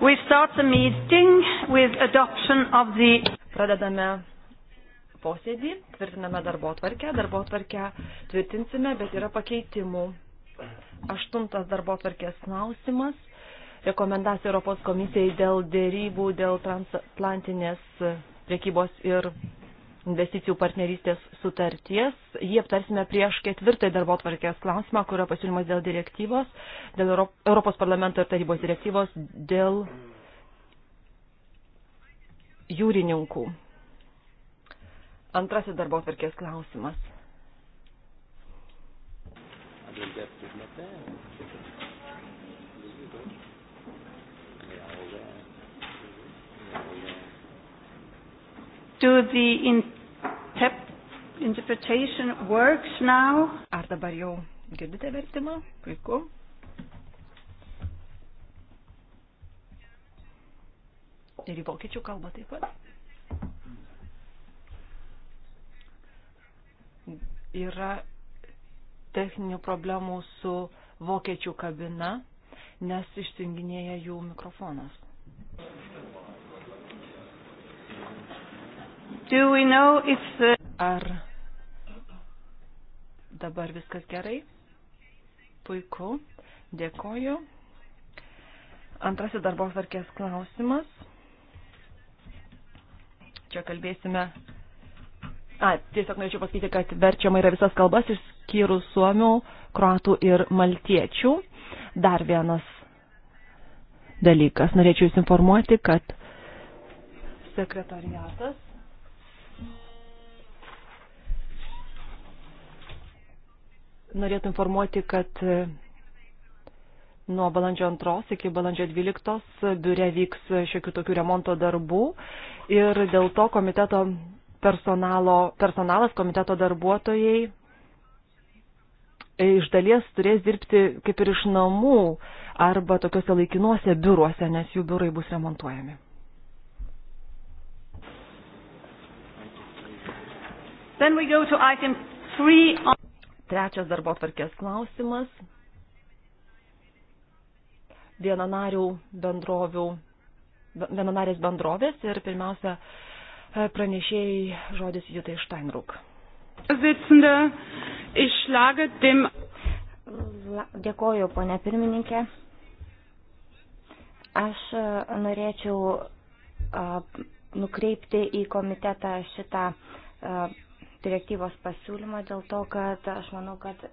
We start the meeting with adoption of the... Pradedame posėdį, tvirtiname darbo tvarkę, darbo tvarkę tvirtinsime, bet yra pakeitimų. Aštuntas darbo tvarkės klausimas, rekomendacija Europos komisijai dėl dėrybų, dėl transatlantinės priekybos ir investicijų partnerystės sutarties. Jį aptarsime prieš ketvirtąjį darbo tvarkės klausimą, kurio pasiūlymas dėl direktyvos, dėl Europos parlamento ir tarybos direktyvos dėl jūrininkų. Antrasis darbo tvarkės klausimas. to the tap interpretation works now. Ar dabar jau girdite vertimą? Puiku. Ir į vokiečių kalbą taip pat. Yra techninių problemų su vokiečių kabina, nes išsinginėja jų mikrofonas. Do we know if the... Ar dabar viskas gerai? Puiku. Dėkoju. Antrasis darbos varkės klausimas. Čia kalbėsime. A, tiesiog norėčiau pasakyti, kad verčiama yra visas kalbas išskyrus suomių, kroatų ir maltiečių. Dar vienas dalykas. Norėčiau jūs informuoti, kad sekretariatas norėtų informuoti, kad e, nuo balandžio 2 iki balandžio 12 biure vyks šiokių tokių remonto darbų ir dėl to komiteto personalas, komiteto darbuotojai e, iš dalies turės dirbti kaip ir iš namų arba tokiuose laikinuose biuruose, nes jų biurai bus remontuojami. On... Trečias darbo tvarkės klausimas. Vienonarių bendrovių, vienonarės bendrovės ir pirmiausia e, pranešėjai žodis Jutai Steinruk. Dėkoju, ponė pirmininkė. Aš e, norėčiau e, nukreipti į komitetą šitą direktyvos pasiūlymo dėl to, kad aš manau, kad e,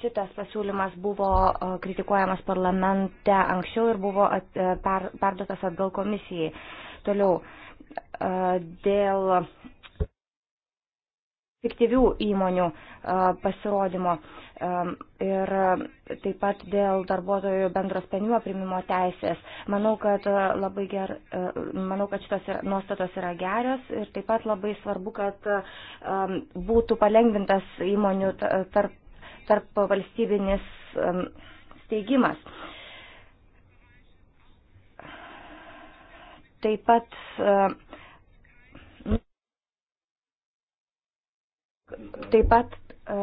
šitas pasiūlymas buvo e, kritikuojamas parlamente anksčiau ir buvo e, perduotas atgal komisijai. Toliau, dėl fiktyvių įmonių pasirodymo ir taip pat dėl darbuotojų bendro sprendimo primimo teisės. Manau, kad, labai ger, manau, kad šitos nuostatos yra gerios ir taip pat labai svarbu, kad būtų palengvintas įmonių tarp, tarp valstybinis steigimas. Taip pat Taip pat e,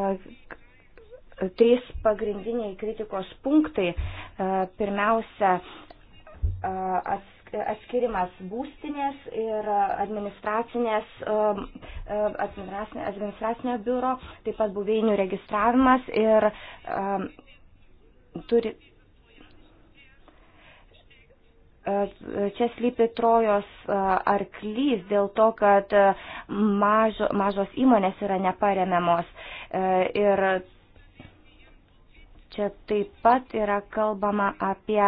trys pagrindiniai kritikos punktai. E, pirmiausia, e, atskirimas būstinės ir administracinės, administracinio biuro, taip pat buveinių registravimas ir turi čia slypi trojos arklys dėl to, kad mažo, mažos įmonės yra neparemiamos. E, ir čia taip pat yra kalbama apie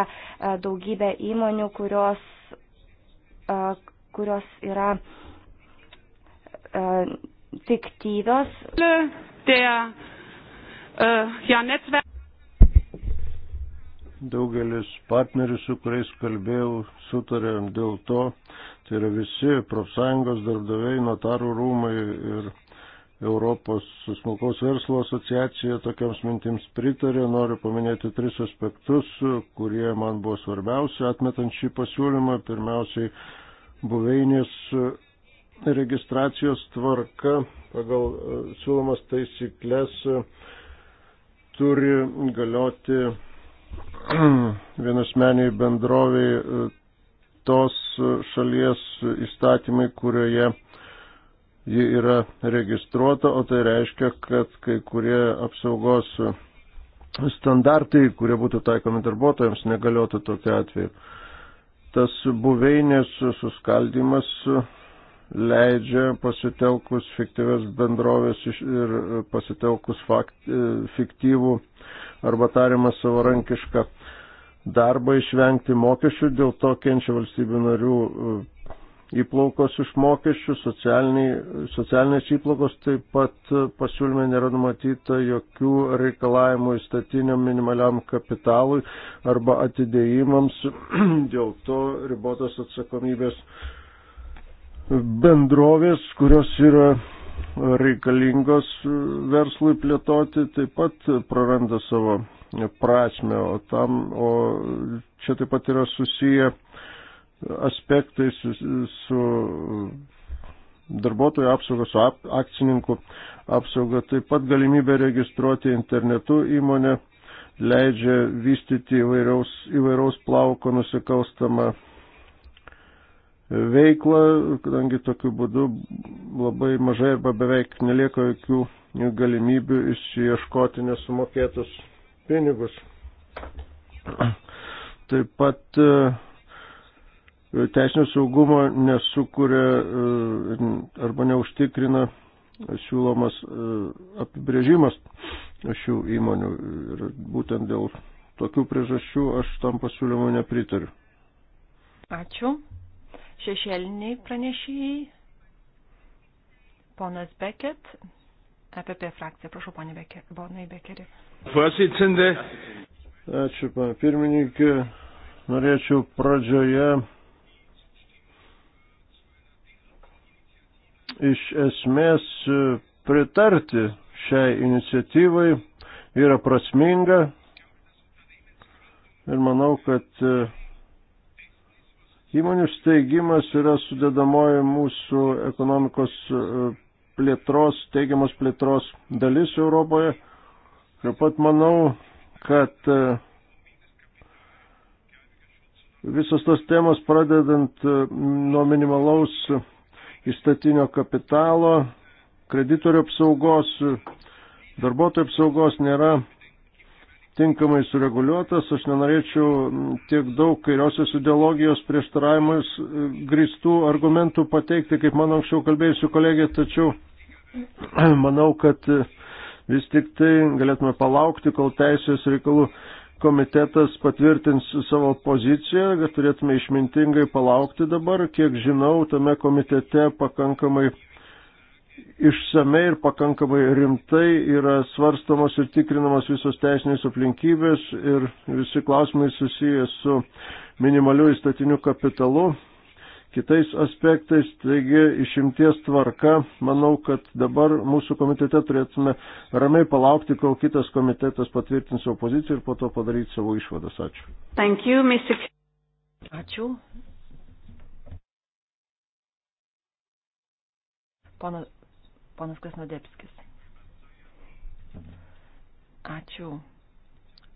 daugybę įmonių, kurios, kurios yra fiktyvios. Der, äh, ja, Netzwerk. Daugelis partnerių, su kuriais kalbėjau, sutarė dėl to, tai yra visi profsąjungos darbdaviai, notarų rūmai ir Europos smulkaus verslo asociacija tokiams mintims pritarė. Noriu paminėti tris aspektus, kurie man buvo svarbiausi atmetant šį pasiūlymą. Pirmiausiai buveinės registracijos tvarka pagal e, siūlomas taisyklės turi galioti vienasmeniai bendroviai e, tos šalies įstatymai, kurioje ji yra registruota, o tai reiškia, kad kai kurie apsaugos standartai, kurie būtų taikomi darbuotojams, negaliotų tokiu atveju. Tas buveinės suskaldimas leidžia pasitelkus fiktyves bendrovės ir pasitelkus fakt, e, fiktyvų arba tariamą savarankišką darbą išvengti mokesčių, dėl to kenčia valstybių narių e, įplaukos iš mokesčių, socialinės įplaukos taip pat e, pasiūlyme nėra numatyta jokių reikalavimų įstatiniam minimaliam kapitalui arba atidėjimams, dėl to ribotas atsakomybės bendrovės, kurios yra reikalingos verslui plėtoti, taip pat praranda savo prasme, o, tam, o čia taip pat yra susiję aspektai su, su darbuotojų apsauga, su ap, akcininku apsauga, taip pat galimybė registruoti internetu įmonę leidžia vystyti įvairiaus, įvairiaus plauko nusikalstamą veiklą, kadangi tokiu būdu labai mažai arba beveik nelieka jokių galimybių išieškoti nesumokėtus pinigus. Taip pat e, teisinio saugumo nesukuria e, arba neužtikrina siūlomas e, apibrėžimas šių įmonių ir būtent dėl tokių priežasčių aš tam pasiūlymui nepritariu. Ačiū šešėliniai pranešėjai. Ponas Beket, EPP frakcija, prašau, ponai Bekeri. Pasicindė. Ačiū, pana pirmininkė. Norėčiau pradžioje iš esmės pritarti šiai iniciatyvai. Yra prasminga ir manau, kad Įmonių steigimas yra sudėdamoji mūsų ekonomikos e, plėtros, teigiamos plėtros dalis Europoje. Taip pat manau, kad e, visos tos temos pradedant e, nuo minimalaus įstatinio kapitalo, kreditorių apsaugos, darbuotojų apsaugos nėra tinkamai sureguliuotas. Aš nenorėčiau tiek daug kairiosios ideologijos prieštaravimus e, grįstų argumentų pateikti, kaip mano anksčiau kalbėjusių kolegė, tačiau manau, kad e, vis tik tai galėtume palaukti, kol teisės reikalų komitetas patvirtins savo poziciją, kad turėtume išmintingai palaukti dabar. Kiek žinau, tame komitete pakankamai išsamei ir pakankamai rimtai yra svarstamos ir tikrinamos visos teisinės aplinkybės ir visi klausimai susijęs su minimaliu įstatiniu kapitalu, kitais aspektais, taigi išimties tvarka, manau, kad dabar mūsų komitete turėtume ramiai palaukti, kol kitas komitetas patvirtins savo poziciją ir po to padaryti savo išvadas. Ačiū. Thank you, Mr. Ačiū. Pana Ponas Kasnodepskis. Ačiū,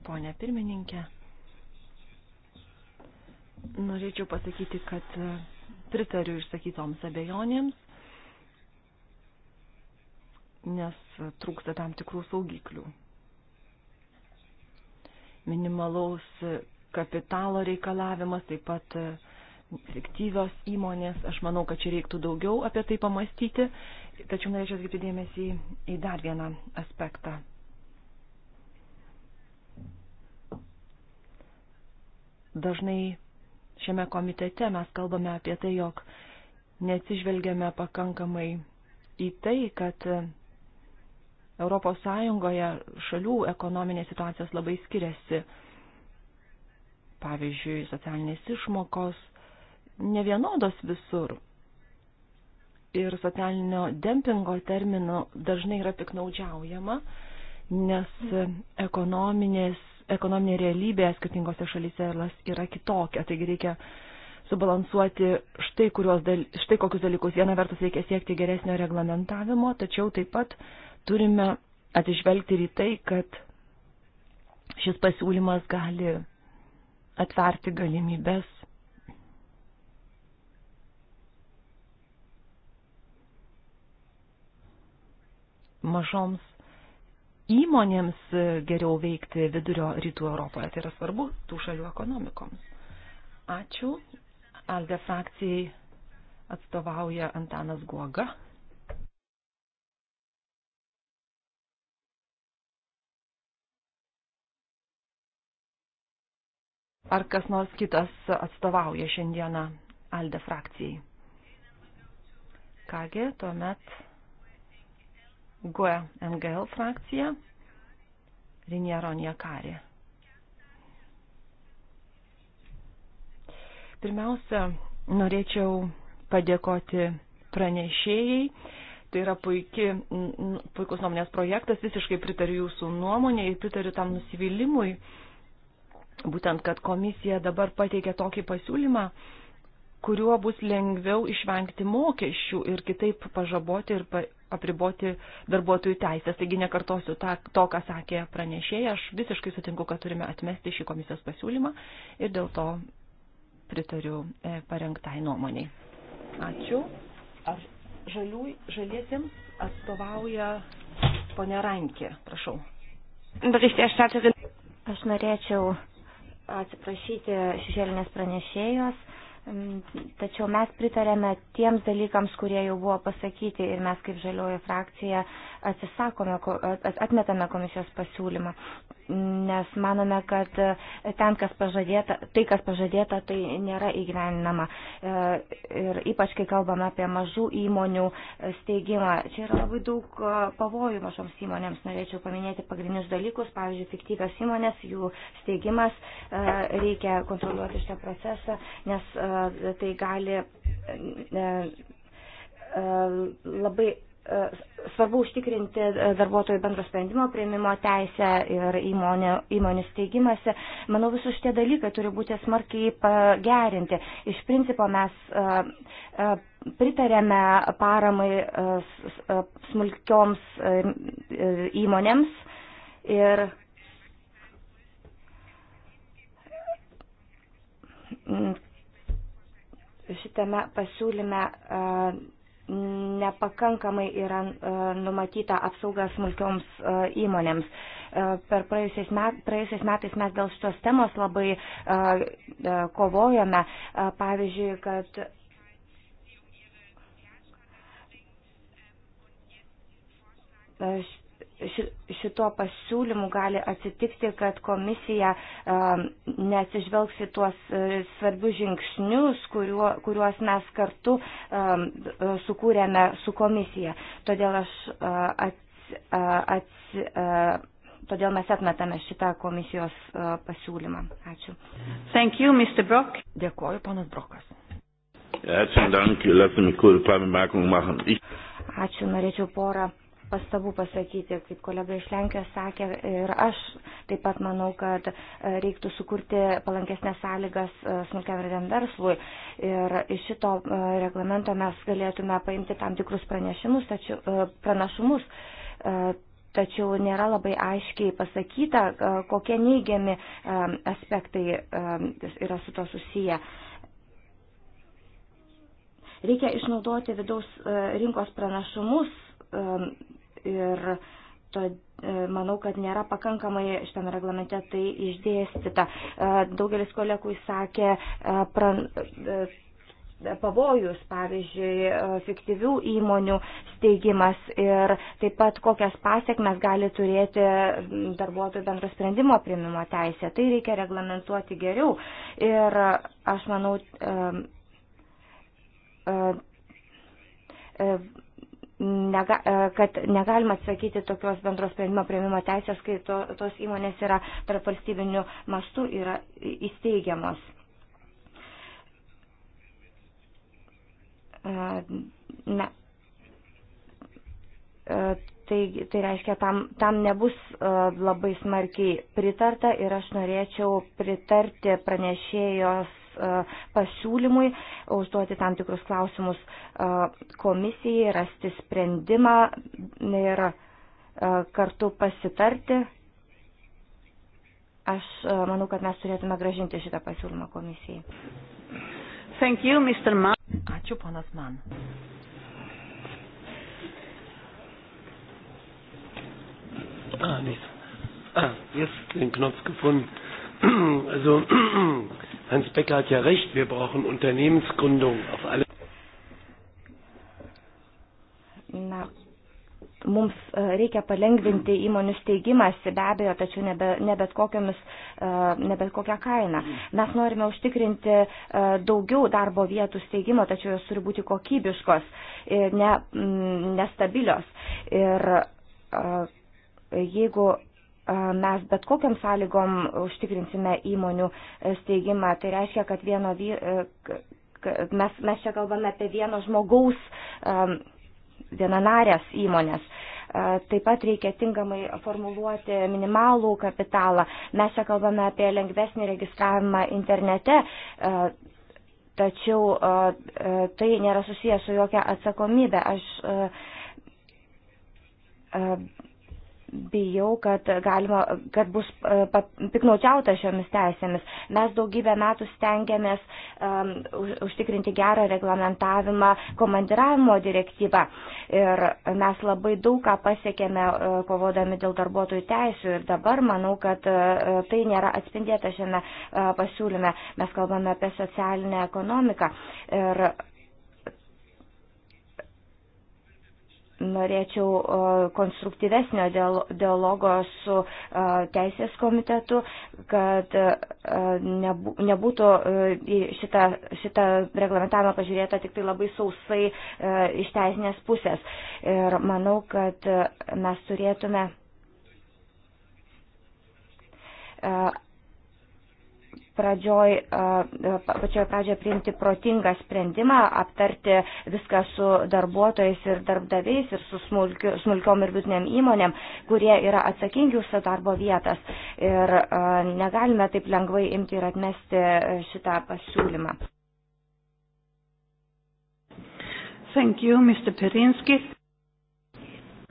ponė pirmininkė. Norėčiau pasakyti, kad pritariu išsakytoms abejonėms, nes trūksta tam tikrų saugiklių. Minimalaus kapitalo reikalavimas, taip pat fiktyvios įmonės. Aš manau, kad čia reiktų daugiau apie tai pamastyti. Tačiau norėčiau atkreipti dėmesį į dar vieną aspektą. Dažnai šiame komitete mes kalbame apie tai, jog neatsižvelgiame pakankamai į tai, kad ES šalių ekonominės situacijos labai skiriasi. Pavyzdžiui, socialinės išmokos nevienodos visur ir socialinio dempingo terminu dažnai yra piknaudžiaujama, nes ekonominė realybė skirtingose šalyse yra kitokia. Taigi reikia subalansuoti štai, dal, štai kokius dalykus. Viena vertus reikia siekti geresnio reglamentavimo, tačiau taip pat turime atsižvelgti ir į tai, kad šis pasiūlymas gali atverti galimybės mažoms įmonėms e, geriau veikti vidurio rytų Europoje. Tai yra svarbu tų šalių ekonomikoms. Ačiū. Alde frakcijai atstovauja Antanas Guoga. Ar kas nors kitas atstovauja šiandieną Alde frakcijai? Kągi, tuomet GUE NGL frakcija, Riniero Niekari. Pirmiausia, norėčiau padėkoti pranešėjai. Tai yra puiki, puikus nuomonės projektas, visiškai pritariu jūsų nuomonė ir pritariu tam nusivylimui, būtent, kad komisija dabar pateikė tokį pasiūlymą, kuriuo bus lengviau išvengti mokesčių ir kitaip pažaboti ir apriboti darbuotojų teisės. Taigi nekartosiu ta, to, ką sakė pranešėja. Aš visiškai sutinku, kad turime atmesti šį komisijos pasiūlymą ir dėl to pritariu e, parengtai nuomoniai. Ačiū. Ar žalių, žaliesiems atstovauja ponia Rankė, prašau. Aš norėčiau atsiprašyti šešėlinės pranešėjos Tačiau mes pritarėme tiems dalykams, kurie jau buvo pasakyti ir mes kaip žalioji frakcija atsisakome, atmetame komisijos pasiūlymą, nes manome, kad e, ten, kas pažadėta, tai, kas pažadėta, tai nėra įgyveninama. E, ir ypač, kai kalbame apie mažų įmonių e, steigimą, čia yra labai daug pavojų mažoms įmonėms. Norėčiau paminėti pagrindinius dalykus, pavyzdžiui, fiktyvios įmonės, jų steigimas, reikia kontroliuoti šią procesą, nes tai gali labai E, svarbu užtikrinti e, darbuotojų bendro sprendimo prieimimo teisę ir įmonė, įmonių steigimąsi. Manau, visus šitie dalykai turi būti smarkiai pagerinti. Iš principo mes e, pritarėme paramai smulkioms įmonėms ir šitame pasiūlyme nepakankamai yra e, numatyta apsauga smulkioms e, įmonėms. E, per praėjusiais, met, praėjusiais metais mes dėl šitos temos labai kovojame. Pavyzdžiui, kad šituo pasiūlymu gali atsitikti, kad komisija um, neatsižvelgs į tuos e, svarbius žingsnius, kuriuos mes kartu um, e, sukūrėme su komisija. Todėl aš e, ats, ats, todėl mes atmetame šitą komisijos pasiūlymą. Ačiū. Thank you, Mr. Brock. Dėkuoju, ponas Brokas. Ačiū, norėčiau porą pastabų pasakyti, kaip kolega iš Lenkijos sakė, ir aš taip pat manau, kad e, reiktų sukurti palankesnės sąlygas e, smulkiavardėm verslui. Ir iš šito e, reglamento mes galėtume paimti tam tikrus pranešimus, tačiau, pranašumus. Tačiau nėra labai aiškiai pasakyta, kokie neigiami aspektai yra su to susiję reikia išnaudoti vidaus rinkos pranašumus ir to, e, manau, kad nėra pakankamai šitame reglamente tai išdėstyta. E, daugelis kolegų įsakė e, pran, pavojus, pavyzdžiui, fiktyvių įmonių steigimas ir taip pat kokias pasiekmes gali turėti darbuotojų bendro sprendimo primimo teisė. Tai reikia reglamentuoti geriau ir aš manau, nega, e, kad negalima atsakyti tokios bendros sprendimo prieimimo teisės, kai to, tos įmonės yra tarp valstybinių mastų yra įsteigiamos. E, Na, e, tai, tai reiškia, tam, tam nebus labai smarkiai pritarta ir aš norėčiau pritarti pranešėjos E, pasiūlymui, užduoti tam tikrus klausimus e, komisijai, rasti sprendimą ir e, kartu pasitarti. Aš manau, kad mes turėtume gražinti šitą pasiūlymą komisijai. Thank you, Mr. Mann. Ačiū, ponas Mann. Ah, nicht. Ah, jetzt den Knopf gefunden. Also Hans Becker hat ja recht, wir brauchen Unternehmensgründung auf alle. Na, mums e, reikia palengvinti įmonių steigimąsi, be abejo, tačiau ne, be, ne, bet kokiamis, e, ne bet kokią kainą. Mes norime užtikrinti e, daugiau darbo vietų steigimo, tačiau jos turi būti kokybiškos, ne, nestabilios. Ir jeigu mes bet kokiam sąlygom užtikrinsime įmonių e, steigimą. Tai reiškia, kad vieno, e, mes, mes čia kalbame apie vieno žmogaus vienanarės įmonės. Taip pat reikia tinkamai formuluoti minimalų kapitalą. Mes čia kalbame apie lengvesnį registravimą internete, tačiau tai nėra susijęs su jokia atsakomybė. Aš bijau, kad, galima, kad bus e, piknaudžiauta šiomis teisėmis. Mes daugybę metų stengiamės um, užtikrinti gerą reglamentavimą komandiravimo direktyvą. Ir mes labai daug ką pasiekėme e, kovodami dėl darbuotojų teisų. Ir dabar manau, kad uh, tai nėra atspindėta šiame uh, pasiūlyme. Mes kalbame apie socialinę ekonomiką. Ir norėčiau konstruktyvesnio dialogo su teisės komitetu, kad nebūtų šitą, šitą reglamentavimą pažiūrėta tik tai labai sausai iš teisinės pusės. Ir manau, kad mes turėtume pradžioj, pačioje pradžioje priimti protingą sprendimą, aptarti viską su darbuotojais ir darbdaviais ir su smulkiu, smulkiom ir vidiniam įmonėm, kurie yra atsakingi už savo darbo vietas. Ir negalime taip lengvai imti ir atmesti šitą pasiūlymą. Thank you, Mr. Perinski.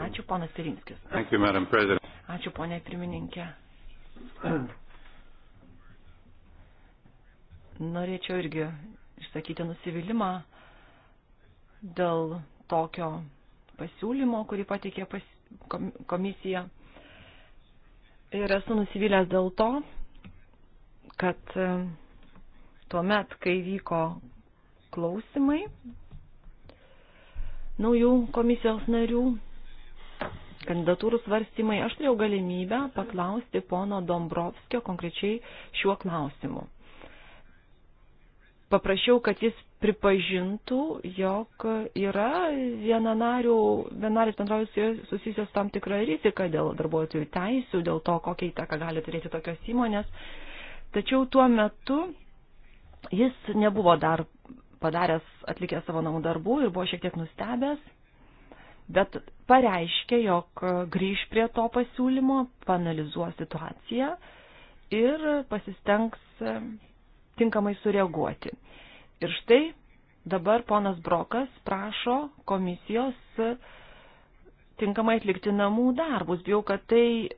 Ačiū, ponas Pirinskis. Thank you, Madam President. Ačiū, ponė pirmininkė. norėčiau irgi išsakyti nusivylimą dėl tokio pasiūlymo, kurį pateikė pas, komisija. Ir esu nusivylęs dėl to, kad e, tuo met, kai vyko klausimai naujų komisijos narių, kandidatūrų svarstymai, aš turėjau galimybę paklausti pono Dombrovskio konkrečiai šiuo klausimu paprašiau, kad jis pripažintų, jog yra vienanarių, vienaris bendrovės susijusios tam tikrą riziką dėl darbuotojų teisų, dėl to, kokią įtaką gali turėti tokios įmonės. Tačiau tuo metu jis nebuvo dar padaręs, atlikęs savo namų darbų ir buvo šiek tiek nustebęs, bet pareiškė, jog grįž prie to pasiūlymo, panalizuos situaciją ir pasistengs tinkamai sureaguoti. Ir štai dabar ponas Brokas prašo komisijos tinkamai atlikti namų darbus. Bijau, kad tai,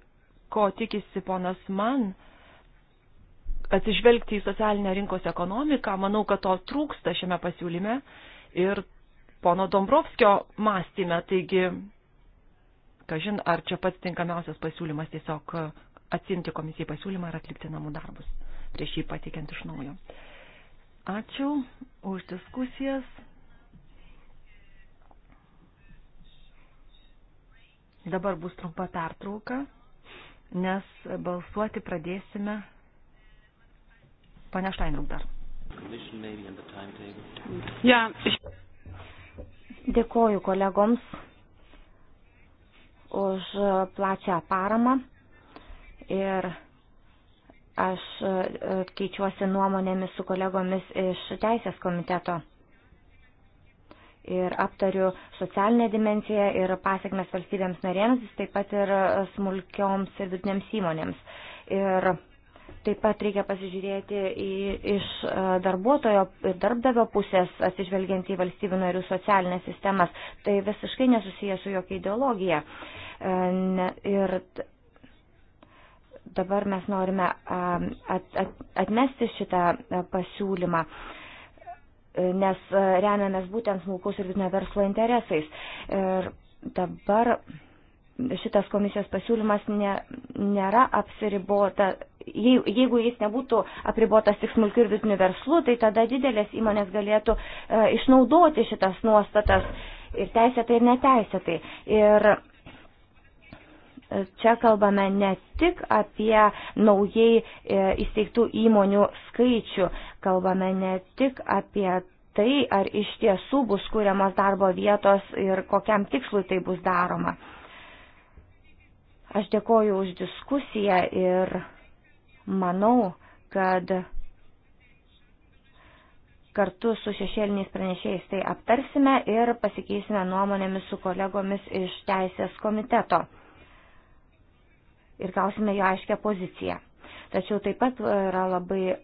ko tikisi ponas man, atsižvelgti į socialinę rinkos ekonomiką, manau, kad to trūksta šiame pasiūlyme ir pono Dombrovskio mąstyme. Taigi, kažin, ar čia pats tinkamiausias pasiūlymas tiesiog atsimti komisijai pasiūlymą ir atlikti namų darbus prieš jį patikiant iš naujo. Ačiū už diskusijas. Dabar bus trumpa pertrauka, nes balsuoti pradėsime. Pane Štainruk dar. Ja. Dėkoju kolegoms už plačią paramą ir Aš e, e, keičiuosi nuomonėmis su kolegomis iš Teisės komiteto ir aptariu socialinę dimenciją ir pasiekmes valstybėms narėms, taip pat ir e, smulkioms ir vidinėms įmonėms. Ir taip pat reikia pasižiūrėti į, iš darbuotojo ir darbdavio pusės, atsižvelgiant į valstybių narių socialinės sistemas. Tai visiškai nesusiję su jokia ideologija. Ne, ir dabar mes norime at, at, atmesti šitą e, pasiūlymą e, nes e, remiamės būtent smulkaus ir vidinio verslo interesais. Ir dabar šitas komisijos pasiūlymas ne, nėra apsiribota, jeigu jis nebūtų apribotas tik smulkių ir vidinių verslų, tai tada didelės įmonės galėtų e, išnaudoti šitas nuostatas ir teisėtai ir neteisėtai. Ir Čia kalbame ne tik apie naujai e, įsteigtų įmonių skaičių, kalbame ne tik apie tai, ar iš tiesų bus kūriamas darbo vietos ir kokiam tikslui tai bus daroma. Aš dėkoju už diskusiją ir manau, kad kartu su šešėliniais pranešėjais tai aptarsime ir pasikeisime nuomonėmis su kolegomis iš Teisės komiteto ir gausime jo aiškę poziciją. Tačiau taip pat e, yra labai e,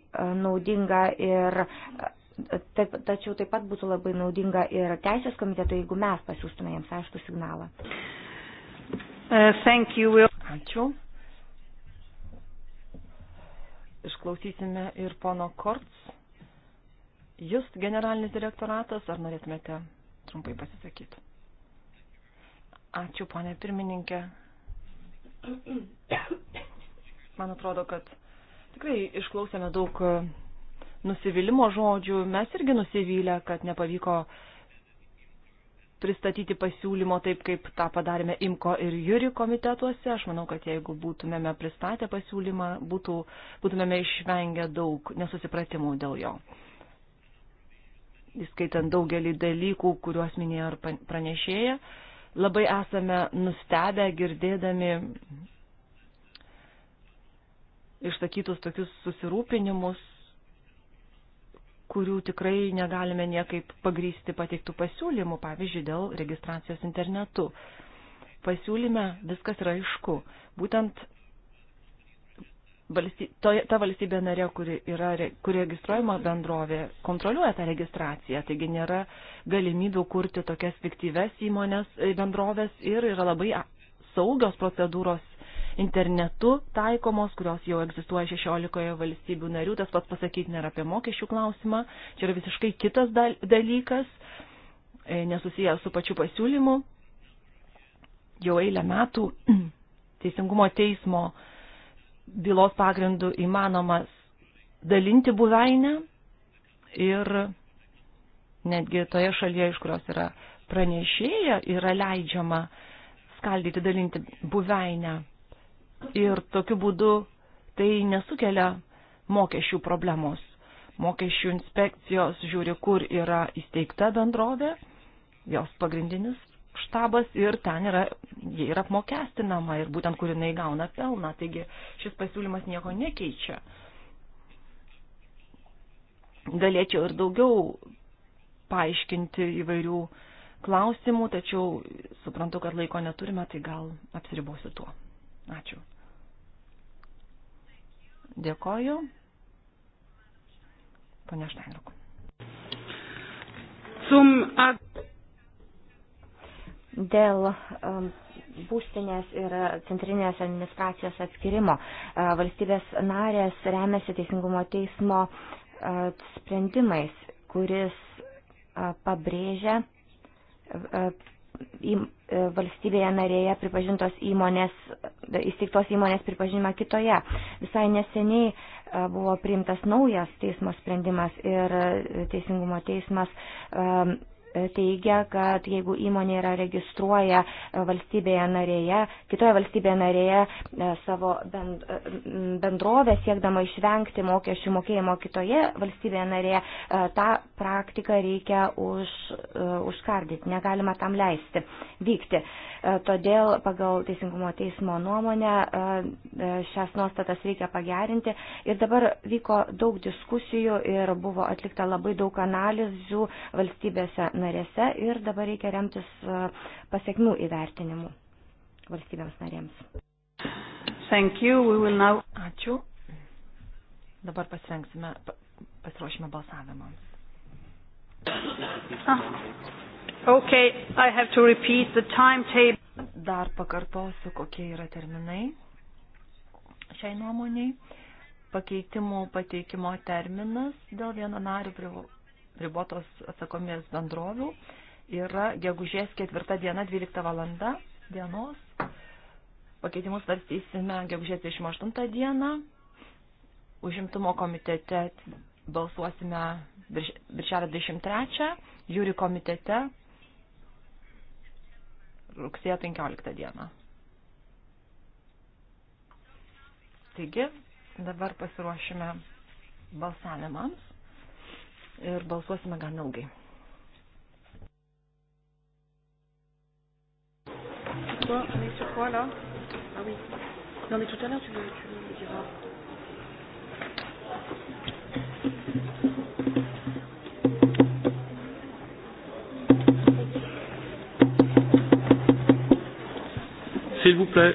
naudinga ir. E, taip, tačiau taip pat būtų labai naudinga ir Teisės komiteto, jeigu mes pasiūstume jiems aišku signalą. Uh, Ačiū. Išklausysime ir pono Korts. Jūs, generalinis direktoratas, ar norėtumėte trumpai pasisakyti? Ačiū, ponė pirmininkė. Man atrodo, kad tikrai išklausėme daug e, nusivylimų žodžių. Mes irgi nusivylę, kad nepavyko pristatyti pasiūlymo taip, kaip tą padarėme IMKO ir JURI komitetuose. Aš manau, kad jeigu būtumėme pristatę pasiūlymą, būtų, būtumėme išvengę daug nesusipratimų dėl jo. Įskaitant daugelį dalykų, kuriuos minėjo ir pranešėja. Labai esame nustebę girdėdami išsakytus tokius susirūpinimus, kurių tikrai negalime niekaip pagrysti pateiktų pasiūlymų, pavyzdžiui, dėl registracijos internetu. Pasiūlyme viskas yra aišku. Būtent valsty, to, ta valstybė narė, kuri, yra, kuri registruojama bendrovė, kontroliuoja tą registraciją, taigi nėra galimybių kurti tokias fiktyves įmonės e, bendrovės ir yra labai saugios procedūros internetu taikomos, kurios jau egzistuoja 16 valstybių narių, tas pats pasakyti nėra apie mokesčių klausimą, čia yra visiškai kitas dalykas, e, nesusijęs su pačiu pasiūlymu, jau eilę metų Teisingumo teismo uh, bylos pagrindų įmanomas dalinti buveinę ir netgi toje šalyje, iš kurios yra pranešėja, yra leidžiama skaldyti, dalinti buveinę. Ir tokiu būdu tai nesukelia mokesčių problemos. Mokesčių inspekcijos žiūri, kur yra įsteigta bendrovė, jos pagrindinis štabas ir ten yra, jie yra apmokestinama ir būtent kur jinai gauna pelną. Taigi šis pasiūlymas nieko nekeičia. Galėčiau ir daugiau paaiškinti įvairių klausimų, tačiau suprantu, kad laiko neturime, tai gal apsiribosiu tuo. Ačiū. Dėkoju. Pane Štainruk. Zum Ad Dėl um, būstinės ir centrinės administracijos atskirimo uh, valstybės narės remiasi Teisingumo teismo uh, sprendimais, kuris uh, pabrėžia valstybėje narėje pripažintos įmonės, įsteigtos įmonės pripažinimą kitoje. Visai neseniai buvo priimtas naujas teismo sprendimas ir Teisingumo teismas um, teigia, kad jeigu įmonė yra registruoja e, valstybėje narėje, kitoje valstybėje narėje e, savo bendrovę siekdama išvengti mokesčių mokėjimo kitoje valstybėje narėje, e, tą praktiką reikia už, užkardyti, negalima tam leisti vykti. Todėl pagal Teisingumo teismo nuomonę šias nuostatas reikia pagerinti ir dabar vyko daug diskusijų ir buvo atlikta labai daug analizių valstybėse narėse ir dabar reikia remtis e, pasiekmių įvertinimu valstybėms narėms. Thank you. We will now... Ačiū. Dabar pasirengsime, pasiruošime balsavimams. Ah. Okay, I have to repeat the timetable. Dar pakartosiu, kokie yra terminai šiai nuomoniai. Pakeitimų pateikimo terminas dėl vieno nario ribotos atsakomės bendrovių yra gegužės 4 diena 12 valanda dienos. Pakeitimus svarstysime gegužės 28 dieną. Užimtumo komitete balsuosime birželio 23, jūri komitete rugsėjo 15 dieną. Taigi, dabar pasiruošime balsavimams ir balsuosime gan ilgai. Bon, on est sur quoi là Ah oui. Non mais tout à l'heure tu me, tu me diras. S'il vous plaît.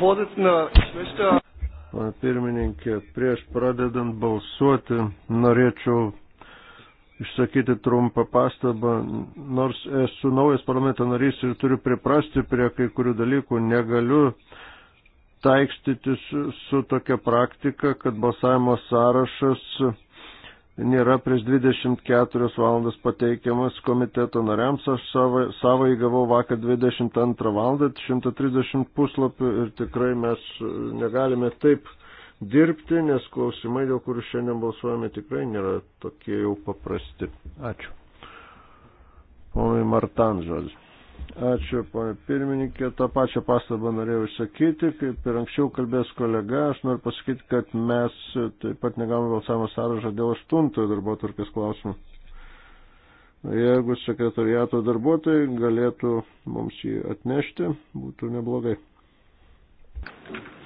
Pane pirmininkė, prieš pradedant balsuoti norėčiau išsakyti trumpą pastabą. Nors esu naujas parlamento narys ir turiu priprasti prie kai kurių dalykų, negaliu taikstytis su tokia praktika, kad balsavimo sąrašas nėra prieš 24 valandas pateikiamas komiteto nariams. Aš savo, savo įgavau vakar 22 valandą, 130 puslapių ir tikrai mes negalime taip dirbti, nes klausimai, dėl kurių šiandien balsuojame, tikrai nėra tokie jau paprasti. Ačiū. Ponai Martan žodžiu. Ačiū, ponė pirmininkė. Tą pačią pastabą norėjau išsakyti, kaip ir anksčiau kalbės kolega. Aš noriu pasakyti, kad mes taip pat negavome balsavimo sąrašą dėl aštuntojo darbo turkės klausimų. Jeigu sekretariato darbuotojai galėtų mums jį atnešti, būtų neblogai. Thank you.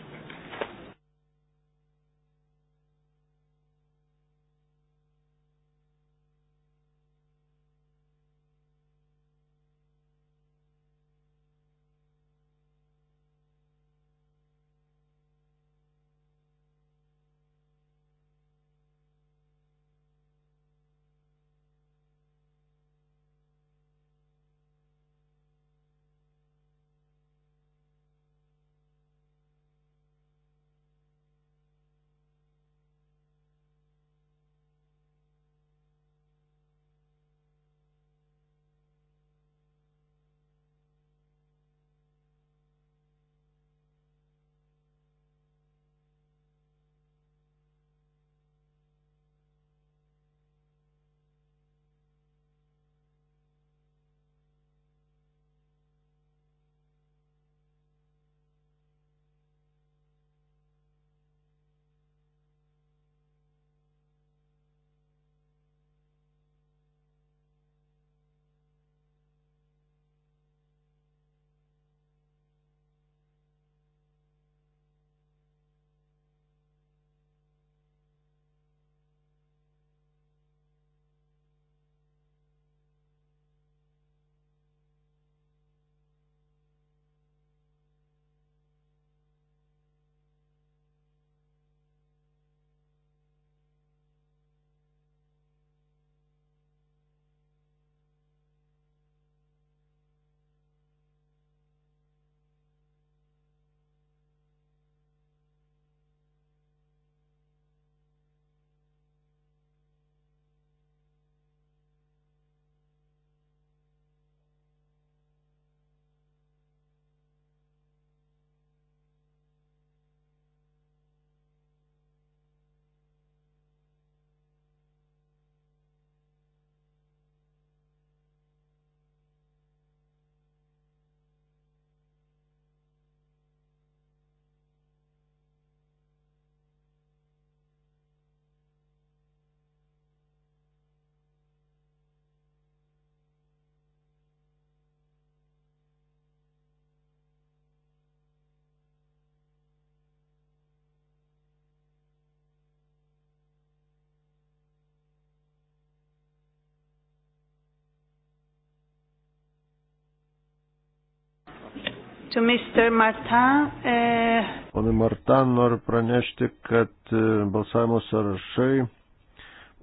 to Mr. Martin. E... Eh, Ponai Martin noriu pranešti, kad e, balsavimo sąrašai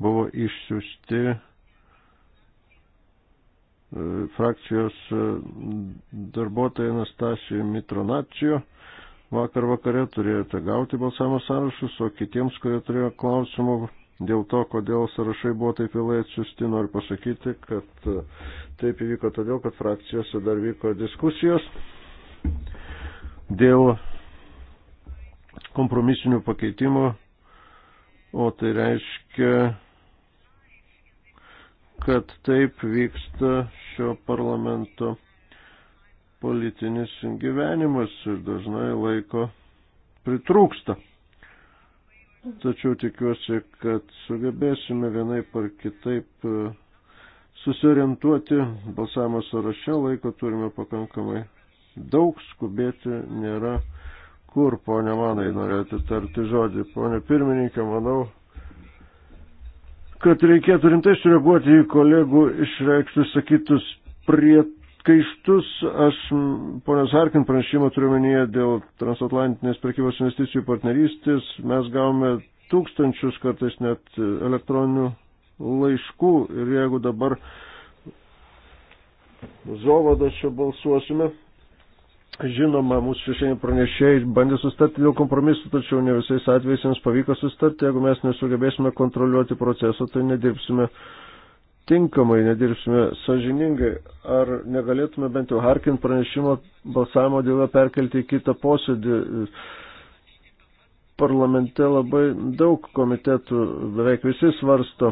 buvo išsiųsti e, frakcijos e, darbuotojai Anastasijai Mitronacijo. Vakar vakare turėjote gauti balsavimo sąrašus, o kitiems, kurie turėjo klausimų dėl to, kodėl sąrašai buvo taip vėlai atsiusti, noriu pasakyti, kad taip įvyko todėl, kad frakcijose dar vyko diskusijos dėl kompromisinių pakeitimų, o tai reiškia, kad taip vyksta šio parlamento politinis gyvenimas ir dažnai laiko pritrūksta. Tačiau tikiuosi, kad sugebėsime vienai par kitaip e, susiorientuoti balsavimo sąraše, laiko turime pakankamai daug skubėti nėra kur, ponia Manai, norėtų tarti žodį. Pone pirmininkė, manau, kad reikėtų rimtai sureaguoti į kolegų išreikštus sakytus priekaištus. Aš, ponios Harkin, pranešimą turiu minėję dėl transatlantinės prekybos investicijų partnerystės. Mes gavome tūkstančius kartais net elektroninių laiškų ir jeigu dabar Zovadą čia balsuosime, Žinoma, mūsų šešėlė pranešėjai bandė sustarti dėl kompromisų, tačiau ne visais atvejais jiems pavyko sustarti. Jeigu mes nesugebėsime kontroliuoti proceso, tai nedirbsime tinkamai, nedirbsime sažiningai. Ar negalėtume bent jau Harkin pranešimo balsavimo dėl perkelti į kitą posėdį? Parlamente labai daug komitetų, beveik visi svarsto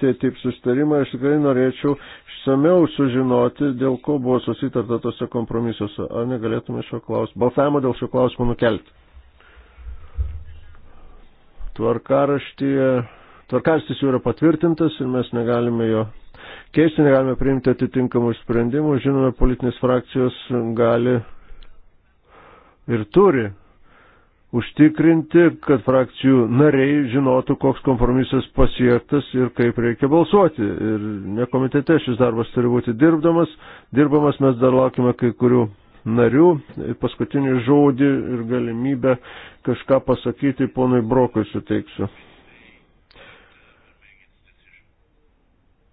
TTIP sustarimą. Aš tikrai norėčiau išsameu sužinoti, dėl ko buvo susitarta tose kompromisuose. Ar negalėtume šio klausimo, balsavimo dėl šio klausimo nukelti? Tvarkaraštyje, tvarkaraštis jau yra patvirtintas ir mes negalime jo keisti, negalime priimti atitinkamų sprendimų. Žinome, politinės frakcijos gali ir turi užtikrinti, kad frakcijų nariai žinotų, koks kompromisas pasiektas ir kaip reikia balsuoti. Ir ne komitete šis darbas turi būti dirbdamas. Dirbamas mes dar laukime kai kurių narių. Paskutinį žodį ir galimybę kažką pasakyti ponui Brokui suteiksiu.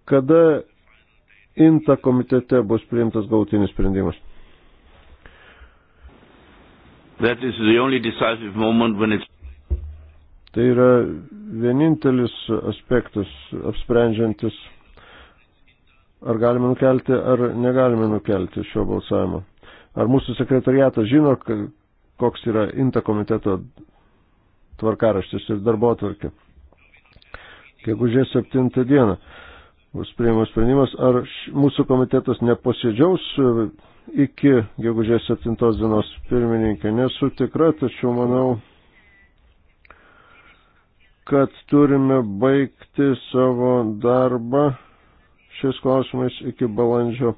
Kada INTA komitete bus priimtas gautinis sprendimas? That is the only decisive moment when it's. Tai yra vienintelis aspektas apsprendžiantis, ar galime nukelti, ar negalime nukelti šio balsavimo. Ar mūsų sekretariatas žino, koks yra INTA komiteto tvarkaraštis ir darbo atvarkė. Gegužės 7 dieną bus prieimas sprendimas, ar mūsų komitetas neposėdžiaus iki gegužės 7 dienos pirmininkė. Nesu tikra, tačiau manau, kad turime baigti savo darbą šis klausimais iki balandžio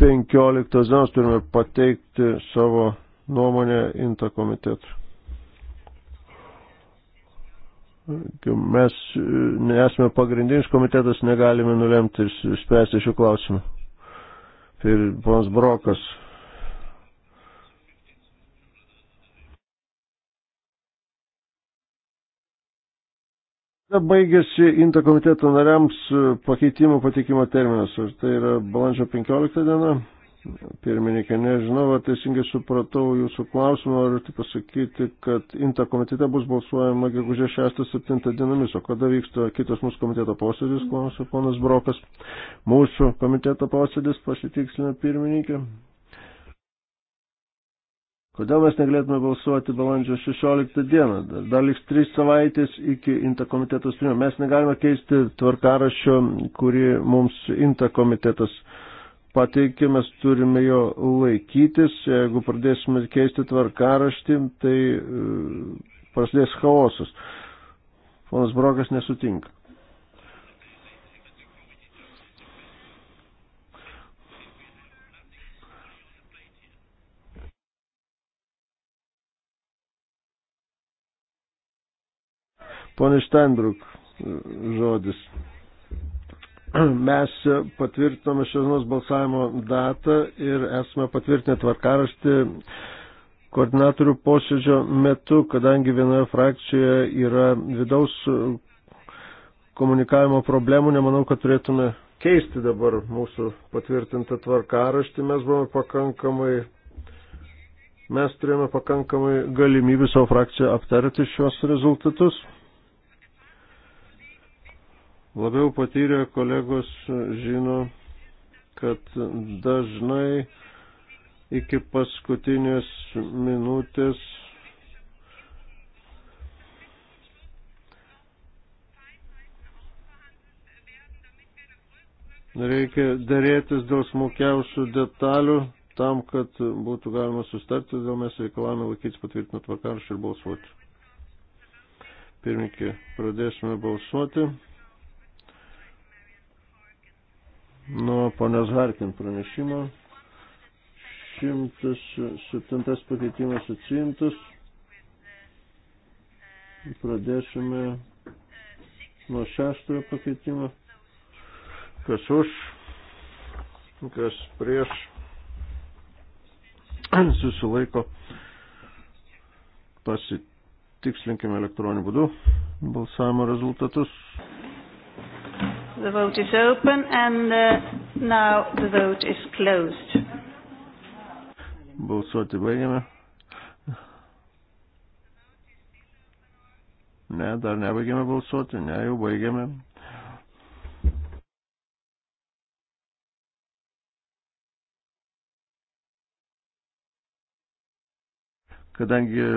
15 dienos turime pateikti savo nuomonę INTA komitetui mes e, nesame pagrindinis komitetas, negalime nulemti ir spręsti šių klausimų. Tai ir ponas Brokas. Baigėsi Inta komiteto nariams e, pakeitimo patikimo terminas, ar tai yra balandžio 15 diena? pirmininkė. Nežinau, ar teisingai supratau jūsų klausimą, noriu tik pasakyti, kad INTA komitete bus balsuojama gegužė 6-7 dienomis, o kada vyksta kitas mūsų komiteto posėdis, klausė ponas Brokas. Mūsų komiteto posėdis pasitikslina pirmininkė. Kodėl mes negalėtume balsuoti balandžio 16 dieną? Dar, dar liks 3 savaitės iki INTA komiteto sprendimo. Mes negalime keisti tvarkarašio, kurį mums INTA komitetas uh, pateikė, mes turime jo laikytis. Jeigu pradėsime keisti tvarkaraštį, tai e, prasidės chaosas. Ponas Brokas nesutinka. Pone Steinbruk, žodis. Mes patvirtinome šios balsavimo datą ir esame patvirtinę tvarkaraštį koordinatorių posėdžio metu, kadangi vienoje frakcijoje yra vidaus komunikavimo problemų, nemanau, kad turėtume keisti dabar mūsų patvirtintą tvarkaraštį. Mes buvome pakankamai, mes turėjome pakankamai galimybių savo frakciją aptarti šios rezultatus. Labiau patyrę kolegos žino, kad dažnai iki paskutinės minutės reikia dėrėtis dėl smulkiausių detalių tam, kad būtų galima sustarti, dėl mes reikalavome laikytis patvirtinų tvarkaršį ir balsuoti. Pirmininkė, pradėsime balsuoti. nuo ponios Harkin pranešimo. 107 pakeitimas atsiimtas. Pradėsime nuo šeštojo pakeitimo. Kas už, kas prieš susilaiko. Pasitikslinkime elektroniniu būdu balsavimo rezultatus. The vote is open and uh, now the vote is closed. Balsuoti baigiame. Ne, dar nebaigiame balsuoti, ne, jau baigiame. Kadangi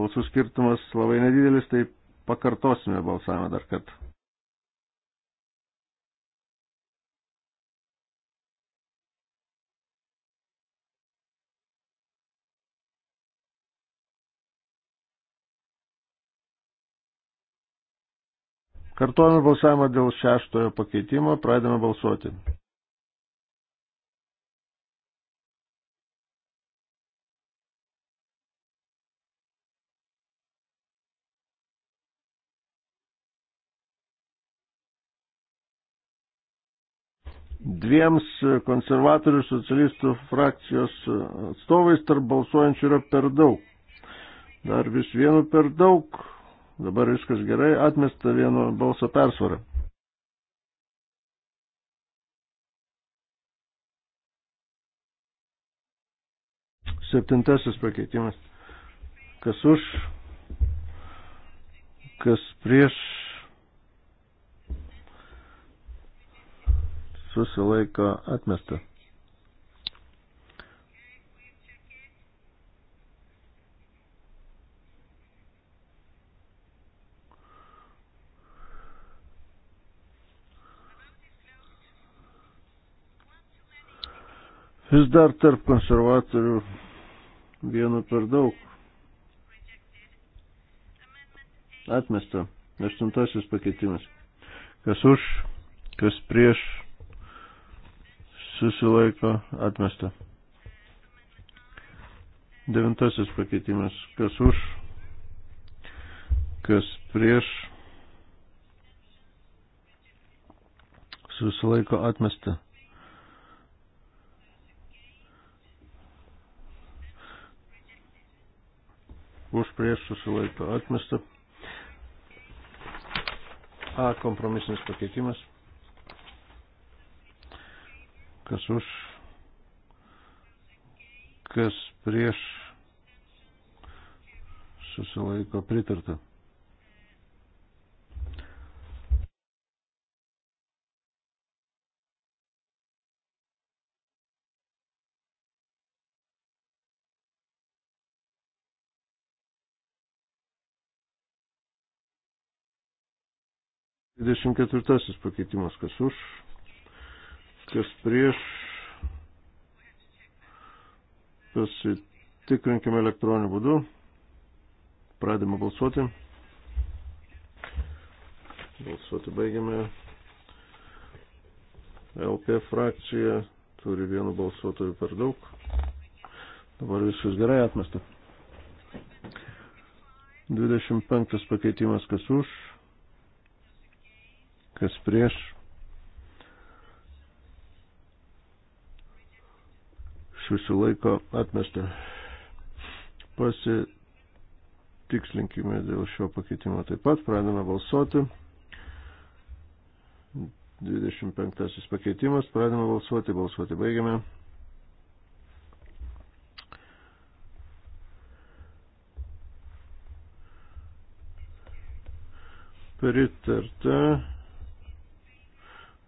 balsų skirtumas labai nedidelis, tai pakartosime balsavimą dar kartą. Kartuojame balsavimą dėl šeštojo pakeitimo, pradedame balsuoti. dviems konservatorių socialistų frakcijos atstovais tarp balsuojančių yra per daug. Dar vis vienu per daug. Dabar viskas gerai, atmesta vieno balso persvara. Septintasis pakeitimas. Kas už, kas prieš susilaiko atmesta. vis dar tarp konservatorių vienu per daug. Atmesta. Aštuntasis pakeitimas. Kas už, kas prieš, susilaiko, atmesta. Devintasis pakeitimas. Kas už, kas prieš, susilaiko, atmesta. už prieš susilaiko atmesta. A kompromisinis pakeitimas. Kas už, kas prieš susilaiko pritarta. 24 pakeitimas, kas už, kas prieš. Pasitikrinkime elektroniniu būdu. Pradėme balsuoti. Balsuoti baigiame. LP frakcija turi vienu balsuotoju per daug. Dabar viskas gerai atmesta. 25 pakeitimas, kas už kas prieš. Susilaiko atmesta. Pasitikslinkime dėl šio pakeitimo taip pat. Pradame balsuoti. 25 pakeitimas. Pradame balsuoti. Balsuoti baigiame. pritarta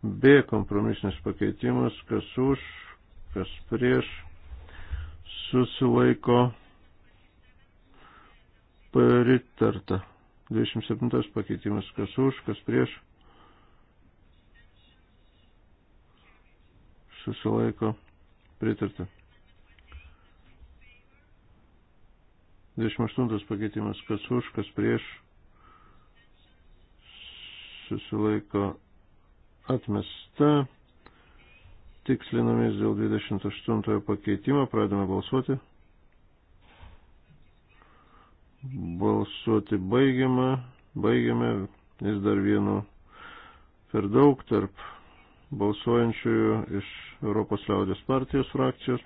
B kompromisinis pakeitimas, kas už, kas prieš, susilaiko pritarta. 27 pakeitimas, kas už, kas prieš, susilaiko pritarta. 28 pakeitimas, kas už, kas prieš, susilaiko atmesta. Tikslinamės dėl 28 pakeitimo, pradame balsuoti. Balsuoti baigiama, baigiame, jis dar vienu per daug tarp balsuojančiųjų iš Europos liaudės partijos frakcijos.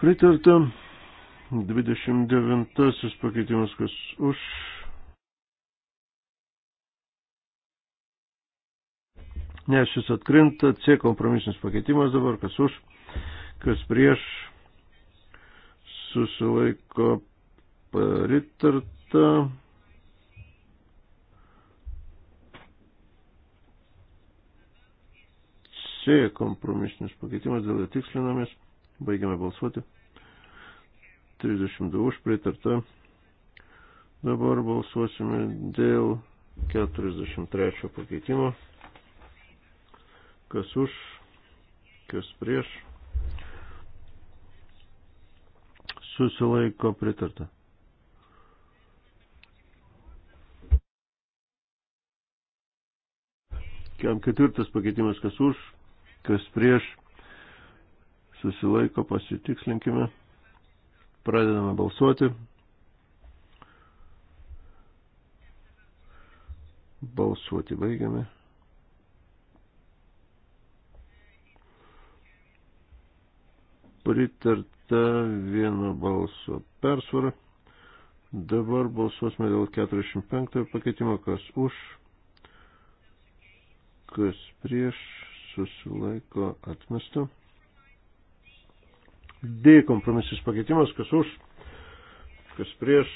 Pritarta 29 pakeitimas, kas už nes šis atkrinta, C kompromisinis pakeitimas dabar, kas už, kas prieš, susilaiko pritarta. C kompromisinis pakeitimas dėl tikslinamis, baigiame balsuoti. 32 už pritarta. Dabar balsuosime dėl 43 pakeitimo kas už, kas prieš, susilaiko pritarta. Kiam ketvirtas pakeitimas, kas už, kas prieš, susilaiko pasitikslinkime. Pradedame balsuoti. Balsuoti baigiame. pritarta vieno balso persvara. Dabar balsuosime dėl 45 pakeitimo, kas už, kas prieš, susilaiko atmesta. D kompromisis pakeitimas, kas už, kas prieš,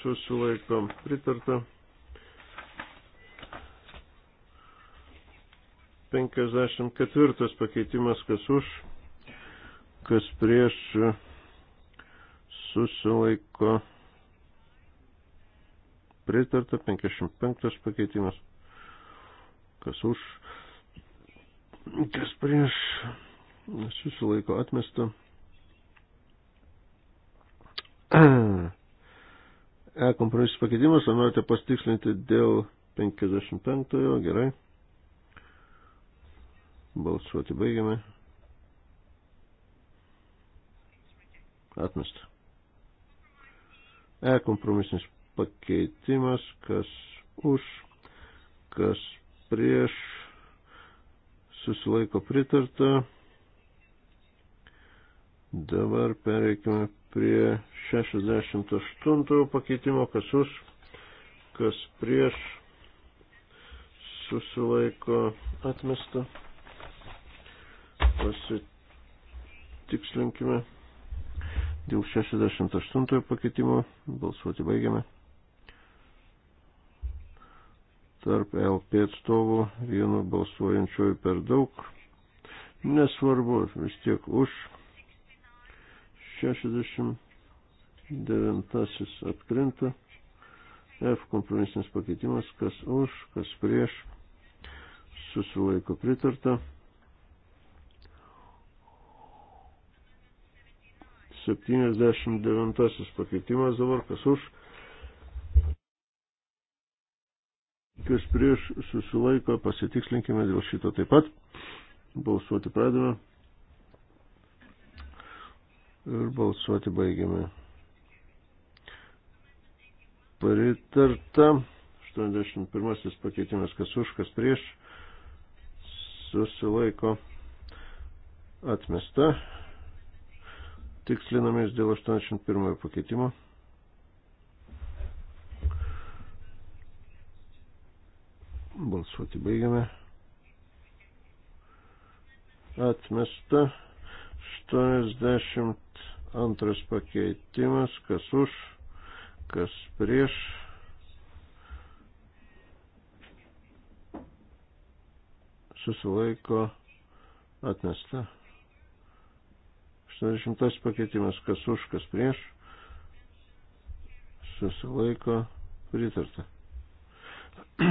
susilaiko pritarta. 54 pakeitimas, kas už, kas prieš susilaiko pritarta, 55 pakeitimas, kas už, kas prieš susilaiko atmesta. E kompromisis pakeitimas, ar norite pastikslinti dėl 55, gerai. Balsuoti baigiame. Atmesta. E kompromisinis pakeitimas, kas už, kas prieš, susilaiko pritarta. Dabar pereikime prie 68 pakeitimo, kas už, kas prieš, susilaiko atmesta. Pasitikslinkime. Dėl 68 pakeitimo balsuoti baigiame. Tarp LP atstovų vienu balsuojančiuoju per daug. Nesvarbu, vis tiek už 69 atkrinta. F kompromisinis pakeitimas, kas už, kas prieš, susilaiko pritarta. 79 pakeitimas dabar, kas už, kas prieš susilaiko, pasitikslinkime dėl šito taip pat. Balsuoti pradame ir balsuoti baigiame. Pritarta 81 pakeitimas, kas už, kas prieš susilaiko atmesta tikslinamės dėl 81 pakeitimo. Balsuoti baigiame. Atmesta 82 pakeitimas, kas už, kas prieš. Susilaiko atmesta. 80 pakeitimas, kas už, kas prieš, susilaiko pritarta.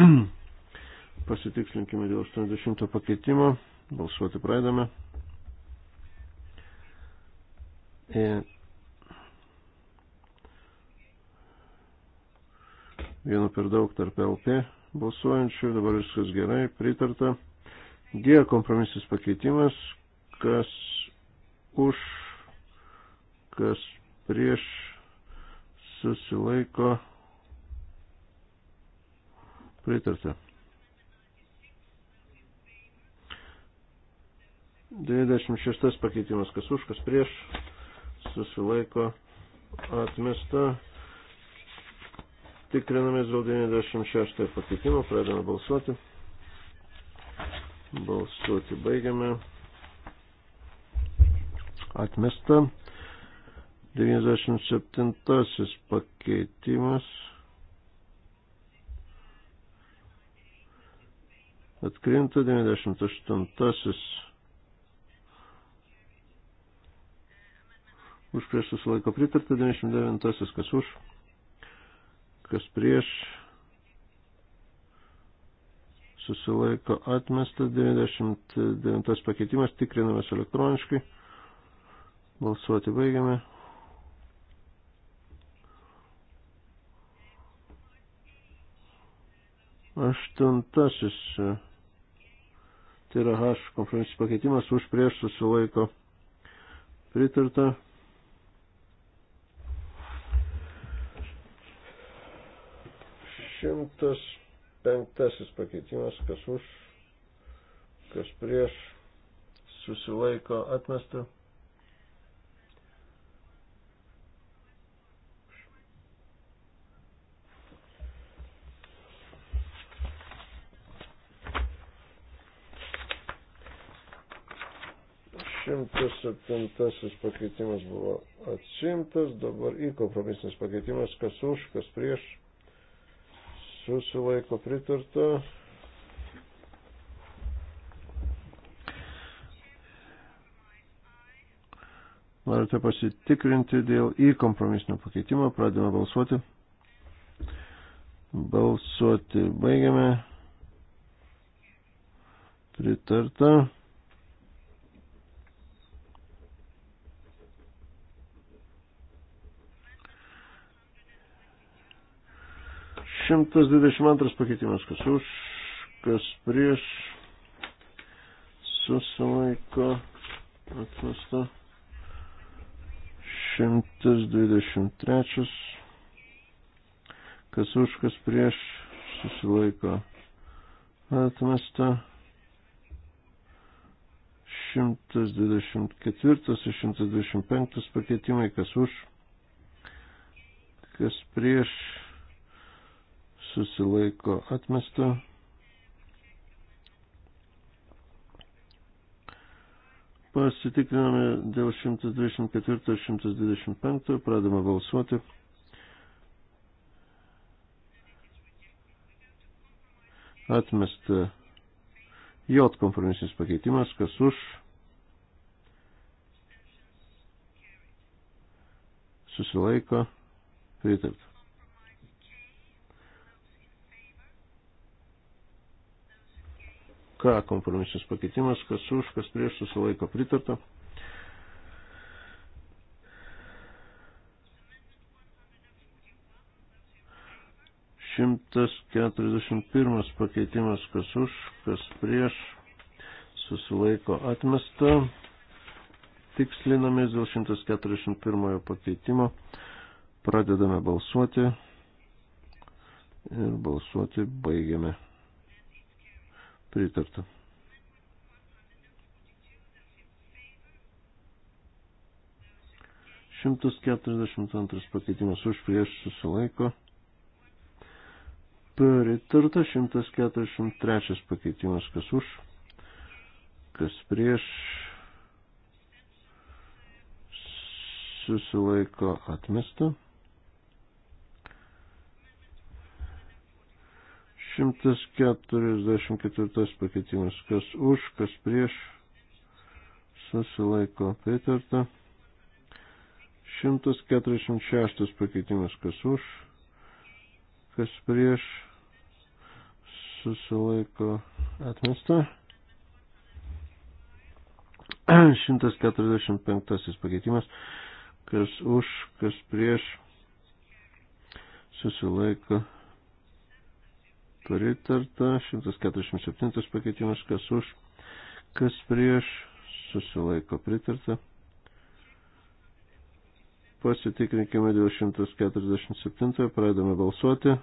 Pasitikslinkime dėl 80 pakeitimo, balsuoti praeidame. Ir e. vienu per daug tarp LP balsuojančių, dabar viskas gerai, pritarta. G kompromisis pakeitimas, kas už, kas prieš susilaiko pritarta. 96 pakeitimas, kas už, kas prieš susilaiko atmesta. Tikrinamės dėl 96 pakeitimo, pradedame balsuoti. Balsuoti baigiame atmesta. 97 pakeitimas. Atkrinta 98. Už prieš susilaiko pritarta 99. Kas už? Kas prieš? Susilaiko atmesta 99 pakeitimas, tikrinamas elektroniškai. Balsuoti baigiame. Aštuntasis, e, tai yra H kompromisų pakeitimas, už prieš susilaiko pritarta. Šimtas penktasis pakeitimas, kas už, kas prieš susilaiko atmestą. 107 pakeitimas buvo atsimtas, dabar į kompromisinis pakeitimas, kas už, kas prieš, susilaiko pritarta. Norite pasitikrinti dėl į kompromisinio pakeitimo, pradėjome balsuoti. Balsuoti baigiame. Pritarta. 122 pakeitimas, kas už, kas prieš, susilaiko atmesta. 123, kas už, kas prieš, susilaiko atmesta. 124 ir 125 pakeitimai, kas už, kas prieš susilaiko atmesta. Pasitikriname dėl 124-125, pradame balsuoti. Atmesta J kompromisinis pakeitimas, kas už. Susilaiko. Pritarta. K kompromisinis pakeitimas, kas už, kas prieš susilaiko pritarta. Šimtas keturiasdešimt pirmas pakeitimas, kas už, kas prieš susilaiko atmesta. Tikslinamės dėl 141 pakeitimo. Pradedame balsuoti ir balsuoti baigiame. Pritarta. Šimtas keturiasdešimt antras pakeitimas už prieš susilaiko. Pritarta 143 pakeitimas, kas už, kas prieš, susilaiko atmesta. 144 pakeitimas. Kas už, kas prieš. Susilaiko pritarta. 146 pakeitimas. Kas už, kas prieš. Susilaiko atmesta. 145 pakeitimas. Kas už, kas prieš. Susilaiko atmesta pritarta. 147 pakeitimas, kas už, kas prieš, susilaiko pritarta. Pasitikrinkime dėl 147, pradame balsuoti.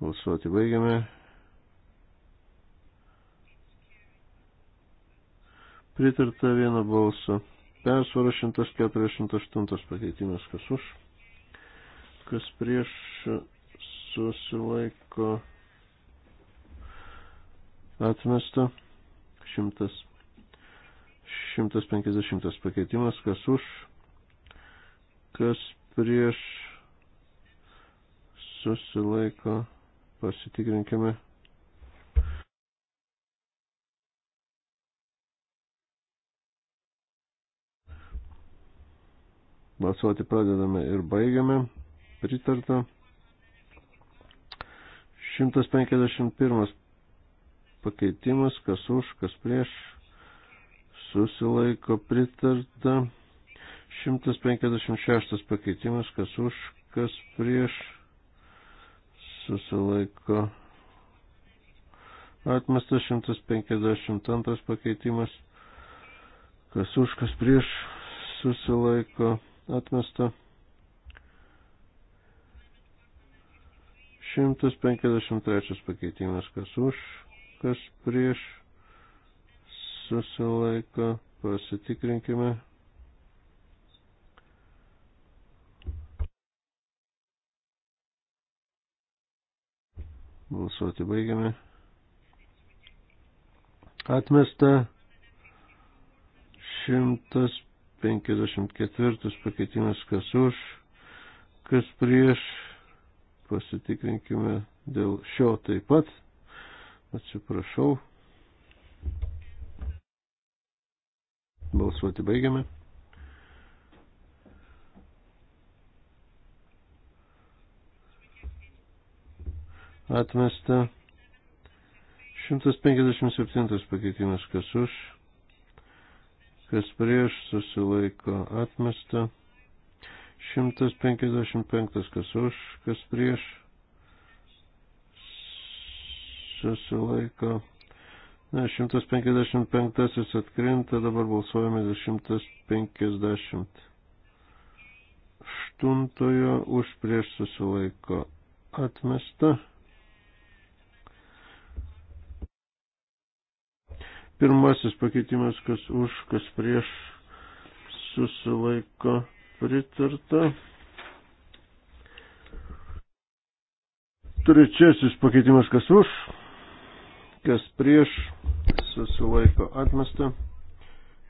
Balsuoti baigiame. Pritarta vieno balso. Persvaro 148 pakeitimas, kas už, kas prieš susilaiko atmesta. 100. 150 pakeitimas, kas už, kas prieš susilaiko, pasitikrinkime. Balsuoti pradedame ir baigiame. Pritarta. 151 pakeitimas, kas už, kas prieš, susilaiko pritarta. 156 pakeitimas, kas už, kas prieš, susilaiko atmestas. 152 pakeitimas, kas už, kas prieš, susilaiko atmestas. 153 pakeitimas, kas už, kas prieš, susilaiko, pasitikrinkime. Balsuoti baigiame. Atmesta 154 pakeitimas, kas už, kas prieš, pasitikrinkime dėl šio taip pat. Atsiprašau. Balsuoti baigiame. Atmesta 157 pakeitimas, kas už, kas prieš, susilaiko atmesta 155 kas už, kas prieš susilaiko. Ne, 155 atkrinta, dabar balsuojame dėl 158 už prieš susilaiko atmesta. Pirmasis pakeitimas, kas už, kas prieš susilaiko atmesta pritarta. Trečiasis pakeitimas kas už, kas prieš, susilaiko atmesta.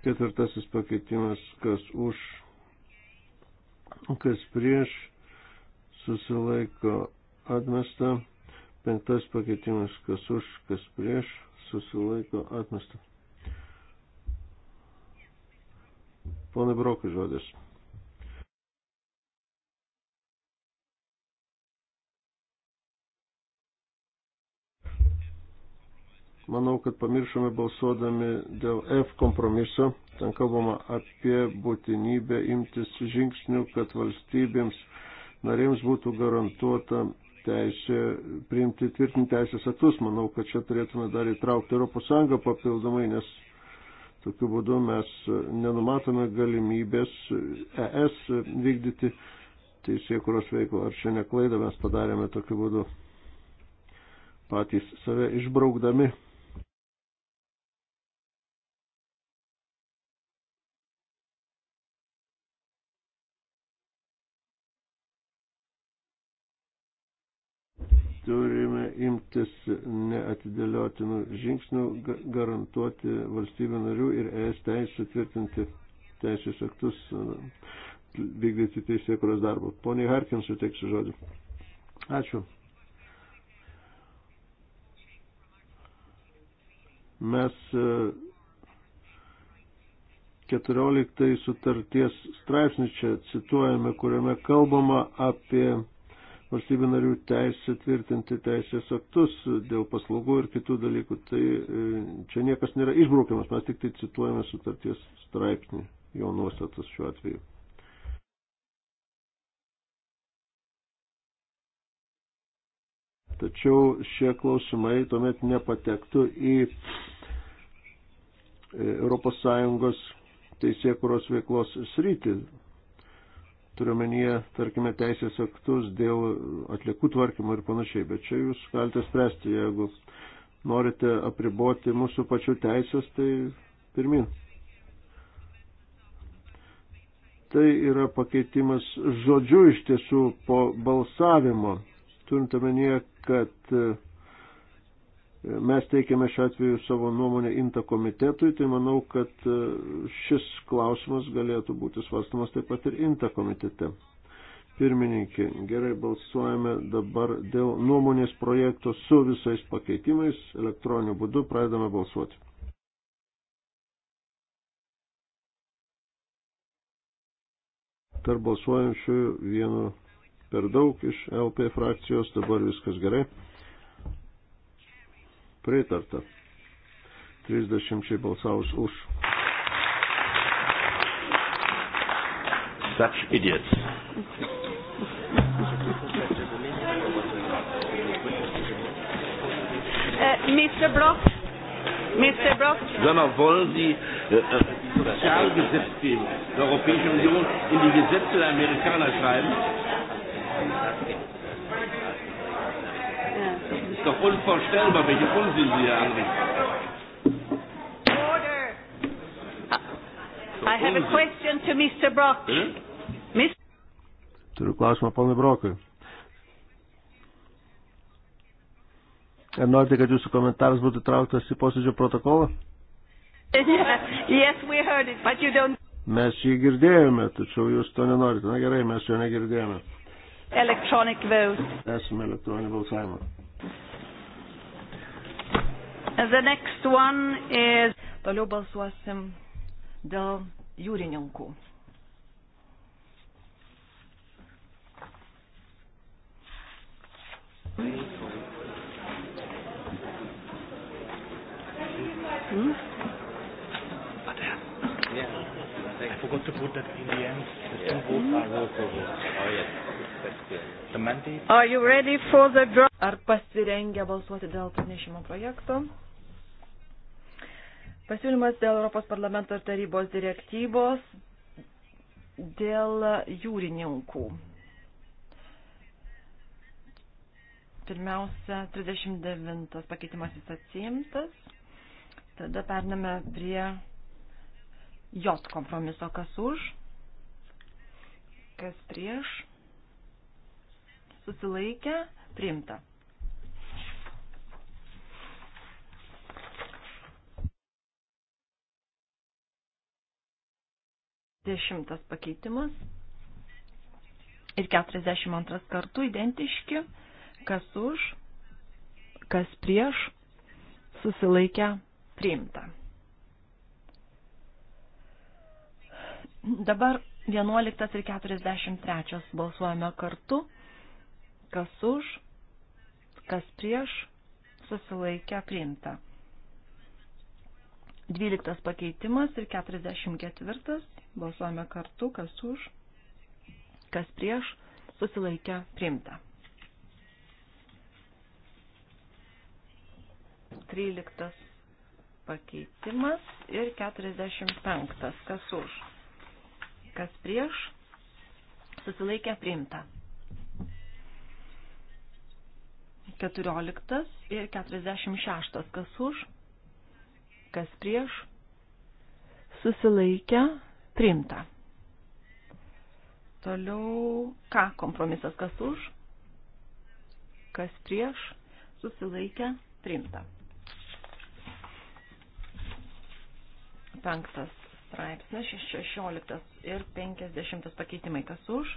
Ketvirtasis pakeitimas kas už, kas prieš, susilaiko atmesta. Penktas pakeitimas kas už, kas prieš, susilaiko atmesta. Pone Brokai žodis. manau, kad pamiršome balsuodami dėl F kompromiso. Ten kalbama apie būtinybę imtis žingsnių, kad valstybėms narėms būtų garantuota teisė priimti tvirtinti teisės aktus. Manau, kad čia turėtume dar įtraukti ES papildomai, nes tokiu būdu mes nenumatome galimybės ES vykdyti teisėkuros veiklą. Ar čia neklaidą mes padarėme tokiu būdu patys save išbraukdami. turime imtis neatidėliotinų žingsnių, garantuoti valstybių narių ir ES teisų tvirtinti teisės aktus, e, vykdyti teisėkuros darbą. Pone Harkin, suteiksiu žodį. Ačiū. Mes 14 e, sutarties straipsnį čia cituojame, kuriame kalbama apie valstybių narių teisę tvirtinti teisės aktus dėl paslaugų ir kitų dalykų. Tai e, čia niekas nėra išbraukiamas, mes tik tai cituojame sutarties straipsnį, jo nuostatas šiuo atveju. Tačiau šie klausimai tuomet nepatektų į ES teisėkuros veiklos sritį turiuomenyje, tarkime, teisės aktus dėl atliekų tvarkymo ir panašiai, bet čia jūs galite spręsti, jeigu norite apriboti mūsų pačių teisės, tai pirmin. Tai yra pakeitimas žodžiu iš tiesų po balsavimo, turint omenyje, kad uh, Mes teikiame šiuo atveju savo nuomonę INTA komitetui, tai manau, kad e, šis klausimas galėtų būti svarstamas taip pat ir INTA komitete. Pirmininkė, gerai balsuojame dabar dėl nuomonės projekto su visais pakeitimais elektroniniu būdu, pradedame balsuoti. tarp balsuojančiųjų vienu per daug iš LP frakcijos, dabar viskas gerai pritarta. 30 balsavus už. Such idiots. Uh, äh, Mr. Brock, Mr. Brock. Sondern wollen Sie äh, äh Sozialgesetzgebung der Europäischen Union in die Gesetze der Amerikaner schreiben? doch unvorstellbar, welche Unsinn Sie hier anrichten. Order. So I have a question to Mr. Brock. Hm? Mis Turiu klausimą ponui Brokui. Ar norite, kad jūsų komentaras būtų trauktas į posėdžio protokolą? yes, we heard it, but you don't... Mes jį girdėjome, tačiau jūs to nenorite. Na gerai, mes jo negirdėjome. Electronic vote. Esame elektroninį balsavimą. The next one is... Toliau balsuosim dėl jūrininkų. Hmm? Yeah. I forgot to put that in the end. The yeah. two votes are hmm? roll call votes. Oh, yes. The mandate. Are you ready for the draft? Ar pasirengę balsuoti dėl pranešimo projekto? Pasiūlymas dėl Europos parlamento ir tarybos direktyvos dėl jūrininkų. Pirmiausia, 39 pakeitimas jis atsiimtas. Tada pername prie J kompromiso, kas už, kas prieš, susilaikę, priimta. 40 pakeitimas ir 42 kartų identiški, kas už, kas prieš, susilaikę priimta. Dabar 11 ir 43 balsuojame kartu, kas už, kas prieš, susilaikę priimta. 12 pakeitimas ir 44 Balsuojame kartu, kas už, kas prieš, susilaikę priimta. 13 pakeitimas ir 45. Kas už? Kas prieš? Susilaikę priimta. 14 ir 46. Kas už? Kas prieš? Susilaikę Priimta. Toliau, ką kompromisas, kas už, kas prieš, susilaikę, priimta. Penktas straipsnis, 16 ir 50 pakeitimai, kas už,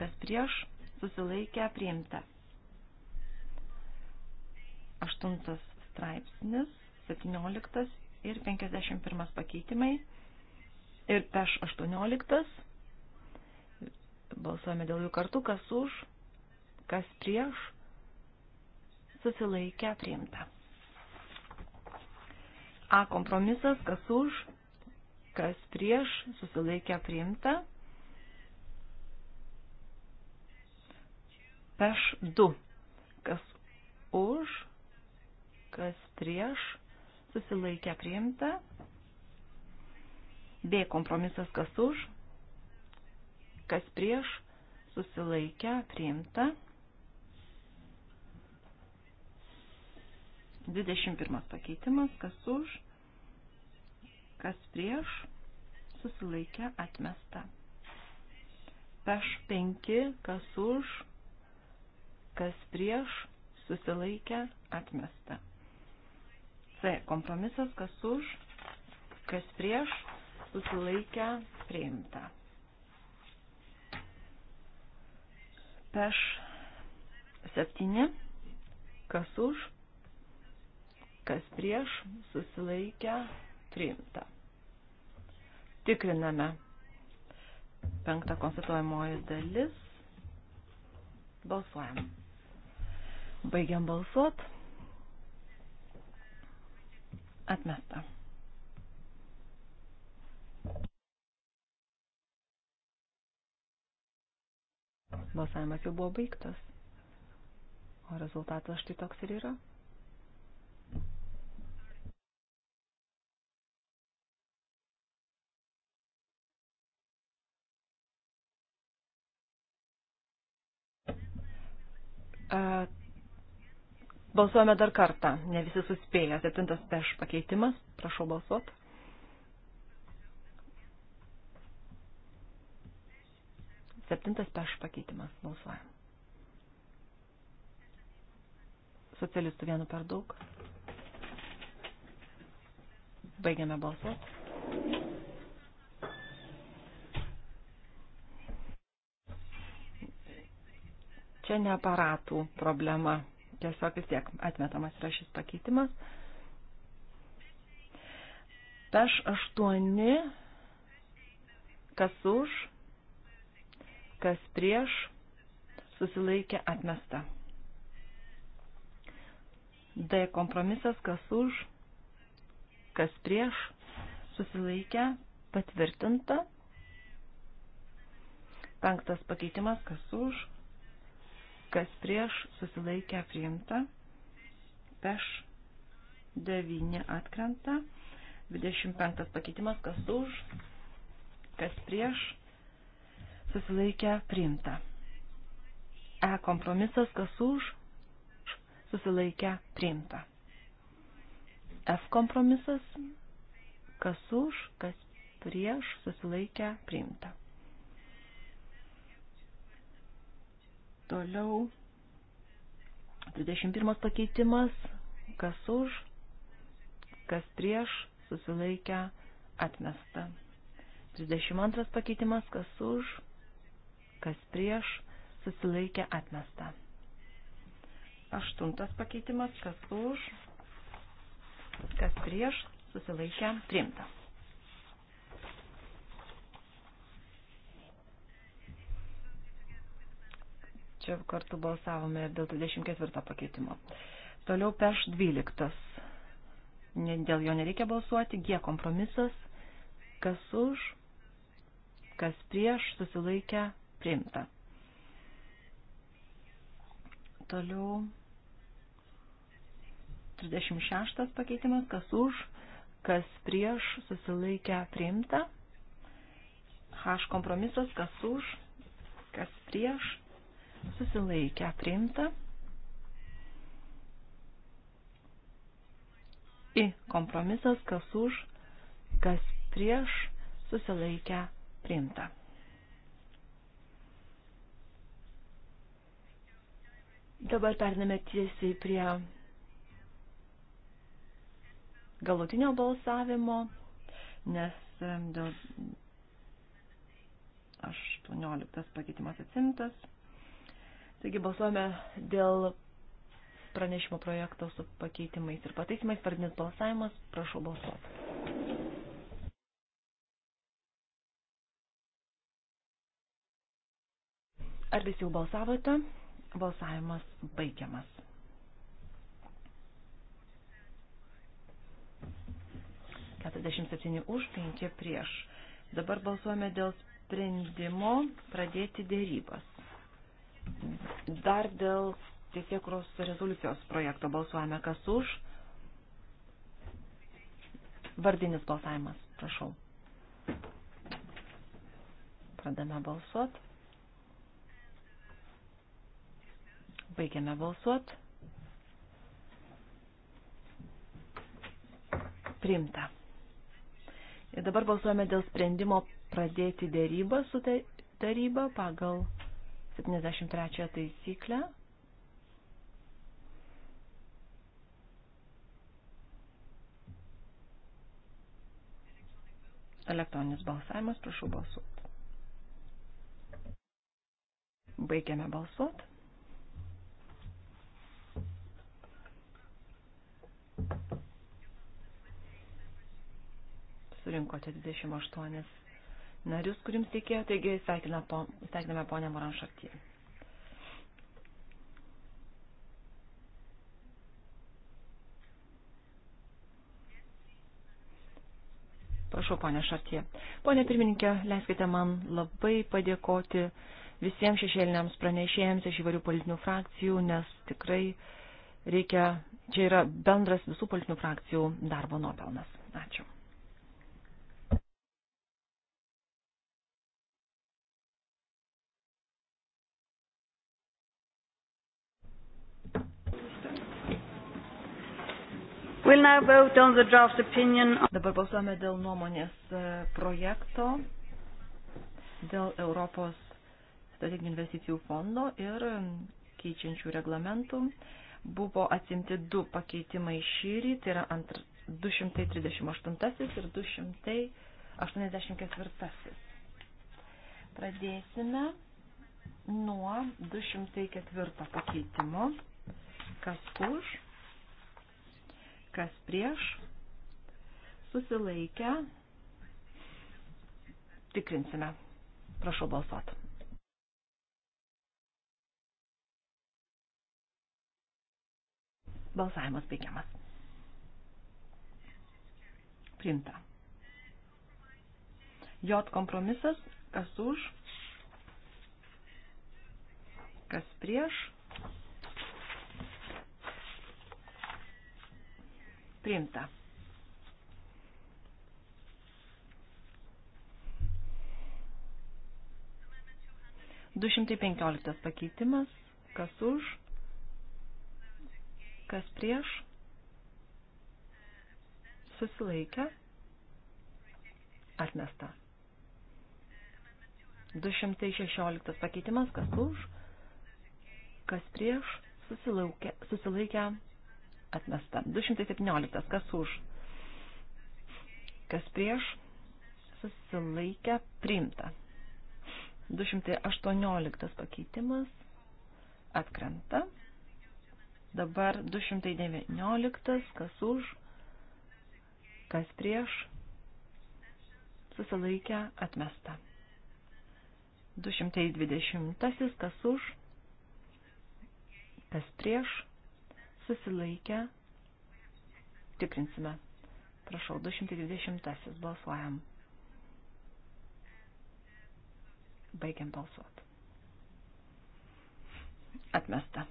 kas prieš, susilaikę, priimta. Aštuntas straipsnis, 17 ir 51 pakeitimai ir peš 18. Balsuojame dėl jų kartu, kas už, kas prieš, susilaikę priimta. A kompromisas, kas už, kas prieš, susilaikę priimta. Peš 2. Kas už, kas prieš, susilaikę priimta. B kompromisas kas už, kas prieš, susilaikę, priimta. 21 pakeitimas, kas už, kas prieš, susilaikę, atmesta. Peš 5, kas už, kas prieš, susilaikę, atmesta. C kompromisas, kas už, kas prieš, susilaikę priimta. Peš 7, kas už, kas prieš, susilaikę priimta. Tikriname penktą konstatuojamoji dalis. Balsuojam. Baigiam balsuot. Atmesta. Balsavimas jau buvo baigtas. O rezultatas štai toks ir yra. Balsuojame dar kartą, ne visi suspėjo. Septintas peš pakeitimas, prašau balsuoti. Septintas peš pakeitimas. Balsuojam. Socialistų vienu per daug. Baigiame balsuoti. Čia ne aparatų problema. Tiesiog vis tiek atmetamas yra šis pakeitimas. Peš aštuoni, kas už, kas prieš, susilaikė atmesta. D kompromisas, kas už, kas prieš, susilaikė patvirtinta. Penktas pakeitimas, kas už, kas prieš, susilaikė priimta. Peš 9 atkrenta. 25 pakeitimas, kas už, kas prieš, susilaikę priimta. E kompromisas, kas už, susilaikę priimta. F kompromisas, kas už, kas prieš, susilaikę priimta. Toliau 21 pakeitimas, kas už, kas prieš, susilaikę atmesta. 22 pakeitimas, kas už, kas prieš, susilaikė atmesta. Aštuntas pakeitimas, kas už, kas prieš, susilaikė priimta. Čia kartu balsavome ir dėl 24 pakeitimo. Toliau peš 12. Dėl jo nereikia balsuoti. G kompromisas. Kas už, kas prieš, susilaikę priimta. Toliau 36 pakeitimas, kas už, kas prieš susilaikę priimta. H kompromisas, kas už, kas prieš susilaikę priimta. I kompromisas, kas už, kas prieš susilaikę priimta. Dabar pername tiesiai prie galutinio balsavimo, nes dėl 18 pakeitimas atsimtas. Taigi balsuojame dėl pranešimo projekto su pakeitimais ir pataisimais. Pradinis balsavimas. Prašau balsuoti. Ar visi jau balsavote? Balsavimas baigiamas. Keturiasdešimt septyni už, penki prieš. Dabar balsuojame dėl sprendimo pradėti dėrybas. Dar dėl teisėkuros rezoliucijos projekto balsuojame kas už. Vardinis balsavimas, prašau. Pradame balsuoti. Baigiame balsuot. Primta. Ir dabar balsuojame dėl sprendimo pradėti dėrybą su taryba pagal 73 taisyklę. Elektroninis balsavimas, prašau balsuoti. Baigiame balsuoti. surinkote 28 narius, kuriems reikėjo, taigi sveikiname ponę Moranšartį. Prašau, ponė Šartie. Pone pirmininkė, leiskite man labai padėkoti visiems šešėliniams pranešėjams iš įvairių politinių frakcijų, nes tikrai reikia, čia yra bendras visų politinių frakcijų darbo nuopelnas. Ačiū. We'll now vote on the draft opinion. Dabar balsuojame dėl nuomonės e, projekto, dėl Europos strateginių investicijų fondo ir keičiančių reglamentų. Buvo atsimti du pakeitimai šyrį, tai yra antr, 238 ir 284. Pradėsime nuo 204 pakeitimo. Kas už? kas prieš, susilaikę, tikrinsime. Prašau balsuot. Balsavimas baigiamas. Primta. J kompromisas, kas už, kas prieš, priimta. Du šimtai penkioliktas pakeitimas, kas už, kas prieš, susilaikę, atmesta. 216 pakeitimas, kas už, kas prieš, susilaikę, atmesta. 217. Kas už? Kas prieš? Susilaikę priimta. 218 pakeitimas atkrenta. Dabar 219. Kas už? Kas prieš? Susilaikę atmesta. 220. Kas už? Kas prieš? susilaikę, tikrinsime. Prašau, 220 balsuojam. Baigiam balsuoti. Atmesta.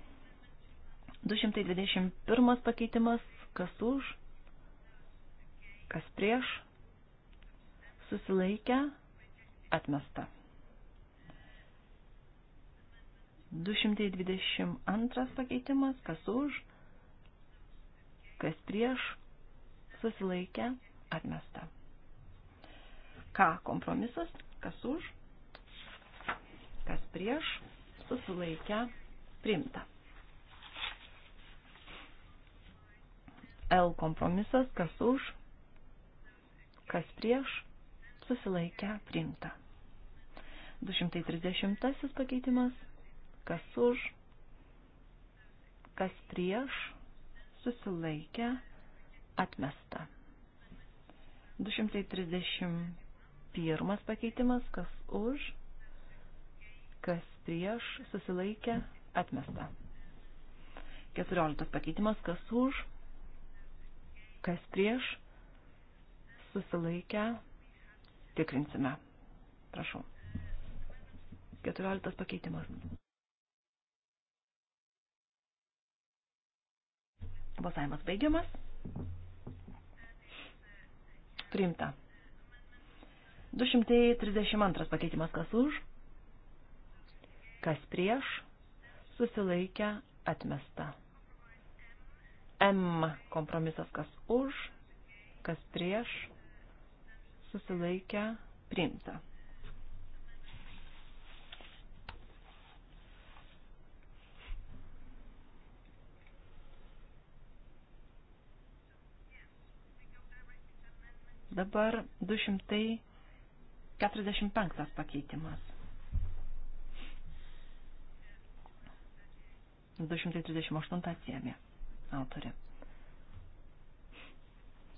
221 pakeitimas, kas už, kas prieš, susilaikę, atmesta. 222 pakeitimas, kas už, kas prieš, susilaikę, atmesta. Ką kompromisas, kas už, kas prieš, susilaikę, priimta. L kompromisas, kas už, kas prieš, susilaikę, priimta. 230 pakeitimas, kas už, kas prieš, susilaikė, atmesta. 231 pakeitimas, kas už, kas prieš, susilaikė, atmesta. 14 pakeitimas, kas už, kas prieš, susilaikę, tikrinsime. Prašau. 14 pakeitimas. Balsavimas baigiamas. Priimta. 232 pakeitimas kas už, kas prieš, susilaikę atmesta. M kompromisas kas už, kas prieš, susilaikę priimta. Dabar 245 pakeitimas. 238 atsiemė autorė.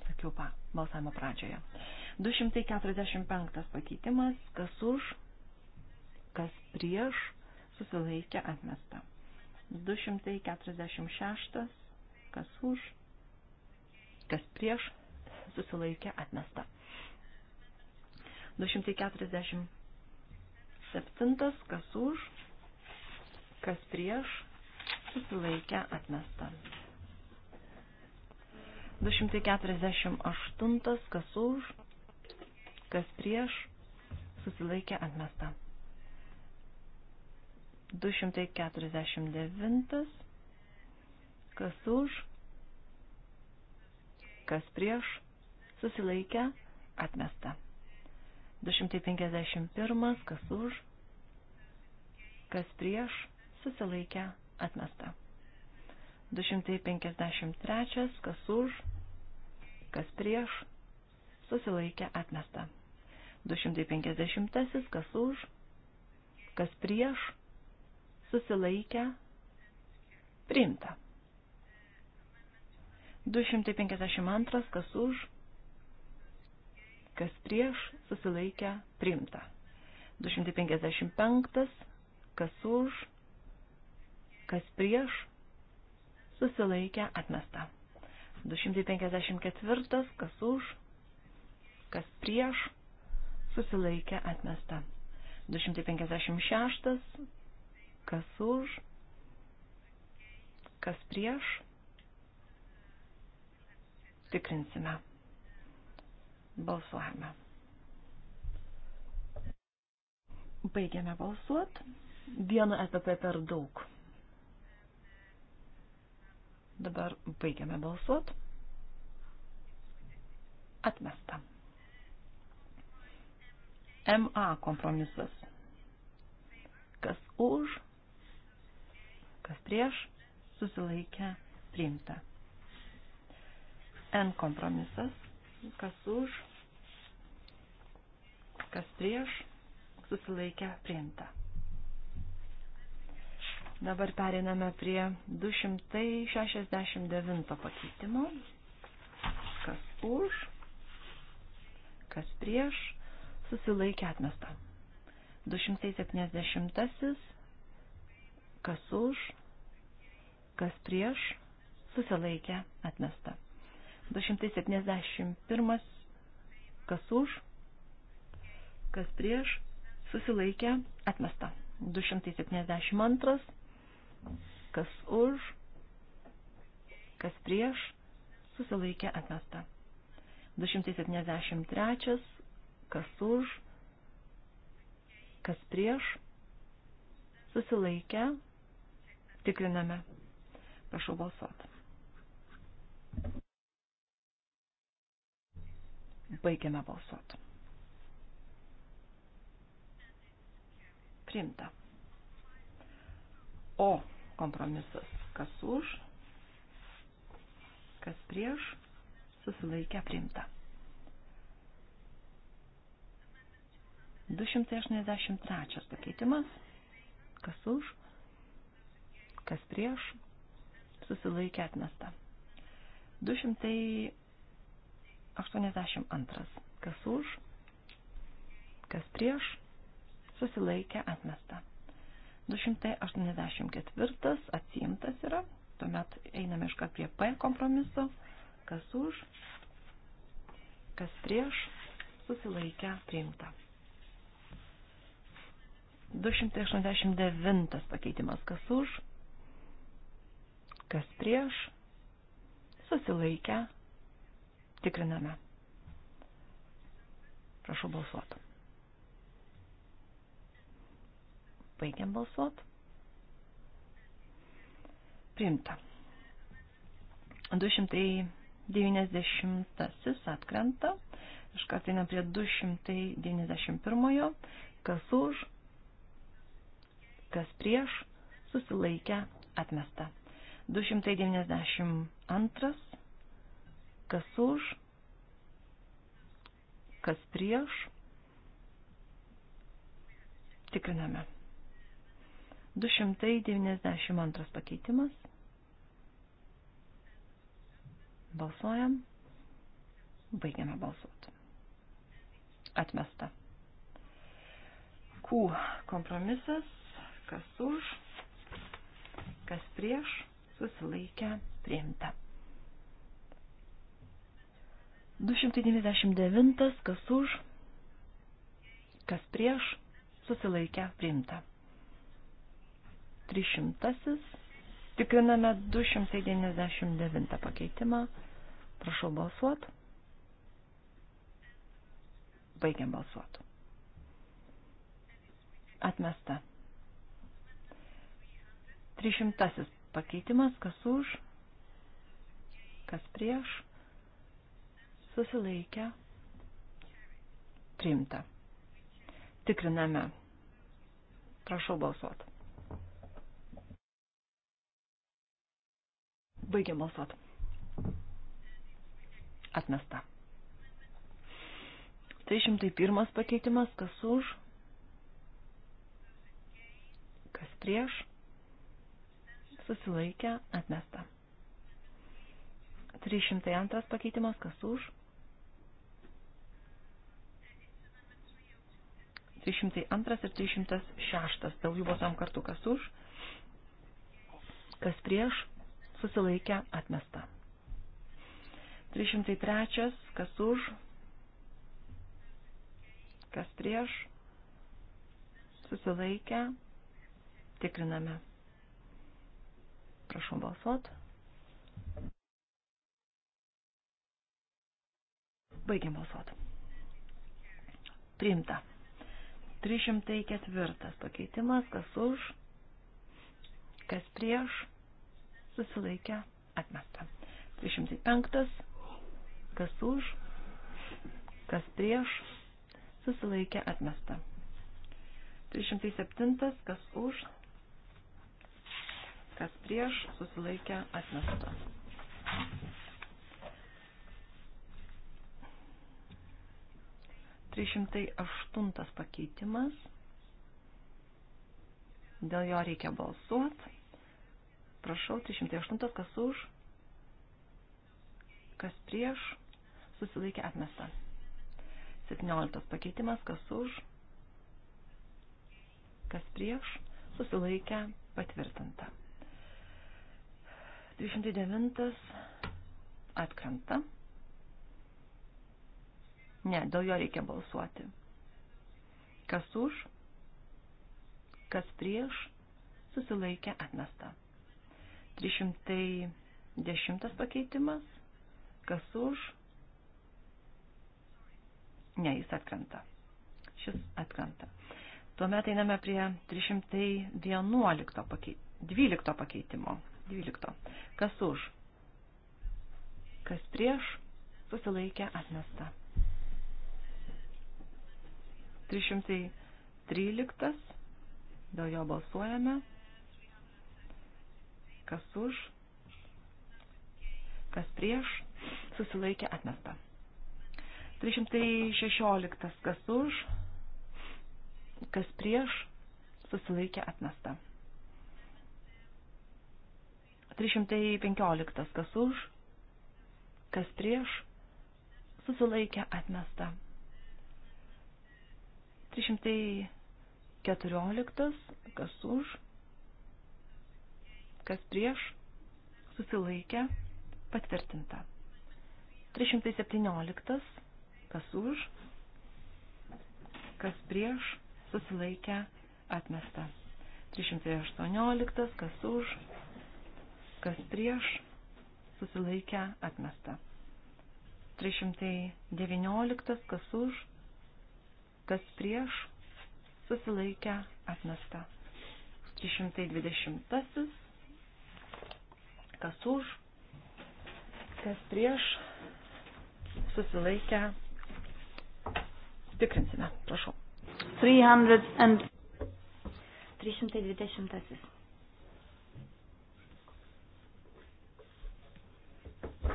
Sakiau pa, balsavimo pradžioje. 245 pakeitimas, kas už, kas prieš, susilaikė atmesta. 246, kas už, kas prieš, susilaikė atmesta. 247. Kas už, kas prieš, susilaikė atmesta. 248. Kas už, kas prieš, susilaikė atmesta. 249. Kas už, kas prieš, susilaikę, atmesta. 251, kas už, kas prieš, susilaikę, atmesta. 253, kas už, kas prieš, susilaikę, atmesta. 250, kas už, kas prieš, susilaikę, priimta. 252, kas už, kas prieš, susilaikę, priimta. 255, kas už, kas prieš, susilaikę, atmesta. 254, kas už, kas prieš, susilaikę, atmesta. 256, kas už, kas prieš, tikrinsime. Balsuojame. Baigiame balsuot. Vieną etapą per daug. Dabar baigiame balsuot. Atmesta. MA kompromisas. Kas už, kas prieš, susilaikę, priimta. N kompromisas. Kas už, kas prieš, susilaikę priimta. Dabar pereiname prie 269 pakeitimo. Kas už, kas prieš, susilaikė atmesta. 270. Kas už, kas prieš, susilaikė atmesta. 271. Kas už, kas prieš, susilaikė, atmesta. 272, kas už, kas prieš, susilaikė, atmesta. 273, kas už, kas prieš, susilaikė, tikriname. Prašau balsuoti. Baigiame balsuoti. Priimta. O kompromisas. Kas už, kas prieš, susilaikę priimta. 283 pakeitimas. Kas už, kas prieš, susilaikė atmesta. 282. Kas už, kas prieš, susilaikė atmesta. 284 atsimtas yra, tuomet einame iškart prie P kompromiso, kas už, kas prieš, susilaikė priimta. 289 pakeitimas, kas už, kas prieš, susilaikė, tikriname. Prašau balsuoti. Baigiam balsuot. Priimta. 290 atkrenta. Iš karto einam prie 291. Kas už, kas prieš, susilaikę, atmesta. 292. Kas už, kas prieš, tikriname. 292 pakeitimas. Balsuojam. Baigiame balsuoti. Atmesta. Q kompromisas. Kas už, kas prieš, susilaikę, priimta. 299. Kas už, kas prieš, susilaikę, priimta. 300. Tikriname 299 pakeitimą. Prašau balsuot. Baigiam balsuot. Atmesta. 300 pakeitimas, kas už, kas prieš, susilaikę, priimta. Tikriname. Prašau balsuoti. Baigiam balsuot. Atmesta. 301 pakeitimas, kas už, kas prieš, susilaikę, atmesta. 302 pakeitimas, kas už, 302 ir 306, dėl jų balsuojam kartu, kas už, kas prieš, susilaikę atmesta. 303, kas už, kas prieš, susilaikę, tikriname. Prašom balsuot. Baigiam balsuot. Priimta. 304 pakeitimas, kas už, kas prieš, susilaikę, atmesta. 305, kas už, kas prieš, susilaikę, atmesta. 307, kas už, kas prieš, susilaikę, atmesta. Trišimtai aštuntas pakeitimas. Dėl jo reikia balsuoti atsiprašau, 308 kas už, kas prieš, susilaikė atmesta. 17 pakeitimas kas už, kas prieš, susilaikė patvirtinta. 209 atkrenta. Ne, dėl jo reikia balsuoti. Kas už, kas prieš, susilaikė atmesta. 310 pakeitimas. Kas už? Ne, jis atkrenta. Šis atkrenta. Tuomet einame prie 311 pakeit... 12 pakeitimo. 12. Kas už? Kas prieš? Susilaikė atmesta. 313. Dėl jo balsuojame. Kas už? Kas prieš? Susilaikė atmesta. 316. Kas už? Kas prieš? Susilaikė atmesta. 315. Kas už? Kas prieš? Susilaikė atmesta. 314. Kas už? kas prieš, susilaikė, patvirtinta. 317, kas už, kas prieš, susilaikė, atmesta. 318, kas už, kas prieš, susilaikė, atmesta. 319, kas už, kas prieš, susilaikė, atmesta. 320, Kas už, kas prieš, susilaikę. Tikrinsime, prašau. 300 and... 320.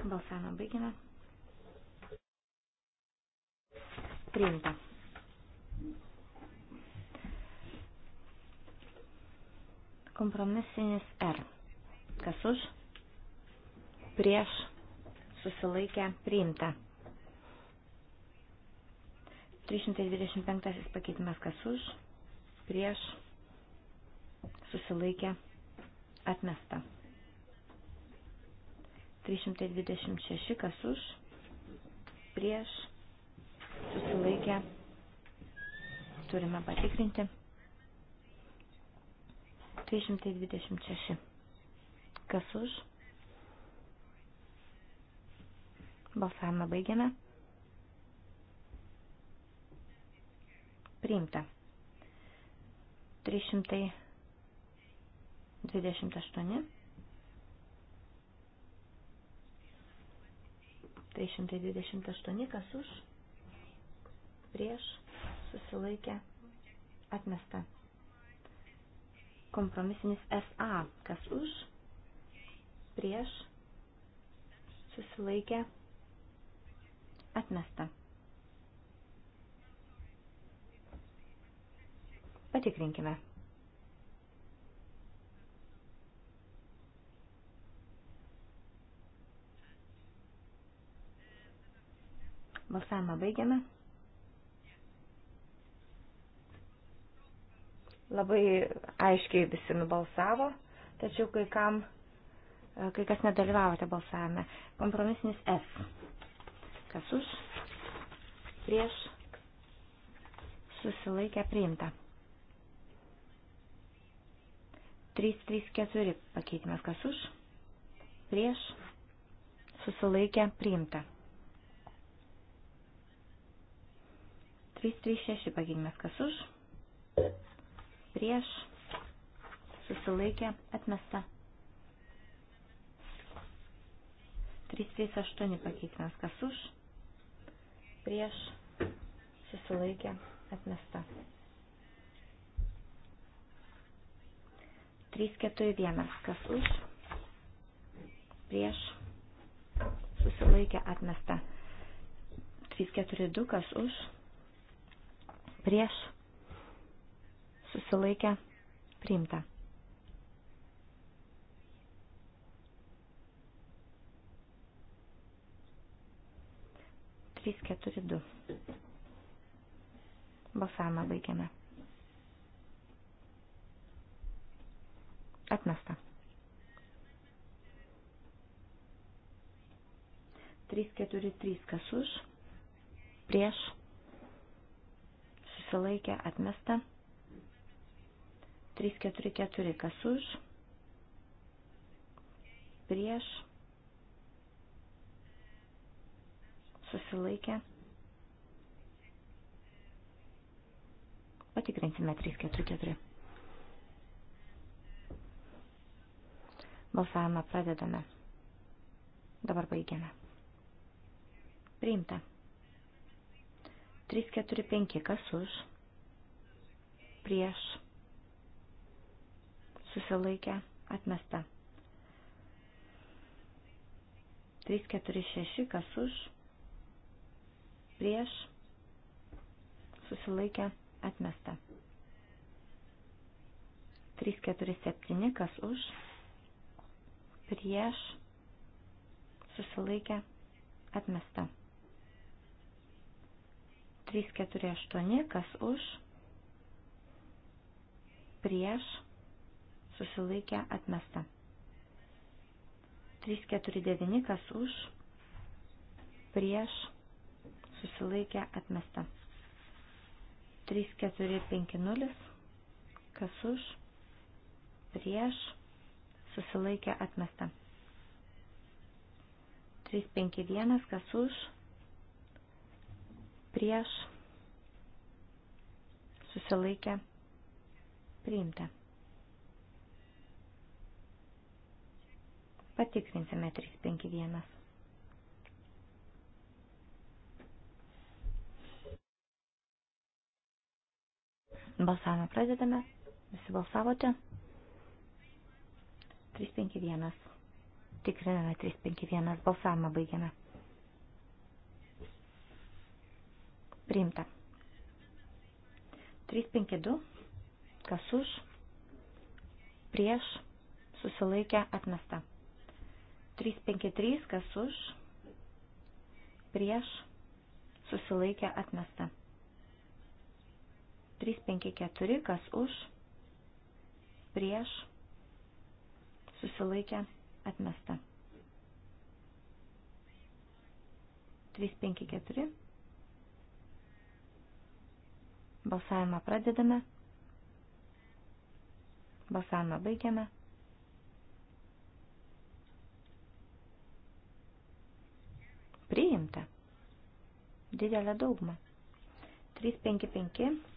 Balsavimą baigime. Priimta. Kompromisinis R. Kas už? prieš susilaikę priimta. 325 pakeitimas kas už, prieš susilaikę atmesta. 326 kas už, prieš susilaikę turime patikrinti. 326 kas už Balsavimą baigiame. Priimta. 328. 328, kas už, prieš, susilaikę, atmesta. Kompromisinis SA, kas už, prieš, susilaikę, atmesta Atmesta. Patikrinkime. Balsavimą baigiame. Labai aiškiai visi nubalsavo, tačiau kai, kam, kai kas nedalyvavote balsavime. Kompromisinis F. Kas už? Prieš. Susilaikę priimta. 334 pakeitimas. Kas už? Prieš. Susilaikę priimta. 336 pakeitimas. Kas už? Prieš. Susilaikę atmesta. 338 pakeitimas. Kas už? prieš susilaikė atmesta. 341. Kas už? Prieš susilaikė atmesta. 342. Kas už? Prieš susilaikė priimta. 342. Balsavimą baigiame. Atmesta. 343 kas už, prieš, susilaikę, atmesta. 344 kas už, prieš, susilaikė. Patikrinsime 344. Balsavimą pradedame. Dabar baigiame. Priimta. 345. Kas už? Prieš. Susilaikę. Atmesta. 346. Kas už? prieš, susilaikė, atmesta. 347, kas už, prieš, susilaikė, atmesta. 348, kas už, prieš, susilaikė, atmesta. 349, kas už, prieš, susilaikė atmesta. 3450, kas už, prieš, susilaikė atmesta. 351, kas už, prieš, susilaikė, priimta. Patikrinsime 351. Balsavimą pradedame. Visi balsavote. 351. Tikriname 351. Balsavimą baigiame. Priimta. 352. Kas už? Prieš. Susilaikę atmesta. 353. Kas už? Prieš. Susilaikę atmesta. 354, kas už, prieš, susilaikę, atmesta. 354. Balsavimą pradedame. Balsavimą baigiame. Priimta. Didelė dauguma. 355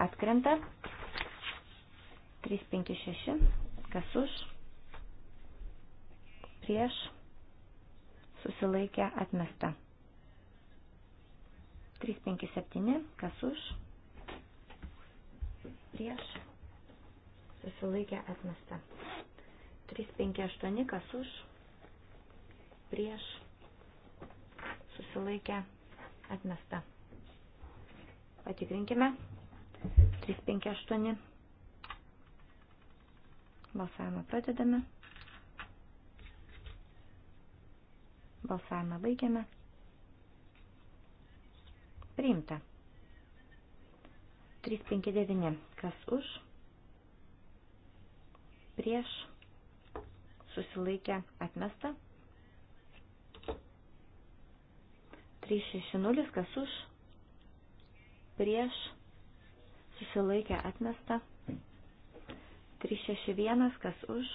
Atkrenta. 356. Kas už? Prieš. Susilaikę atmesta. 357. Kas už? Prieš. Susilaikę atmesta. 358. Kas už? Prieš. Susilaikę atmesta. Patikrinkime. 358. Balsavimą pradedame. Balsavimą baigiame. Priimta. 359. Kas už? Prieš. Susilaikę atmesta. 360. Kas už? Prieš susilaikė atmesta. 361, kas už,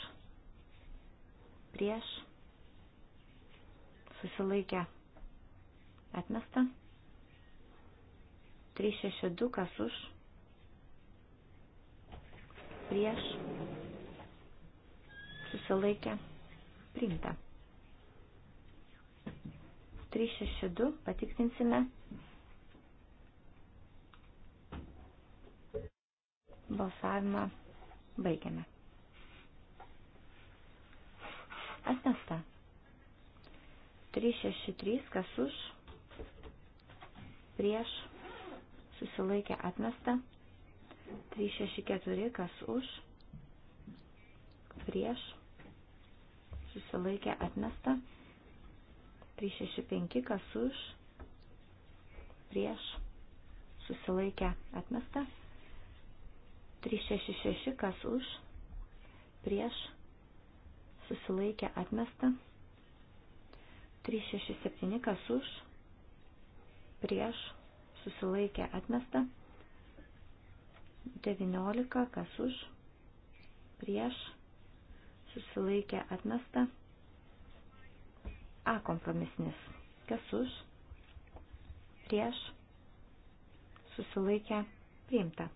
prieš, susilaikė atmesta. 362, kas už, prieš, susilaikė priimta. 362 patikrinsime Balsavimą baigiame. Atmesta. 363, kas už, prieš, susilaikė atmesta. 364, kas už, prieš, susilaikė atmesta. 365, kas už, prieš, susilaikė atmesta. 366, kas už, prieš, susilaikė atmesta. 367, kas už, prieš, susilaikė atmesta. 19, kas už, prieš, susilaikė atmesta. A kompromisnis, kas už, prieš, susilaikė priimta.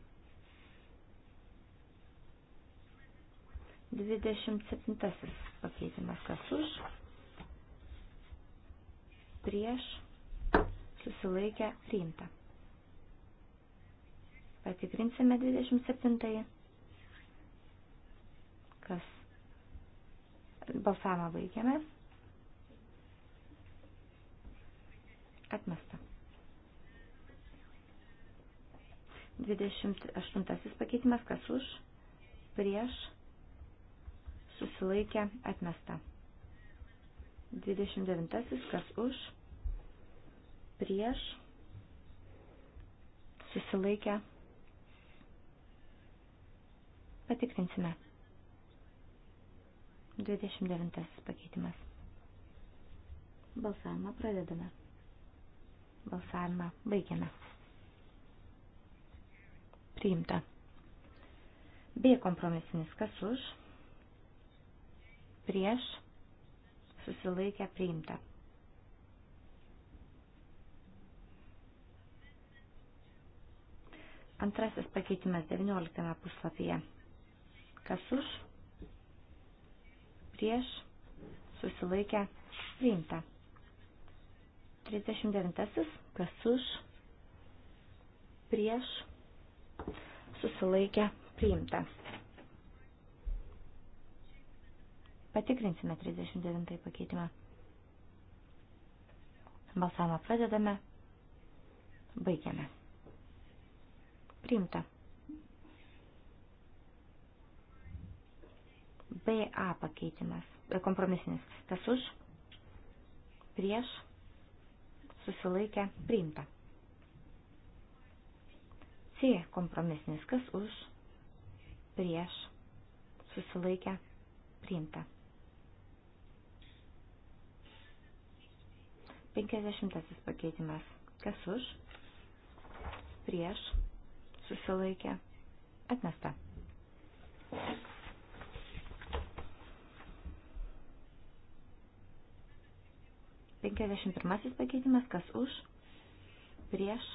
27 pakeitimas kas už, prieš, susilaikę, priimta. Patikrinsime 27. Kas balsavimą baigiame. Atmesta. 28 pakeitimas kas už, prieš, susilaikė atmesta. 29. Kas už, prieš, susilaikė, patikrinsime. 29. pakeitimas. Balsavimą pradedame. Balsavimą baigiame. Priimta. B kompromisinis. Kas už? prieš, susilaikę priimta. Antrasis pakeitimas 19 puslapyje. Kas už, prieš, susilaikę priimta. 39. Kas už, prieš, susilaikę priimta. Patikrinsime 39 pakeitimą. Balsavimą pradedame. Baigiame. Priimta. BA pakeitimas. E, kompromisinis. Kas už? Prieš. Susilaikę. Priimta. C kompromisinis. Kas už? Prieš. Susilaikę. Priimta. 50 pakeitimas. Kas už? Prieš. Susilaikė. Atmesta. Penkiasdešimt pirmasis pakeitimas, kas už, prieš,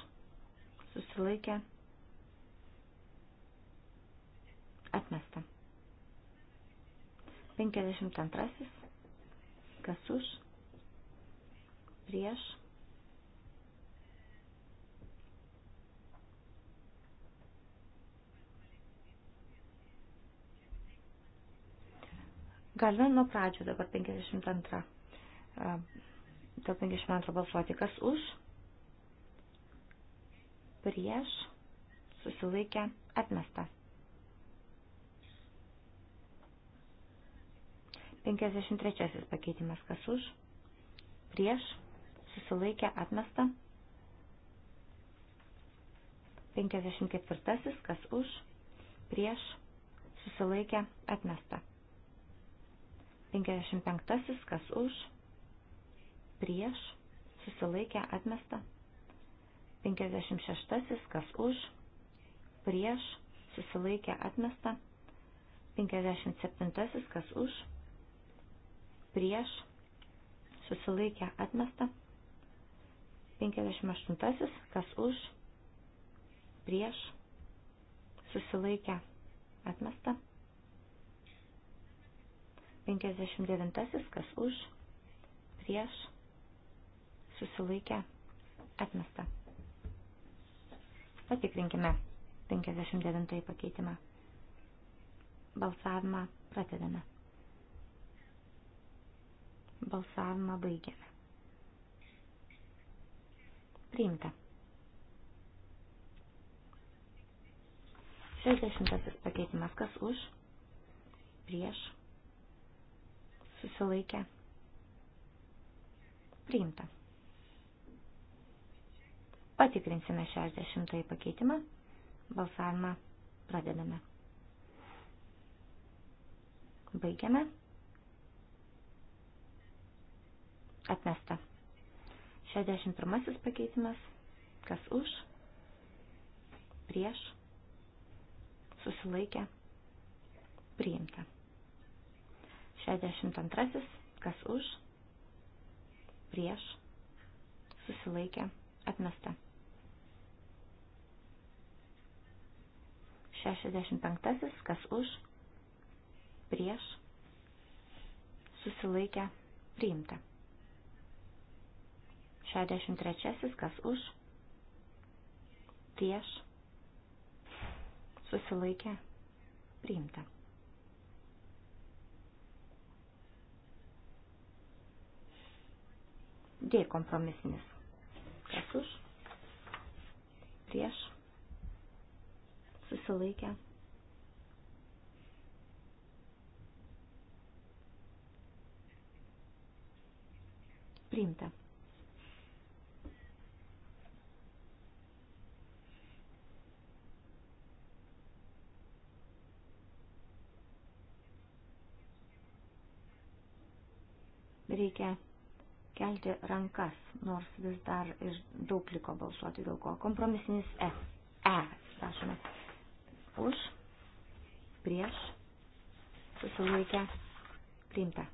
susilaikė, atmesta. Penkiasdešimt antrasis, kas už, prieš. Galime nuo pradžių dabar 52. Dėl 52 balsuoti. Kas už? Prieš. Susilaikę. Atmesta. 53 pakeitimas. Kas už? Prieš susilaikė atmesta. 54. Kas už, prieš, susilaikė atmesta. 55. Kas už, prieš, susilaikė atmesta. 56. Kas už, prieš, susilaikė atmesta. 57. Kas už, prieš, susilaikė atmesta. 58. Kas už, prieš, susilaikę, atmesta. 59. Kas už, prieš, susilaikę, atmesta. Patikrinkime 59 pakeitimą. Balsavimą pradedame. Balsavimą baigiame. Priimta. 60 pakeitimas. Kas už? Prieš. Susilaikę. Priimta. Patikrinsime 60 pakeitimą. Balsavimą pradedame. Baigiame. Atmesta. 61 pakeitimas. Kas už? Prieš? Susilaikę? Priimta. 62. Kas už? Prieš? Susilaikę? Atmesta. 65. Kas už? Prieš? Susilaikę? Priimta. 63. Kas už? Prieš. Susilaikė. Priimta. D kompromisinis. Kas už? Prieš. Susilaikę. Priimta. reikia kelti rankas, nors vis dar ir daug liko balsuoti dėl ko. Kompromisinis E. E, atsiprašome. Už, prieš, susilaikę, priimta.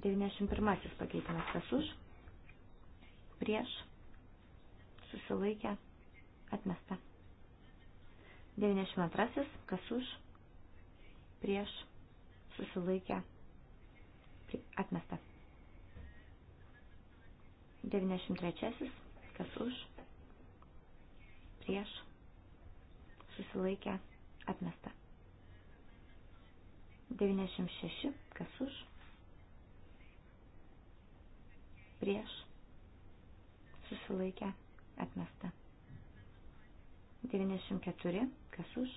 Devyniasdešimt pirmasis pakeitimas kas už, prieš, susilaikę, atmesta. Devyniasdešimt antrasis kas už, prieš prieš susilaikę atmesta. 93. Kas už, prieš susilaikę atmesta. 96. Kas už, prieš susilaikę atmesta. 94. Kas už,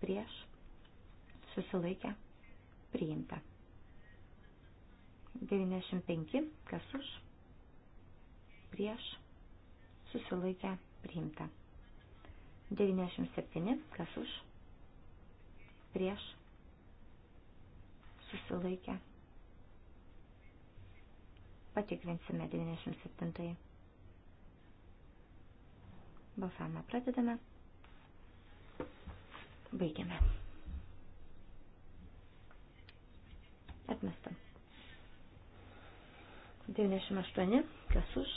prieš susilaikė, priimta. 95, kas už, prieš, susilaikė, priimta. 97, kas už, prieš, susilaikė. Patikrinsime 97. Balsavimą pradedame. Baigiame. Atmesta. 98. Kas už?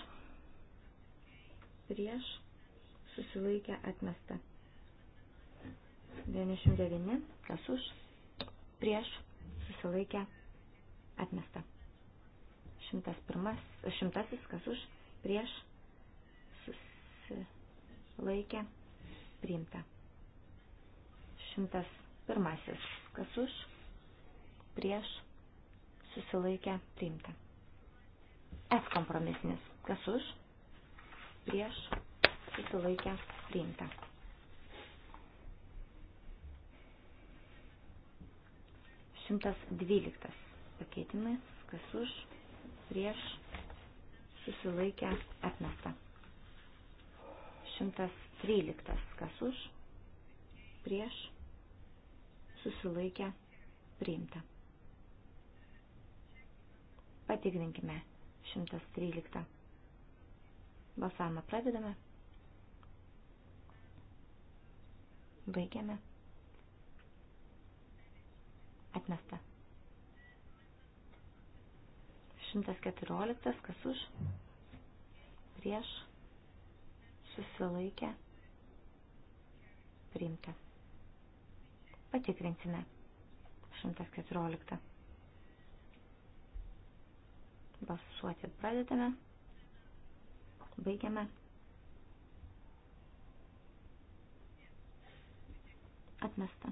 Prieš. Susilaikę. Atmesta. 99. Kas už? Prieš. Susilaikę. Atmesta. 101. 100. Kas už? Prieš. Susilaikę. Priimta. 101. Kas už? Prieš susilaikė priimta. F kompromisinis. Kas už? Prieš susilaikė priimta. Šimtas dvyliktas pakeitimais. Kas už? Prieš susilaikė atmesta. Šimtas tryliktas. Kas už? Prieš susilaikė priimta. Patikrinkime 113. Balsavimą pradedame. Baigiame. Atmesta. 114. Kas už? Prieš. Susilaikę. Priimta. Patikrinsime. 114. Balsuoti pradedame. Baigiame. Atmesta.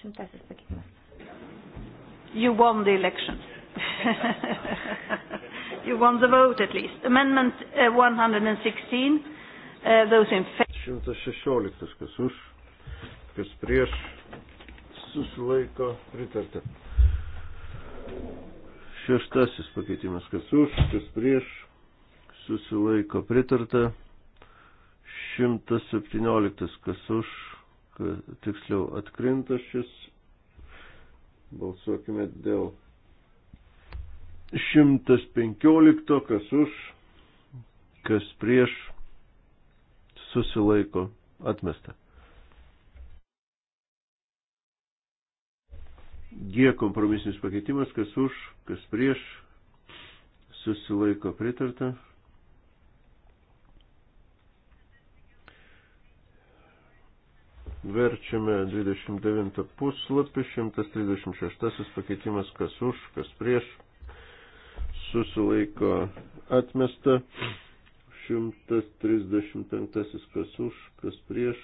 Šimtasis pakeitimas. You won the election. you won the vote at least. Amendment uh, 116. Uh, those in favor. 116. Kas už, kas prieš susilaiko pritarta. Šeštasis pakeitimas, kas už, kas prieš, susilaiko pritarta. 117, kas už, kad, tiksliau atkrinta šis. Balsuokime dėl 115, kas už, kas prieš, susilaiko atmesta. G kompromisinis pakeitimas, kas už, kas prieš, susilaiko pritarta. Verčiame 29 puslapį, 136 pakeitimas, kas už, kas prieš, susilaiko atmesta, 135 kas už, kas prieš,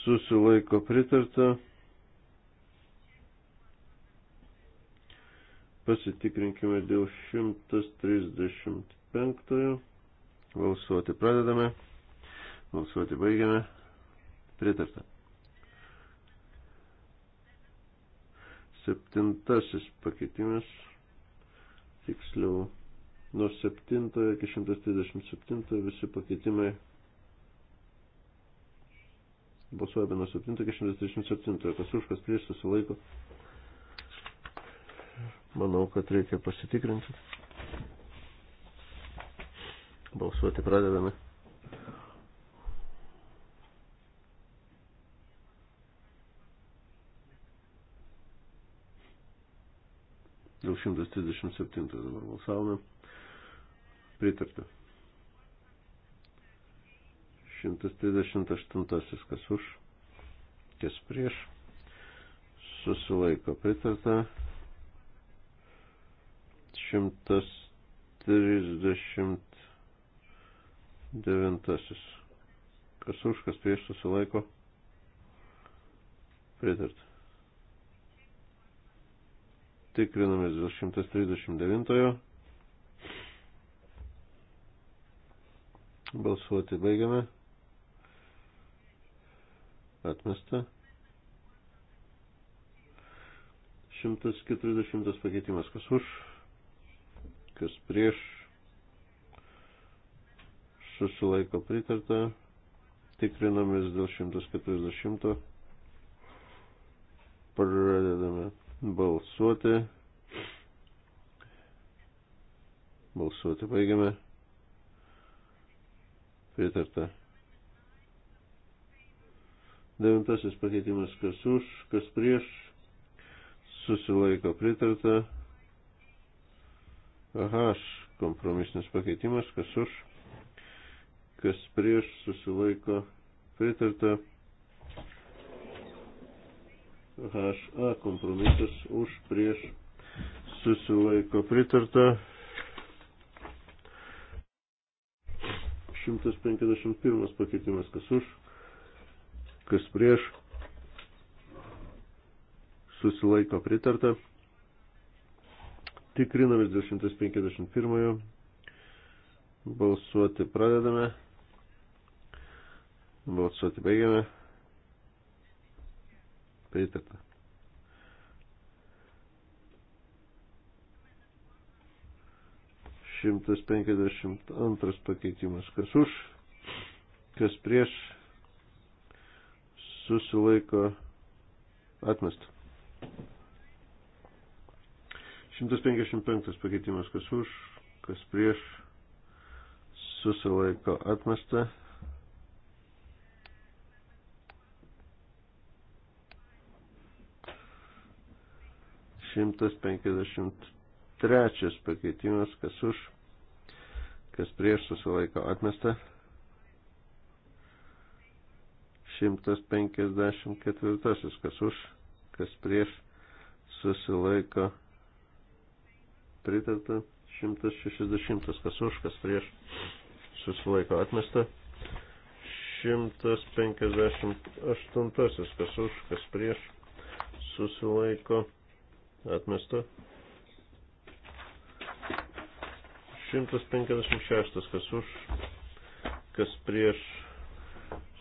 susilaiko pritarta. Pasitikrinkime dėl 135. Valsuoti pradedame. Valsuoti baigiame. Pritarta. Septintasis pakeitimas. Tiksliau, nuo 7 iki 137 visi pakeitimai balsuojame nuo 7 iki 137, kas už, kas prieš susilaiko Manau, kad reikia pasitikrinti. Balsuoti pradedame. Dėl 137 dabar balsavome. Pritarta. 138 kas už, kas prieš. Susilaiko pritarta. 139. Kas už, kas prieš susilaiko? Pritart. Tikrinamės dėl 139. Balsuoti baigiame. Atmesta. 140 pakeitimas. Kas už? kas prieš, susilaiko pritarta, tikrinamės dėl 140, pradedame balsuoti, balsuoti baigiame, pritarta. Devintasis pakeitimas, kas už, kas prieš, susilaiko pritarta. H kompromisinis pakeitimas, kas už, kas prieš susilaiko pritarta. HA kompromisas už prieš susilaiko pritarta. 151 pakeitimas, kas už, kas prieš susilaiko pritarta. Tikriname 251. Balsuoti pradedame. Balsuoti baigiame. Pritarta. Šimtas penkiasdešimt antras pakeitimas. Kas už, kas prieš, susilaiko atmestą. 155 pakeitimas, kas už, kas prieš, susilaiko atmesta. Šimtas penkiasdešimt trečias pakeitimas, kas už, kas prieš susilaiko atmesta. 154, kas už, kas prieš susilaiko atmesta pritarta 160, kas už, kas prieš, susilaiko atmesta. 158, kas už, kas prieš, susilaiko atmesta. 156, kas už, kas prieš,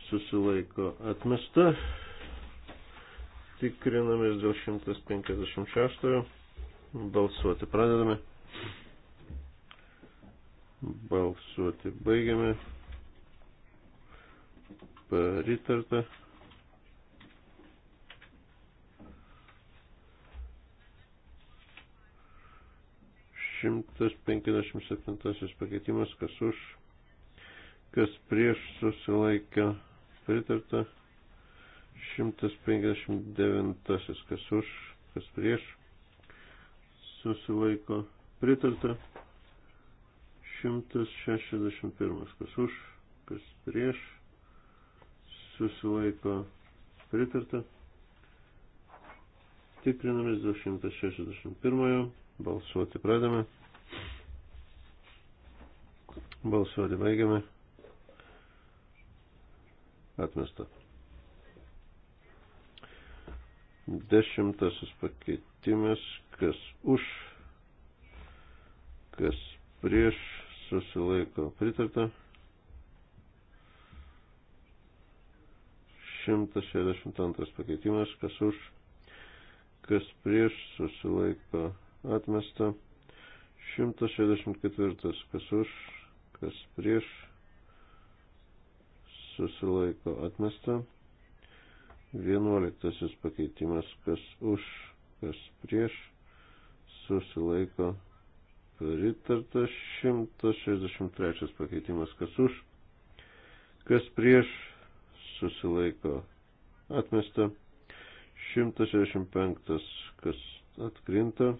susilaiko atmesta. Tikrinamės dėl 156. Balsuoti pradedame. Balsuoti baigiame. Pritarta. Šimtas penkiasdešimt septintasis pakeitimas, kas už, kas prieš susilaikė pritarta. 159 kas už, kas prieš susilaiko pritarta. 161. Kas už, kas prieš, susilaiko pritarta. Tikrinamės 261. Balsuoti pradame. Balsuoti baigiame. Atmesta. Dešimtasis pakeitimas, kas už, kas prieš, susilaiko pritarta. 162 pakeitimas, kas už, kas prieš, susilaiko atmesta. 164 kas už, kas prieš, susilaiko atmesta. 11 pakeitimas, kas už, kas prieš, susilaiko pritarta 163 pakeitimas, kas už, kas prieš susilaiko atmesta, 165 kas atkrinta,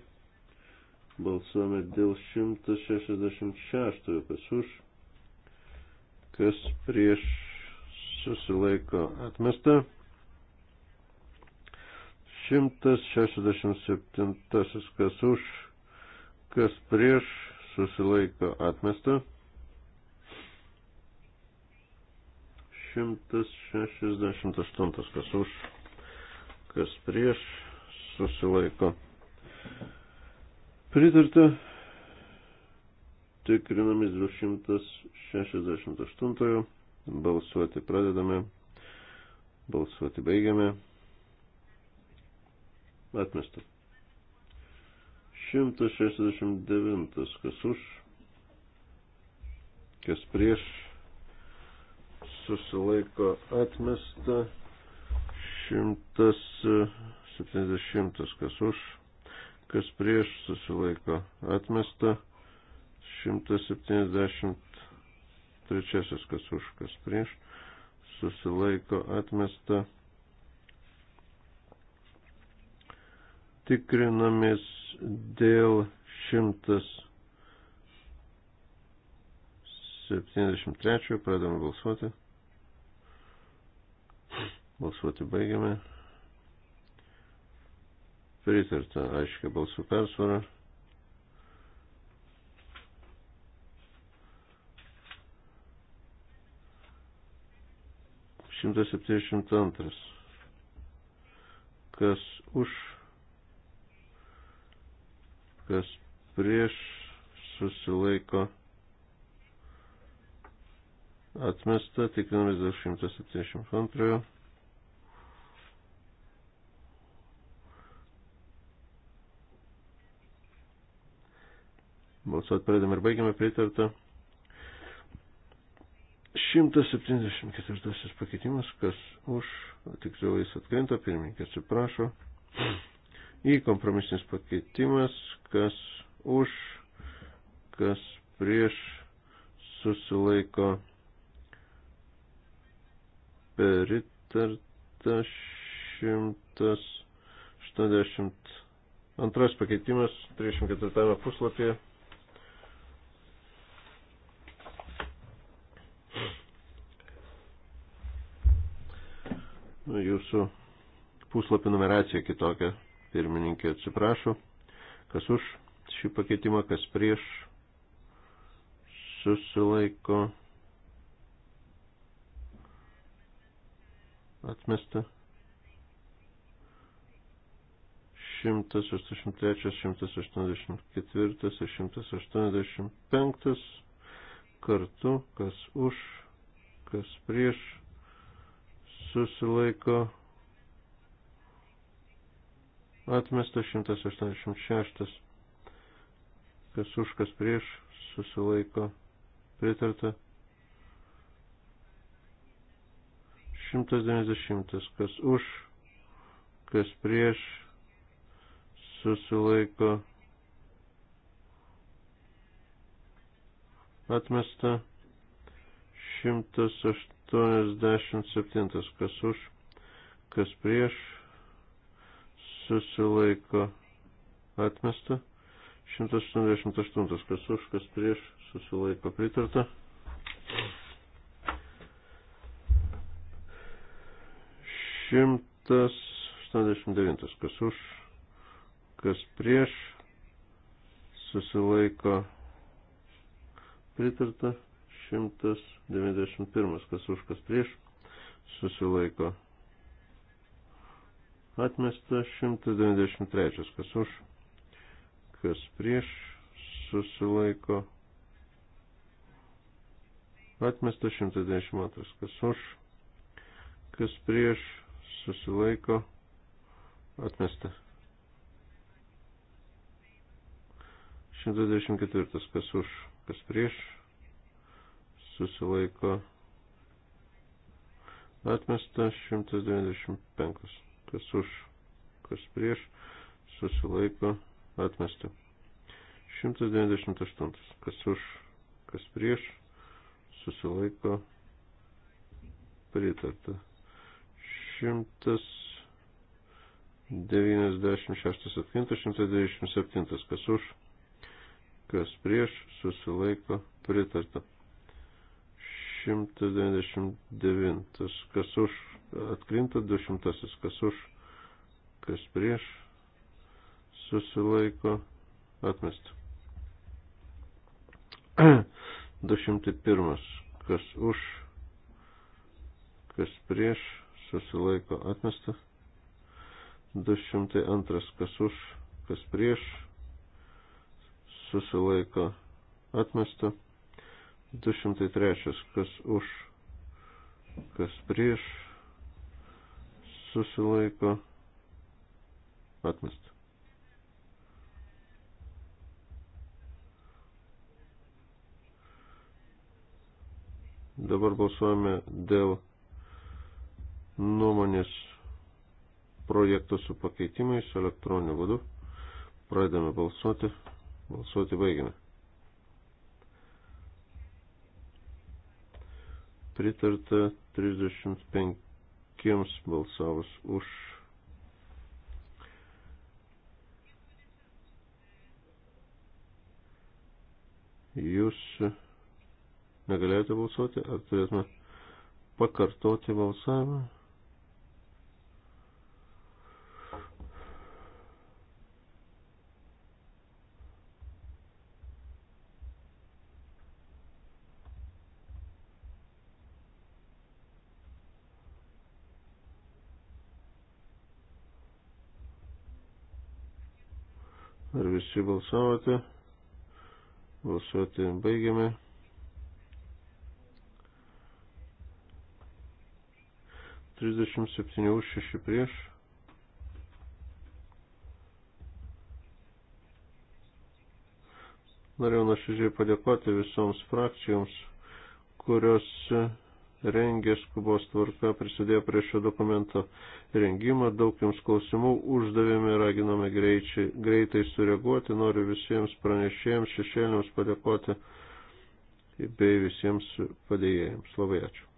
balsuome dėl 166 kas už, kas prieš susilaiko atmesta. 167 kas už, kas prieš susilaiko atmesta. 168 kas už, kas prieš susilaiko. Pritarta tikrinamis 268 balsuoti pradedame, balsuoti baigiame. Atmesta. 169. Kas už, kas prieš, susilaiko atmesta. 170. Kas už, kas prieš, susilaiko atmesta. 173. Kas už, kas prieš, susilaiko atmesta. tikrinamės dėl 173, pradame balsuoti. Balsuoti baigiame. Pritarta, aiškiai, balsų persvara. Šimtas septyniasdešimt antras. Kas už kas prieš susilaiko atmesta, tikrinamės dėl 172. Balsuot pradėm ir baigiame pritartą. 174 pakeitimas, kas už, tiksliau jis atkrinta, pirmininkė atsiprašo. Hmm į kompromisinis pakeitimas, kas už, kas prieš susilaiko peritarta 182 pakeitimas 34 puslapyje. Nu, jūsų puslapį numeracija kitokia. Pirmininkė atsiprašo. Kas už šį pakeitimą, kas prieš susilaiko. Atmesta. 183, 184 ir 185 kartu, kas už, kas prieš susilaiko Atmestas 186. Kas už, kas prieš, susilaiko pritarta. 190. Kas už, kas prieš, susilaiko atmesta. 187. Kas už, kas prieš, susilaiko atmesta. 188 kas už, kas prieš susilaiko pritarta. 189 kas už, kas prieš susilaiko pritarta. 191 kas už, kas prieš susilaiko Atmesta 193. Kas už, kas prieš susilaiko. Atmesta 192. Kas už, kas prieš susilaiko. Atmesta. 124. Kas už, kas prieš susilaiko. Atmesta 195 kas už, kas prieš, susilaiko atmesta. 198. Kas už, kas prieš, susilaiko pritarta. 196 atkinta, 197. Kas už, kas prieš, susilaiko pritarta. 199. Kas už, atkrinta, dešimtasis kas už, kas prieš, susilaiko, atmesta. 201. Kas už, kas prieš, susilaiko atmesta. 202. Kas už, kas prieš, susilaiko atmesta. 203. Kas už, kas prieš, susilaiko atmesta. Dabar balsuojame dėl nuomonės projekto su pakeitimais elektroniniu būdu. Pradedame balsuoti. Balsuoti baigiame. Pritarta 35 tokiems balsavus už. Jūs negalėjote balsuoti, ar turėtume pakartoti balsavimą? visi balsavote? Balsuoti baigiame. Trisdešimt septynių šeši prieš. Norėjau nuoširdžiai padėkoti visoms frakcijoms, kurios rengė skubos tvarka, prisidėjo prie šio dokumento rengimą, daug jums klausimų uždavėme, raginome greičiai, greitai sureaguoti, noriu visiems pranešėjams, šešėliams padėkoti bei visiems padėjėjams. Labai ačiū.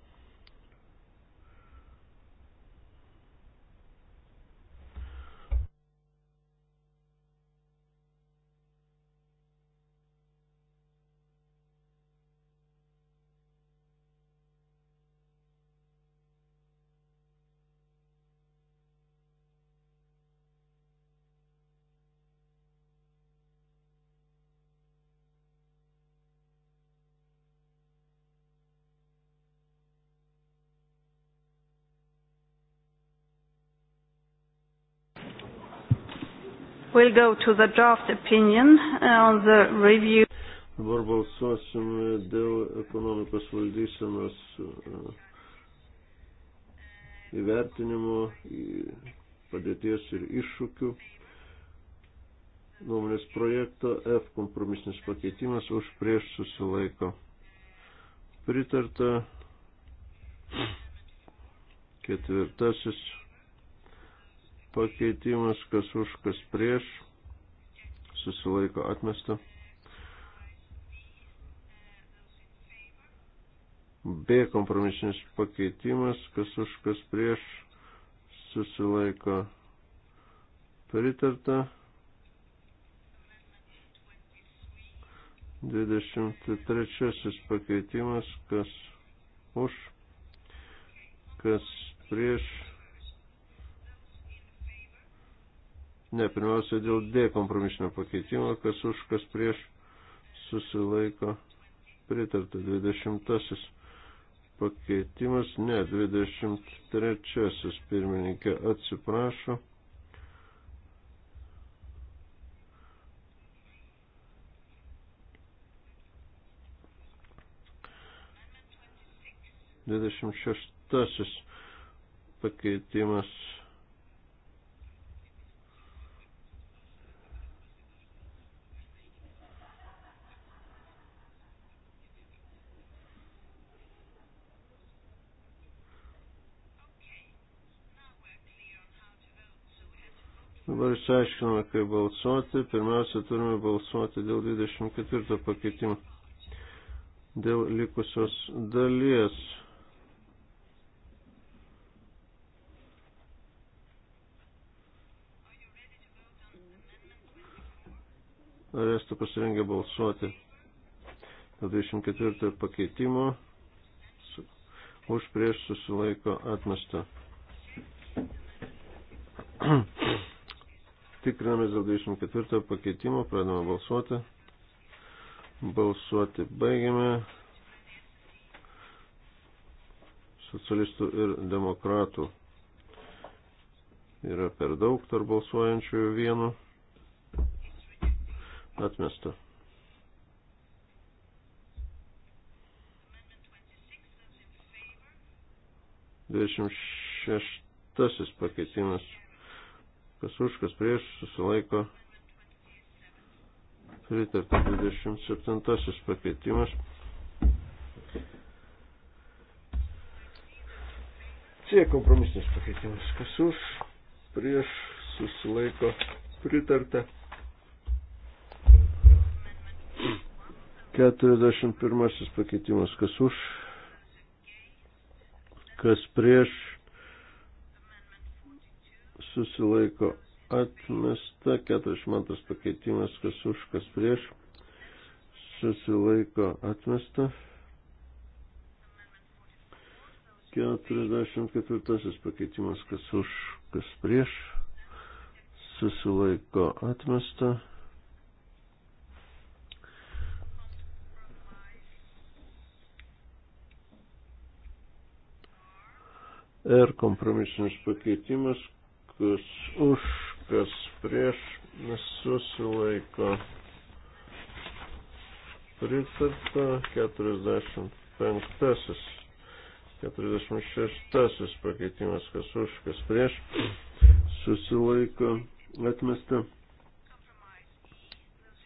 We'll go to the draft opinion uh, on the review. Dabar balsuosime dėl ekonomikos valdysenos uh, įvertinimo, padėties ir iššūkių. Nuomonės projekto F kompromisinis pakeitimas už prieš susilaiko. Pritarta ketvirtasis pakeitimas, kas už, kas prieš, susilaiko atmesta. B kompromisinis pakeitimas, kas už, kas prieš, susilaiko pritarta. 23 pakeitimas, kas už, kas prieš, Ne, pirmiausia dėl D kompromisinio pakeitimo, kas už, kas prieš susilaiko pritarta. 20 pakeitimas, ne, 23 pirmininkė atsiprašo. Dvidešimt šeštasis pakeitimas Dabar išsiaiškiname, kaip balsuoti. Pirmiausia, turime balsuoti dėl 24 pakeitimo. Dėl likusios dalies. Ar esate pasirengę balsuoti dėl 24 pakeitimo? Už prieš susilaiko atmestą. Tikrinamės dėl 24 pakeitimo, pradame balsuoti. Balsuoti baigiame. Socialistų ir demokratų yra per daug tarp balsuojančiųjų vienu. Atmesta. Dvidešimt šeštasis pakeitimas kas už, kas prieš, susilaiko pritarta 27 pakeitimas. C kompromisinis pakeitimas, kas už, prieš, susilaiko pritarta. 41 pakeitimas, kas už, kas prieš, susilaiko atmesta, 42 pakeitimas, kas už, kas prieš, susilaiko atmesta. 44 pakeitimas, kas už, kas prieš, susilaiko atmesta. ir kompromisinis pakeitimas, kas už, kas prieš, susilaiko. Pritarta 45. 46 pakeitimas, kas už, kas prieš, susilaiko atmesta.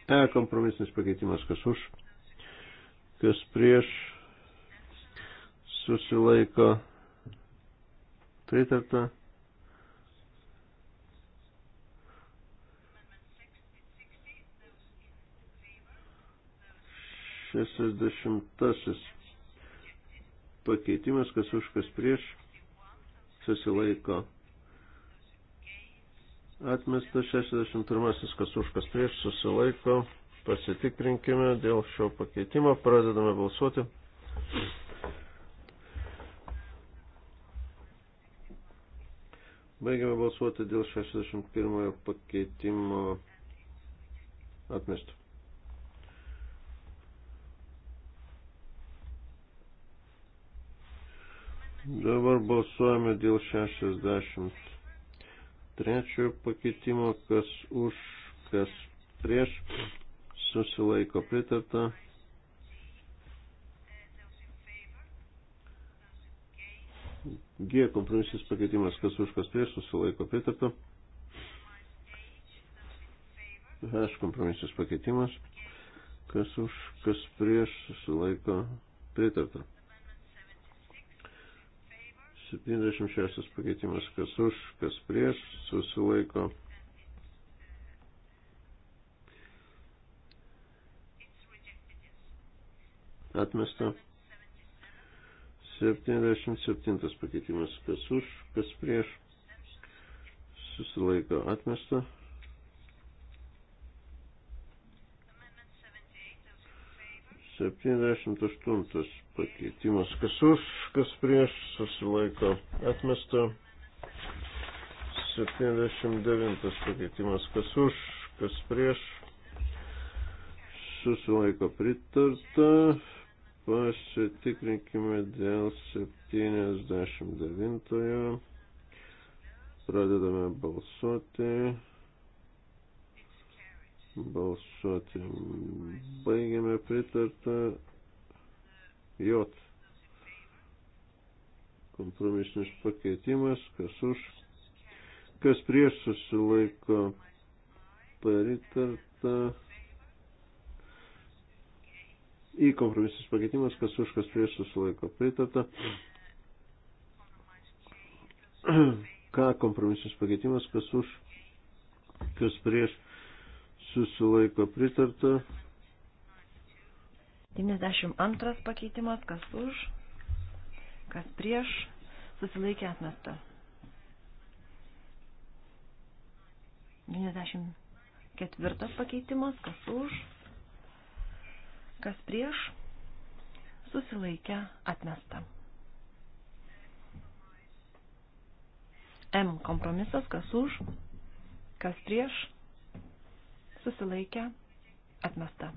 E kompromisinis pakeitimas, kas už, kas prieš, susilaiko pritarta. 60 pakeitimas, kas už kas prieš, susilaiko. Atmestas 61, kas už kas prieš, susilaiko. Pasitikrinkime dėl šio pakeitimo, pradedame balsuoti. Baigiame balsuoti dėl 61 pakeitimo atmestų. Dabar balsuojame dėl 63 pakeitimo, kas už, kas prieš, susilaiko pritarta. G kompromisinis pakeitimas, kas už kas prieš, susilaiko pritarta. H kompromisinis pakeitimas, kas už kas prieš, susilaiko pritarta. 76 pakeitimas, kas už, kas prieš, susilaiko. Atmesta. 77 pakeitimas, kas už, kas prieš, susilaiko. Atmesta. 78 pakeitimas. Kas už, kas prieš, susilaiko atmesta. 79 pakeitimas. Kas už, kas prieš, susilaiko pritarta. Pasitikrinkime dėl 79. Pradedame balsuoti balsuoti. Baigiame pritartą J. Kompromisinis pakeitimas, kas už, kas prieš susilaiko pritarta. Į kompromisinis pakeitimas, kas už, kas prieš susilaiko pritarta. Ką kompromisinis pakeitimas, kas už, kas prieš susilaiko pritarta. 92 pakeitimas, kas už, kas prieš, susilaikė atmesta. 94 pakeitimas, kas už, kas prieš, susilaikė atmesta. M kompromisas, kas už, kas prieš, susilaikę, atmesta.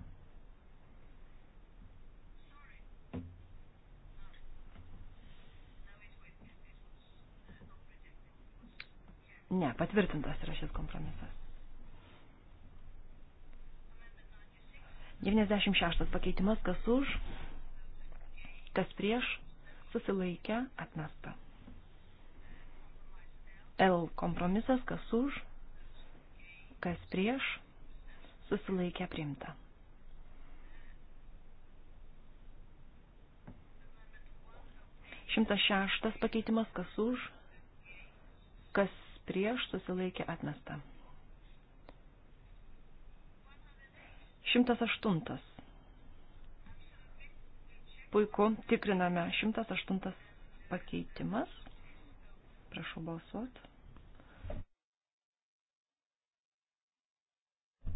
Ne, patvirtintas yra šis kompromisas. 96 pakeitimas, kas už, kas prieš, susilaikę, atmesta. L kompromisas, kas už, kas prieš, susilaikė priimta. Šimtas šeštas pakeitimas, kas už, kas prieš, susilaikė atmesta. Šimtas aštuntas. Puiku, tikriname. Šimtas aštuntas pakeitimas. Prašau balsuoti.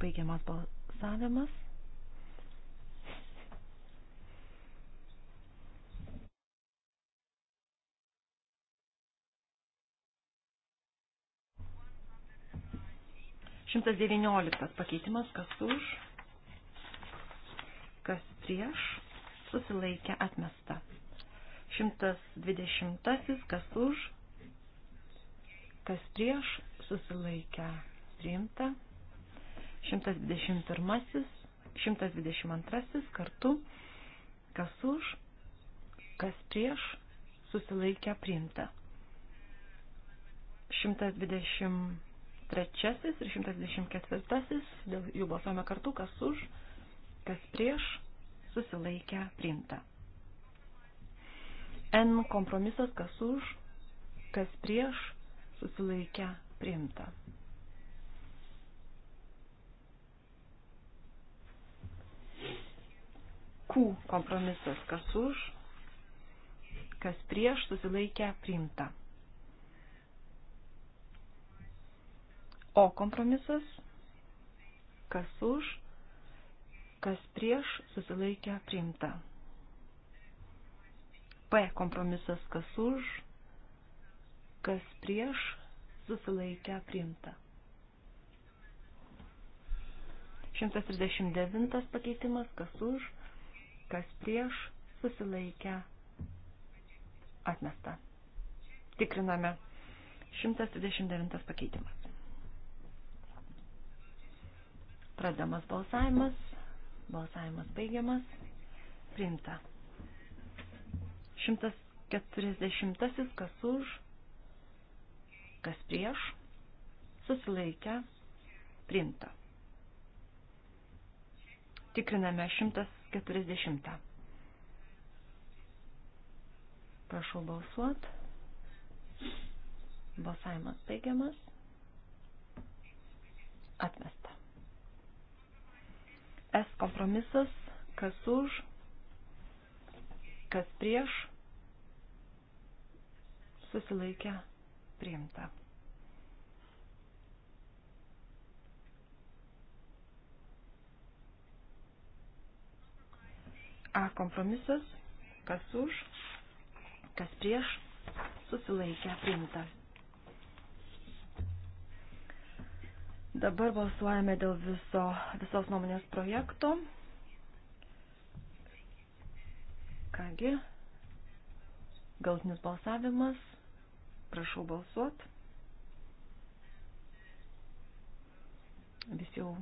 Baigiamas balsavimas. Šimtas devynioliktas pakeitimas, kas už, kas prieš, susilaikė atmesta. Šimtas dvidešimtasis, kas už, kas prieš, susilaikė priimta. 121, 122 kartu, kas už, kas prieš, susilaikę priimta. 123 ir 124 dėl jų balsuojame kartu, kas už, kas prieš, susilaikę priimta. N kompromisas, kas už, kas prieš, susilaikę priimta. Q kompromisas, kas už, kas prieš, susilaikę, priimta. O kompromisas, kas už, kas prieš, susilaikę, priimta. P kompromisas, kas už, kas prieš, susilaikę, priimta. 139 pakeitimas, kas už, kas prieš, susilaikę, atmesta. Tikriname 129 pakeitimas. Pradamas balsavimas, balsavimas baigiamas, priimta. 140 kas už, kas prieš, susilaikę, priimta. Tikriname 100. 40. Prašau balsuot. Balsavimas baigiamas. Atmesta. S kompromisas, kas už, kas prieš, susilaikę priimta. A kompromisas, kas už, kas prieš, susilaikę priimta. Dabar balsuojame dėl viso, visos nuomonės projekto. Kągi, galtinis balsavimas, prašau balsuot. Visi jau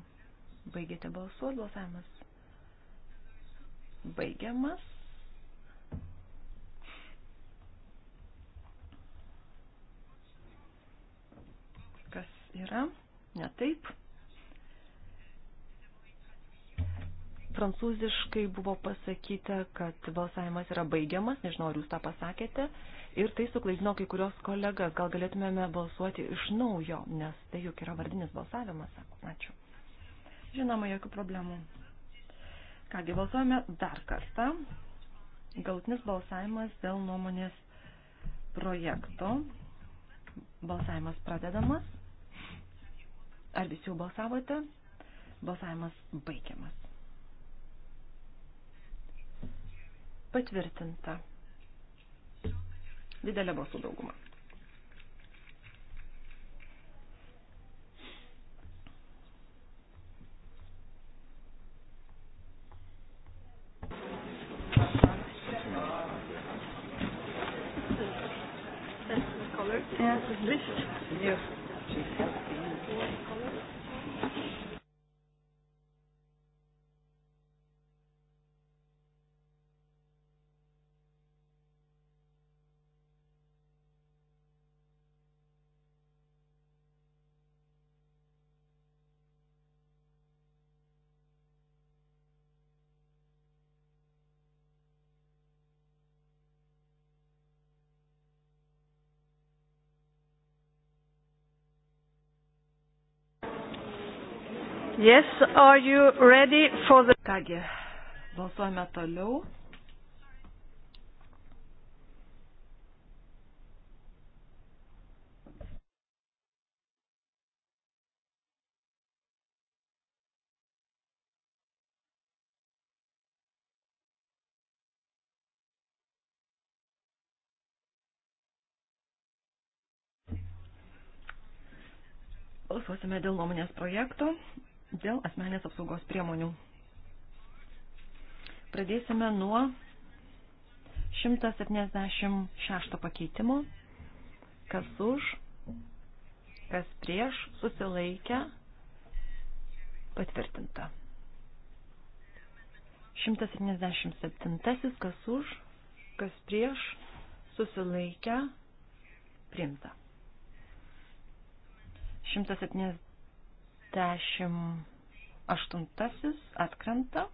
baigėte balsuot, balsavimas baigiamas. Kas yra? Ne taip. Prancūziškai buvo pasakyta, kad balsavimas yra baigiamas, nežinau, ar jūs tą pasakėte, ir tai suklaidino kai kurios kolegas. Gal galėtumėme balsuoti iš naujo, nes tai juk yra vardinis balsavimas. Ačiū. Žinoma, jokių problemų. Kągi, balsuojame dar kartą. Galtinis balsavimas dėl nuomonės projekto. Balsavimas pradedamas. Ar visi jau balsavote? Balsavimas baigiamas. Patvirtinta. Didelė balsų dauguma. Ja, das Licht. Ja. Yes, are you ready for the... Kągi, balsuojame toliau. balsuosime dėl nuomonės projekto dėl asmenės apsaugos priemonių. Pradėsime nuo 176 pakeitimo, kas už, kas prieš, susilaikę, patvirtinta. 177, kas už, kas prieš, susilaikę, priimta. 170 68 atkrenta.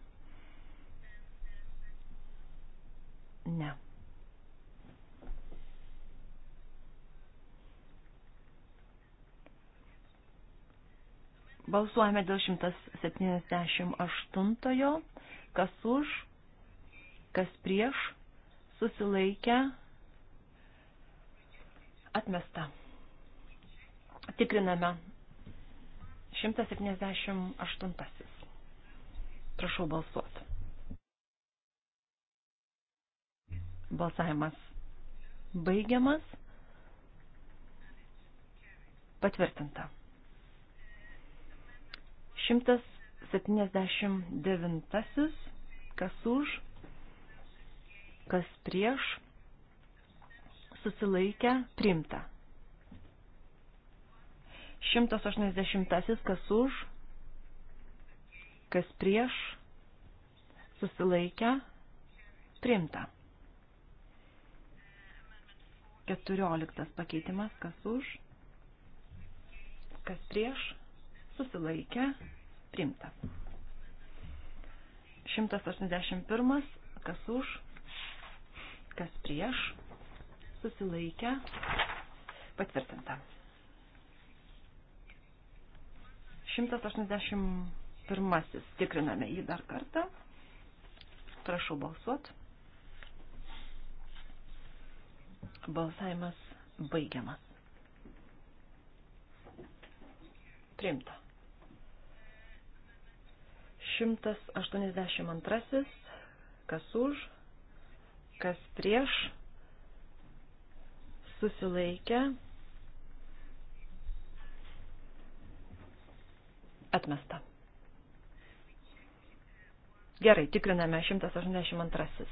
Ne. Balsuojame dėl 178, kas už, kas prieš, susilaikę, atmesta. Tikriname 178. Prašau balsuoti. Balsavimas baigiamas. Patvirtinta. 179. Kas už, kas prieš, susilaikę, primta. 180 kas už, kas prieš, susilaikę, priimta. 14 pakeitimas kas už, kas prieš, susilaikę, priimta. 181 kas už, kas prieš, susilaikę, patvirtinta. 181. Tikriname jį dar kartą. Prašau balsuot. Balsavimas baigiamas. Priimta. 182. Kas už, kas prieš, susilaikę, Atmesta. Gerai, tikriname 182.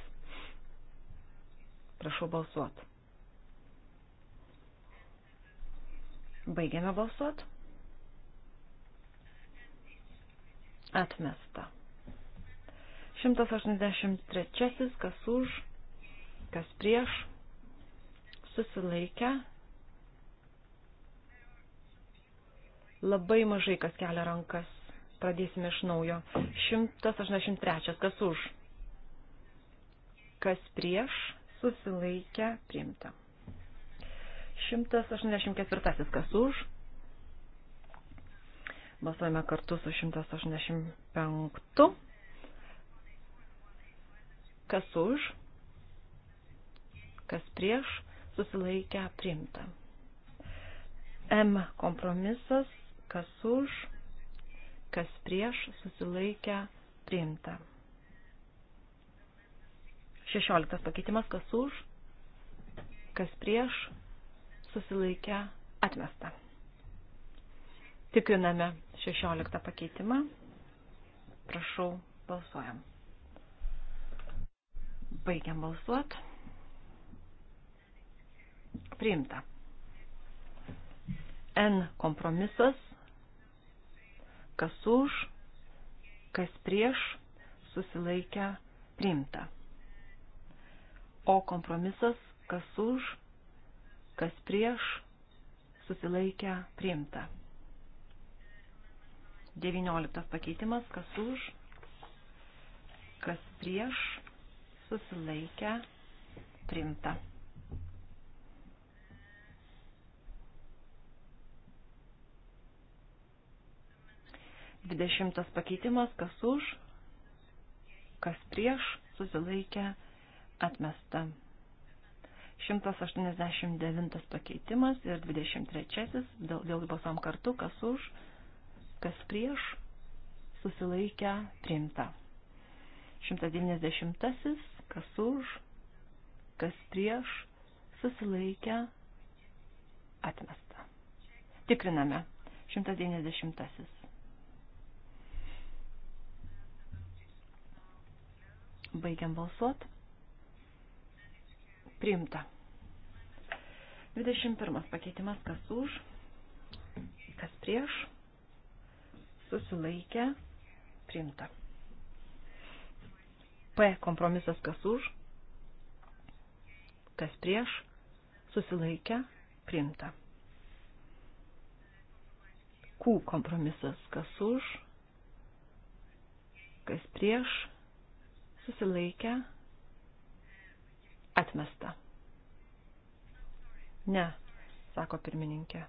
Prašau balsuot. Baigiame balsuot. Atmesta. 183. Kas už, kas prieš, susilaikę, Labai mažai kas kelia rankas. Pradėsime iš naujo. 183. Kas už? Kas prieš? Susilaikę priimta. 184. Kas už? Balsuojame kartu su 185. Kas už? Kas prieš? Susilaikę priimta. M kompromisas kas už, kas prieš, susilaikę, priimta. 16 pakeitimas, kas už, kas prieš, susilaikę, atmesta. Tikriname 16 pakeitimą. Prašau, balsuojam. Baigiam balsuot. Priimta. N kompromisas kas už, kas prieš, susilaikę, priimta. O kompromisas, kas už, kas prieš, susilaikę, priimta. 19 pakeitimas, kas už, kas prieš, susilaikę, priimta. 20 pakeitimas, kas už, kas prieš, susilaikė, atmesta. 189 pakeitimas ir 23 dėl, dėl balsam kartu, kas už, kas prieš, susilaikę, priimta. 190 kas už, kas prieš, susilaikę, atmesta. Tikriname. 190. Baigiam balsuot. Priimta. 21 pakeitimas kas už, kas prieš, susilaikę, priimta. P kompromisas kas už, kas prieš, susilaikę, priimta. Q kompromisas kas už, kas prieš, susilaikę, atmesta. Ne, sako pirmininkė.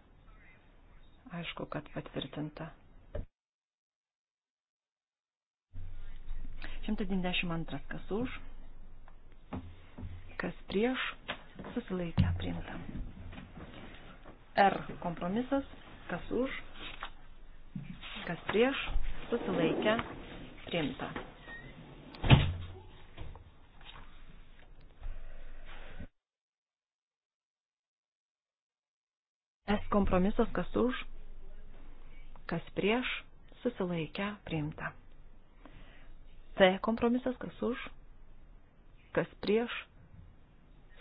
Aišku, kad patvirtinta. 192 kas už, kas prieš, susilaikę priimta. R kompromisas, kas už, kas prieš, susilaikę priimta. Es kompromisas, kas už, kas prieš, susilaikę, priimta. C kompromisas, kas už, kas prieš,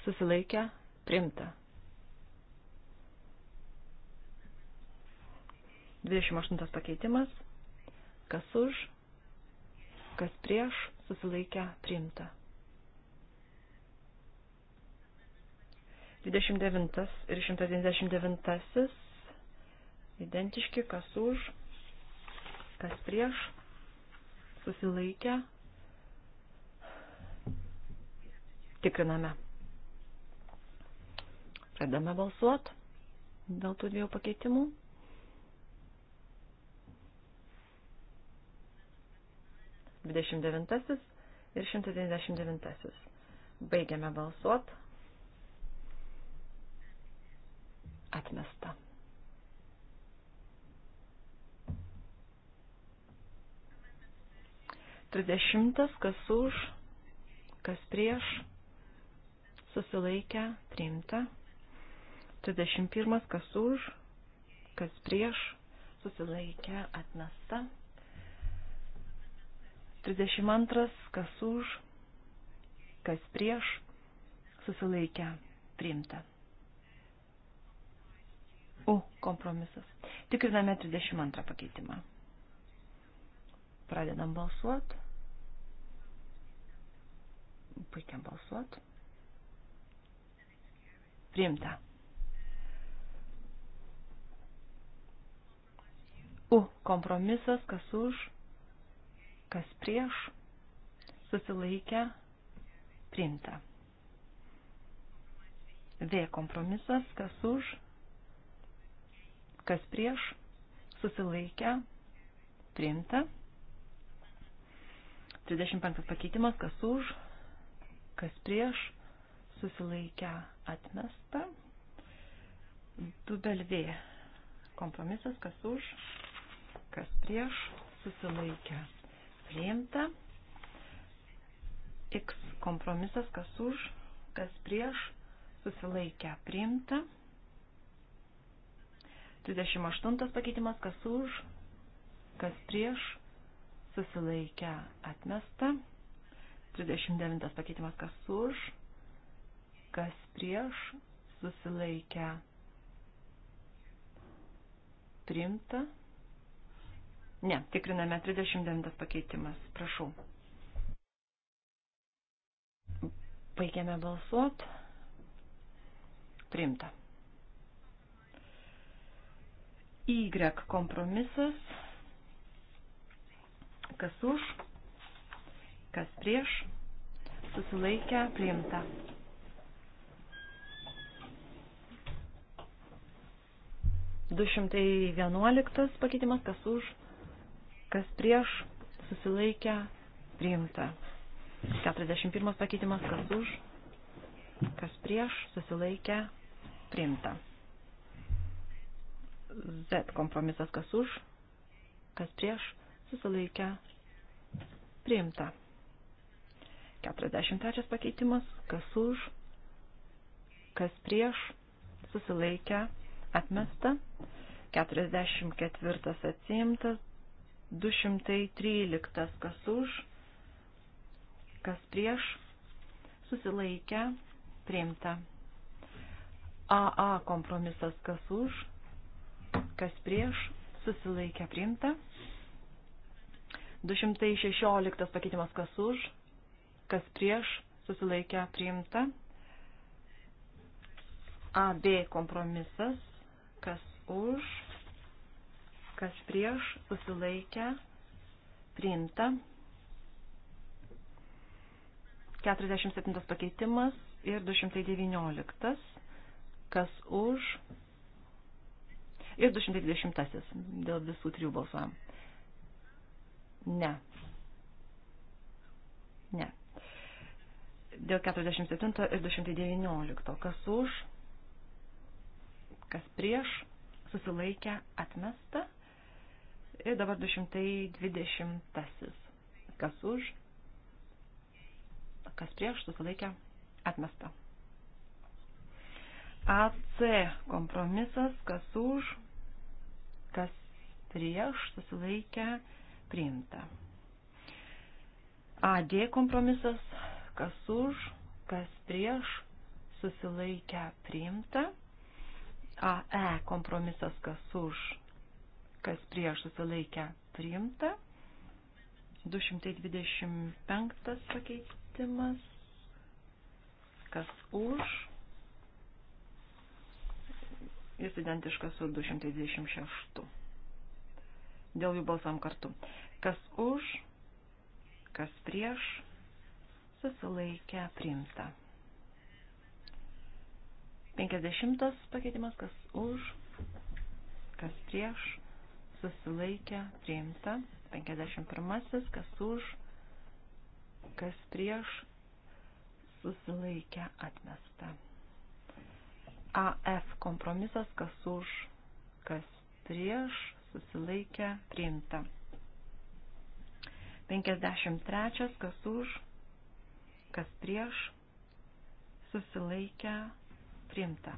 susilaikę, priimta. 28 pakeitimas, kas už, kas prieš, susilaikę, priimta. 29 ir 199 identiški, kas už, kas prieš, susilaikę. Tikriname. Pradame balsuot dėl tų dviejų pakeitimų. Dvidešimt devintasis ir šimtas devyniasdešimt devintasis. Baigiame balsuot. Atmesta. Trisdešimtas, kas už, kas prieš, susilaikę, priimta. Trisdešimt pirmas, kas už, kas prieš, susilaikę, atmesta. 32. Kas už, kas prieš, susilaikę, priimta. U kompromisas. Tikriname 32 pakeitimą. Pradedam balsuot. Puikiam balsuot. Priimta. U kompromisas, kas už, kas prieš, susilaikę, priimta. V kompromisas, kas už, kas prieš, susilaikę, priimta. 35 pakeitimas, kas už, kas prieš, susilaikę, atmesta. Dubelvė kompromisas, kas už, kas prieš, susilaikę, priimta. X kompromisas, kas už, kas prieš, susilaikę, priimta. 28 pakeitimas, kas už, kas prieš, susilaikę atmesta. 39 pakeitimas, kas už, kas prieš, susilaikę priimta. Ne, tikriname 39 pakeitimas, prašau. Baigiame balsuot. Priimta. Y kompromisas. Kas už, kas prieš, susilaikę priimta. Du šimtai vienuoliktas pakeitimas, kas už, kas prieš, susilaikę priimta. 41 pakeitimas, kas už, kas prieš, susilaikę priimta. Z kompromisas kas už, kas prieš, susilaikę, priimta. 43 pakeitimas, kas už, kas prieš, susilaikę, atmesta. 44 atsiimtas, 213 kas už, kas prieš, susilaikę, priimta. AA kompromisas kas už, kas prieš, susilaikė priimta. 216 pakeitimas kas už, kas prieš, susilaikė priimta. AB kompromisas, kas už, kas prieš, susilaikė priimta. 47 pakeitimas ir 219, kas už, ir 220 dėl visų trijų balsuojam. Ne. Ne. Dėl 47 ir 219. Kas už, kas prieš, susilaikę, atmesta. Ir dabar 220. Kas už, kas prieš, susilaikę, atmesta. AC kompromisas, kas už, kas prieš, susilaikę, priimta. AD kompromisas, kas už, kas prieš, susilaikę, priimta. AE kompromisas, kas už, kas prieš, susilaikę, priimta. 225 pakeitimas, kas už, Jis identiškas su 226. Dėl jų balsam kartu. Kas už, kas prieš, susilaikę priimta. 50 pakeitimas, kas už, kas prieš, susilaikę, priimta. 51, kas už, kas prieš, susilaikę, atmesta. AF kompromisas, kas už, kas prieš, susilaikę, priimta. 53, kas už, kas prieš, susilaikę, priimta.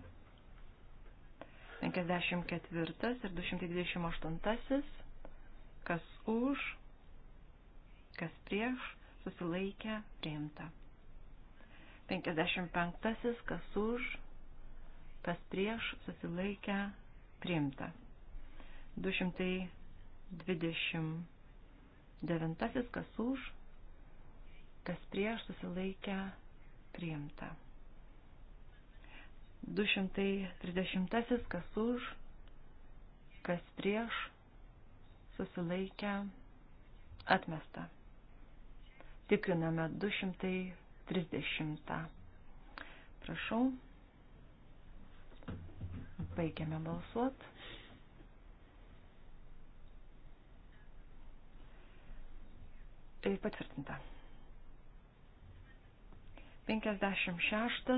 54 ir 228, kas už, kas prieš, susilaikę, priimta. 55, kas už, kas prieš susilaikę priimta. 229. Kas už, kas prieš susilaikę priimta. 230. Kas už, kas prieš susilaikę atmesta. Tikriname 230. Prašau. Baigiame balsuot. Tai patvirtinta. 56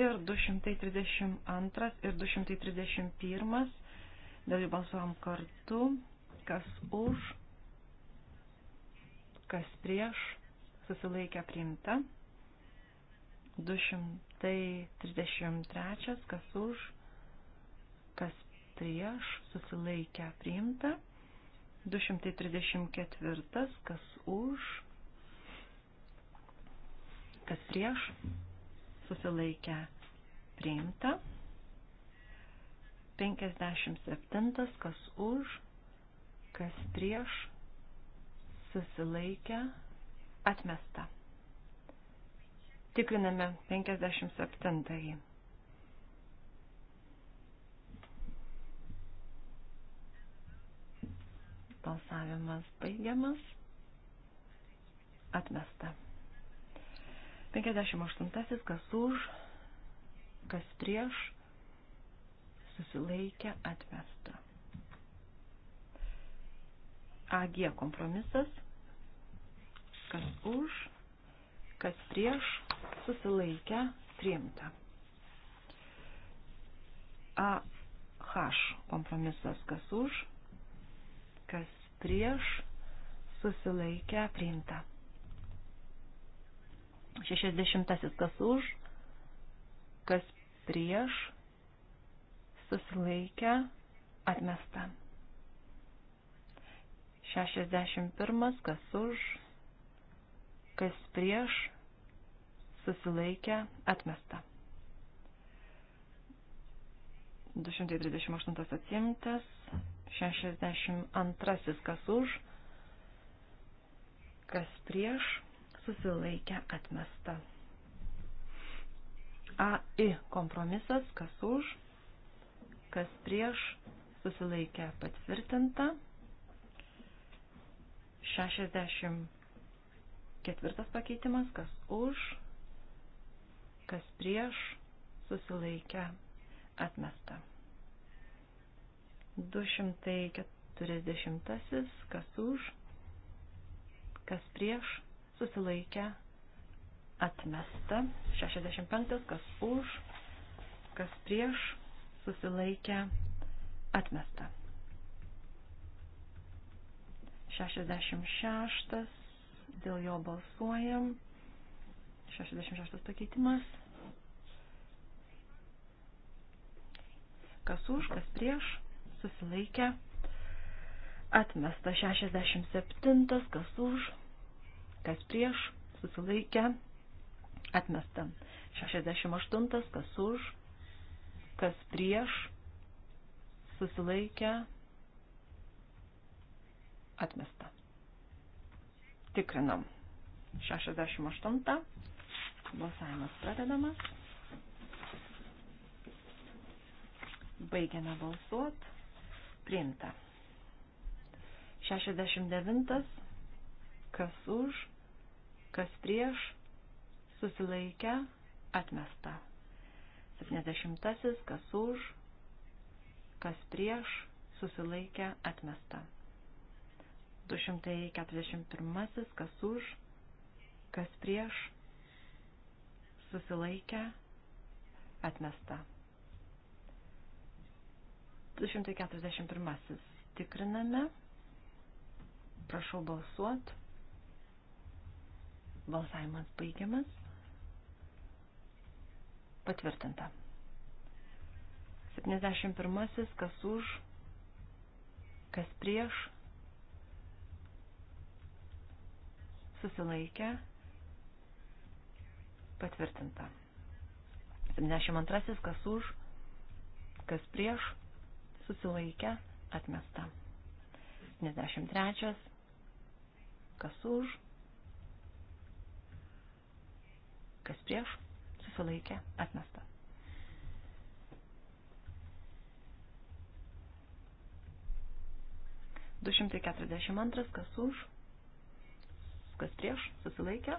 ir 232 ir 231. Dėl jų balsuojam kartu. Kas už, kas prieš, susilaikę priimta. 233, kas už, kas prieš, susilaikę priimta. 234, kas už, kas prieš, susilaikę priimta. 57, kas už, kas prieš, susilaikę atmesta. Tikriname 57. -ąjį. Balsavimas baigiamas. Atmesta. 58. Kas už, kas prieš, susilaikė atmesta. AG kompromisas. Kas už, kas prieš, susilaikė priimta. AH kompromisas. Kas už, prieš, susilaikę, priimta. 60 kas už, kas prieš, susilaikę, atmesta. 61 kas už, kas prieš, susilaikę, atmesta. 238 atsimtas, 62 kas už, kas prieš, susilaikę atmesta. AI kompromisas kas už, kas prieš, susilaikę patvirtinta. 64 pakeitimas kas už, kas prieš, susilaikę atmesta. 240, kas už, kas prieš, susilaikę, atmesta. 65, kas už, kas prieš, susilaikę, atmesta. 66, dėl jo balsuojam. 66 pakeitimas. Kas už, kas prieš, susilaikę, atmesta 67, kas už, kas prieš, susilaikę, atmesta 68, kas už, kas prieš, susilaikę, atmesta. Tikrinam. 68. Balsavimas pradedamas. Baigiame balsuoti priimta. 69. Kas už, kas prieš, susilaikę, atmesta. 70. Kas už, kas prieš, susilaikę, atmesta. 241. Kas už, kas prieš, susilaikę, atmesta. 241. Tikriname. Prašau balsuot. Balsavimas baigiamas. Patvirtinta. 71. Kas už, kas prieš. Susilaikę. Patvirtinta. 72. Kas už, kas prieš susilaikė, atmesta. 73. Kas už, kas prieš, susilaikė, atmesta. Du šimtai keturiasdešimt antras, kas už, kas prieš, susilaikė,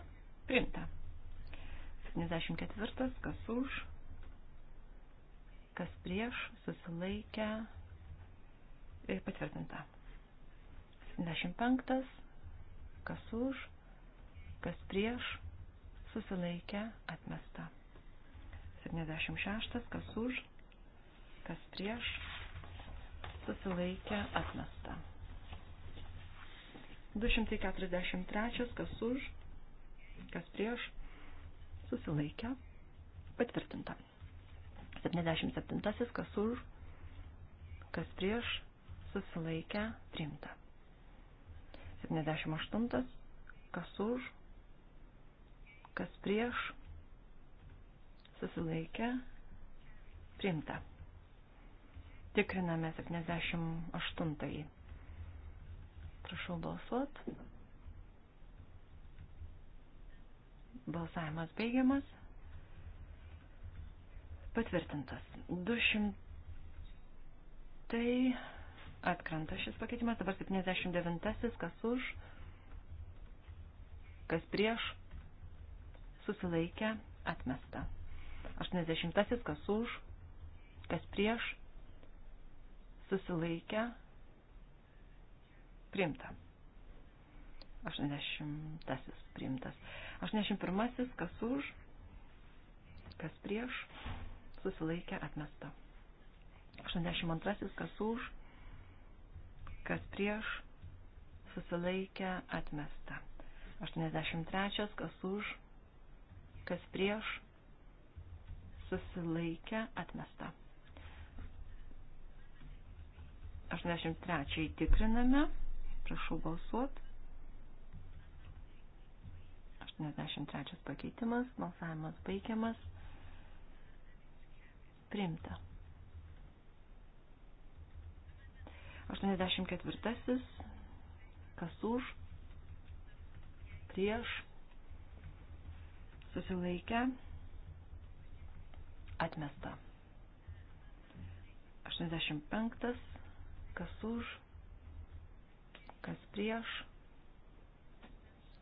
primta. 74, kas už, kas prieš, susilaikę, Tai patvirtinta. 75. Kas už, kas prieš, susilaikę, atmesta. 76. Kas už, kas prieš, susilaikę, atmesta. 243. Kas už, kas prieš, susilaikę, patvirtinta. 77. Kas už, kas prieš, susilaikę, priimta. 78. Kas už, kas prieš, susilaikę, priimta. Tikriname 78. Prašau balsuot. Balsavimas baigiamas. Patvirtintas. 200. Tai Atkrenta šis pakeitimas. Dabar 79. Kas už? Kas prieš? Susilaikę. Atmesta. 80. Kas už? Kas prieš? Susilaikę. Primta. 80. Primtas. 81. Kas už? Kas prieš? Susilaikę. Atmesta. 82. Kas už? kas prieš, susilaikę, atmesta. 83, kas už, kas prieš, susilaikę, atmesta. 83 tikriname, prašau balsuot. 83 pakeitimas, balsavimas baigiamas, primta. 84. Kas už? Prieš? Susilaikę? Atmesta. 85. Kas už? Kas prieš?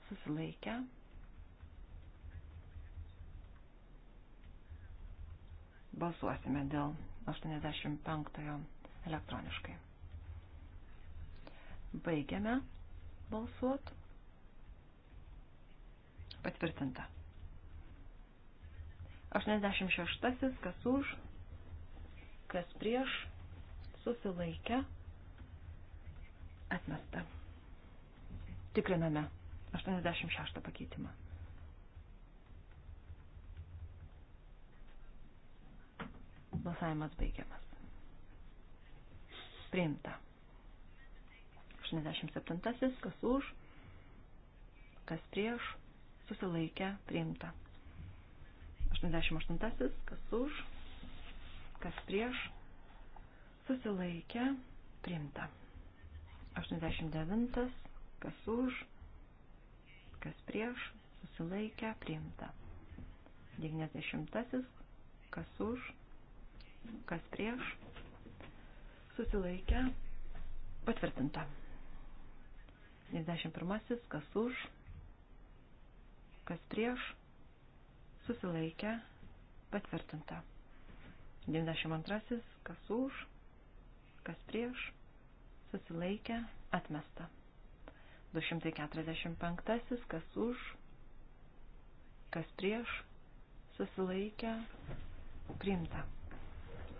Susilaikę? Balsuosime dėl 85 elektroniškai. Baigiame balsuot. Patvirtinta. 86. Kas už, kas prieš, susilaikę, atmesta. Tikriname 86 pakeitimą. Balsavimas baigiamas. Priimta. 87. Kas už, kas prieš, susilaikę, priimta. 88. Kas už, kas prieš, susilaikę, priimta. 89. Kas už, kas prieš, susilaikę, priimta. 90. Kas už, kas prieš, susilaikę, patvirtinta. 91. Kas už, kas prieš, susilaikę, patvirtinta. 92. Kas už, kas prieš, susilaikę, atmesta. 245. Kas už, kas prieš, susilaikę, priimta.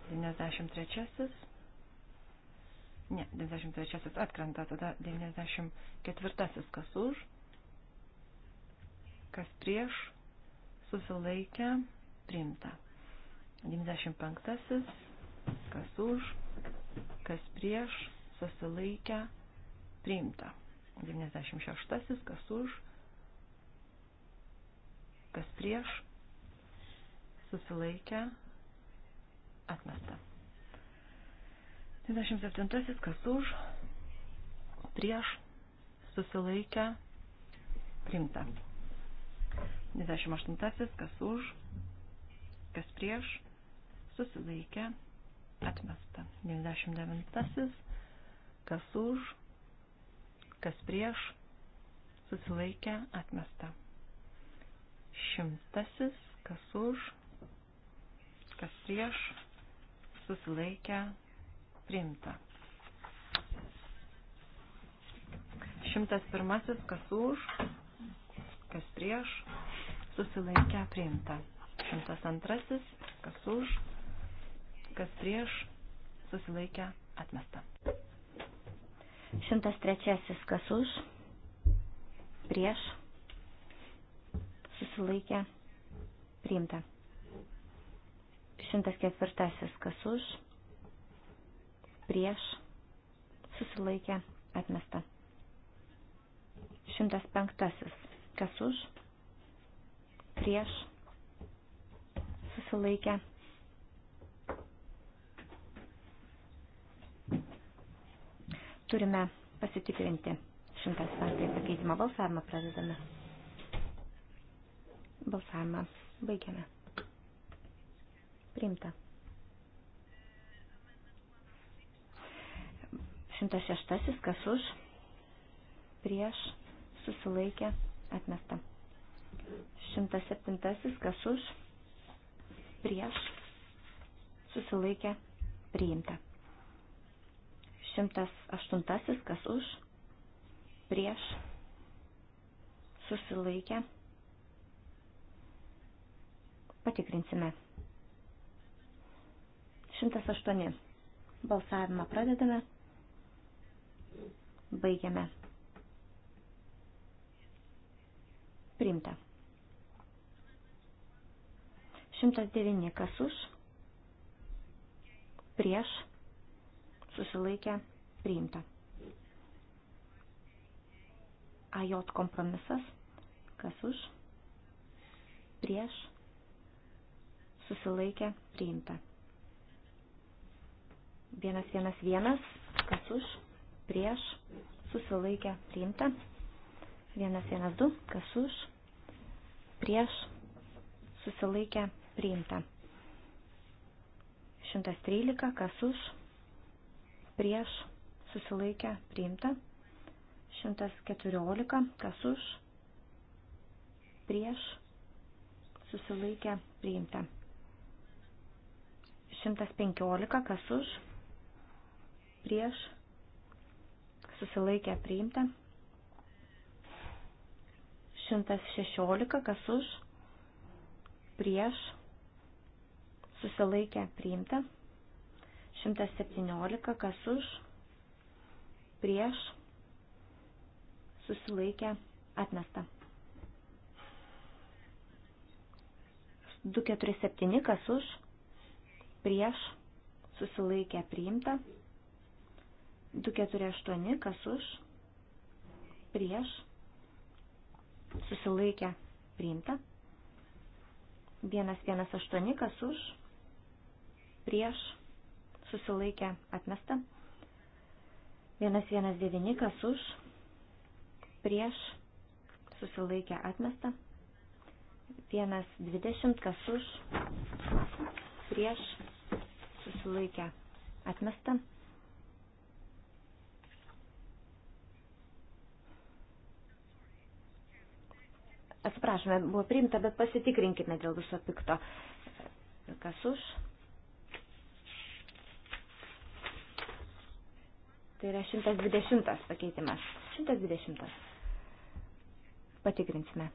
93. Ne, 93 atkrenta, tada 94 kas už, kas prieš, susilaikę, priimta. 95 kas už, kas prieš, susilaikę, priimta. 96 kas už, kas prieš, susilaikę, atmesta. 77. Kas už? Prieš? Susilaikę? Primta. 28. Kas už? Kas prieš? Susilaikę? Atmesta. 99. Kas už? Kas prieš? Susilaikę? Atmesta. Šimtasis. Kas už? Kas prieš? Susilaikę? Priimta. 101. Kas už, kas prieš, susilaikę priimta. 102. Kas už, kas prieš, susilaikę atmesta. 103. Kas už, prieš, susilaikę priimta. 104. Kas už, prieš, susilaikė, atmesta. 105. Kas už, prieš, susilaikė. Turime pasitikrinti 105 pakeitimą. Balsavimą pradedame. Balsavimą baigiame. Priimta. 106 kas už, prieš, susilaikė, atmesta. 107 kas už, prieš, susilaikė, priimta. 108 kas už, prieš, susilaikė, patikrinsime. 108. Balsavimą pradedame. Baigiame. Primta. 109 kas už, prieš, susilaikę, priimta. AJ kompromisas, kas už, prieš, susilaikę, priimta. 111, kas už, prieš, susilaikę, priimta. 112, kas už, prieš, susilaikę, priimta. 113, kas už, prieš, susilaikę, priimta. 114, kas už, prieš, susilaikę, priimta. 115, kas už, prieš, susilaikė priimta. 116, kas už, prieš, susilaikė priimta. 117, kas už, prieš, susilaikė atmesta. 247, kas už, prieš, susilaikė priimta. 248, kas už, prieš, susilaikę, priimta. 118, kas už, prieš, susilaikę, atmesta. 119, kas už, prieš, susilaikę, atmesta. 120, kas už, prieš, susilaikę, atmesta. atsiprašome, buvo priimta, bet pasitikrinkime dėl viso pikto. Kas už? Tai yra 120 pakeitimas. 120. Patikrinsime.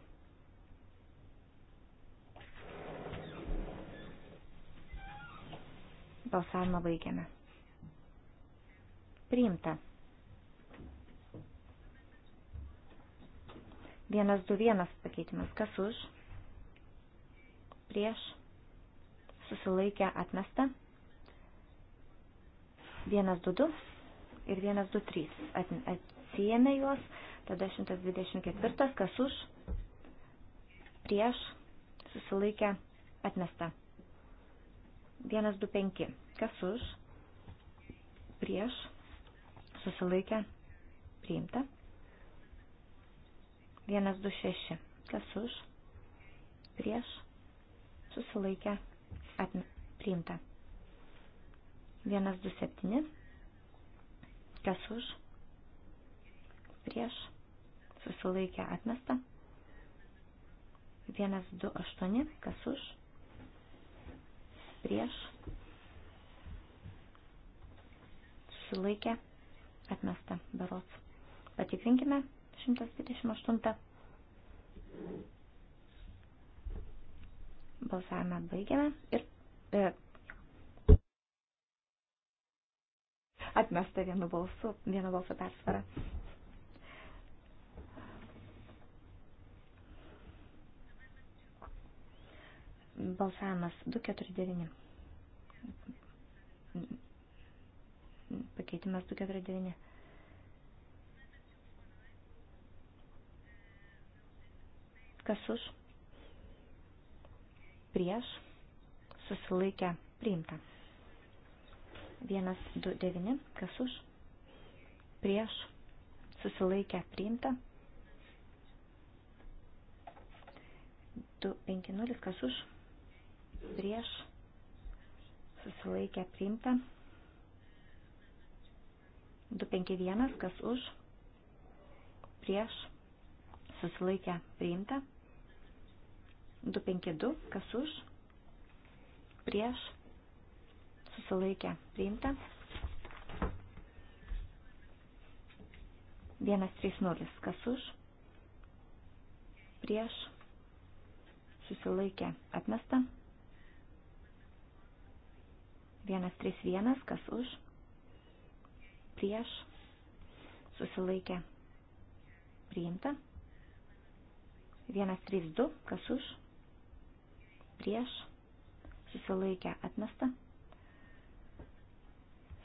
Balsavimą baigiame. Priimta. 121 pakeitimas. Kas už? Prieš. Susilaikę atmesta. 122 ir 123. Atsijėmė juos. Tada 124. Kas už? Prieš. Susilaikę atmesta. 125. Kas už? Prieš. Susilaikę priimta. 126. Kas už? Prieš? Susilaikę? Atme, priimta. 127. Kas už? Prieš? Susilaikę? Atmesta. 128. Kas už? Prieš? Susilaikę? Atmesta. Berots. Patikrinkime. 128. Balsavimą baigiame ir e, atmesta vienu balsu, vienu balsu persvarą. Balsavimas 249. Pakeitimas 249. kas už, prieš, susilaikę, priimta. 129, kas už, prieš, susilaikę, priimta. 250, kas už, prieš, susilaikę, priimta. 251, kas už, prieš, susilaikę, priimta. 252, kas už, prieš, susilaikę, priimta. 130, kas už, prieš, susilaikę, atmesta. 131, kas už, prieš, susilaikę, priimta. 132, kas už, prieš, susilaikę atmesta.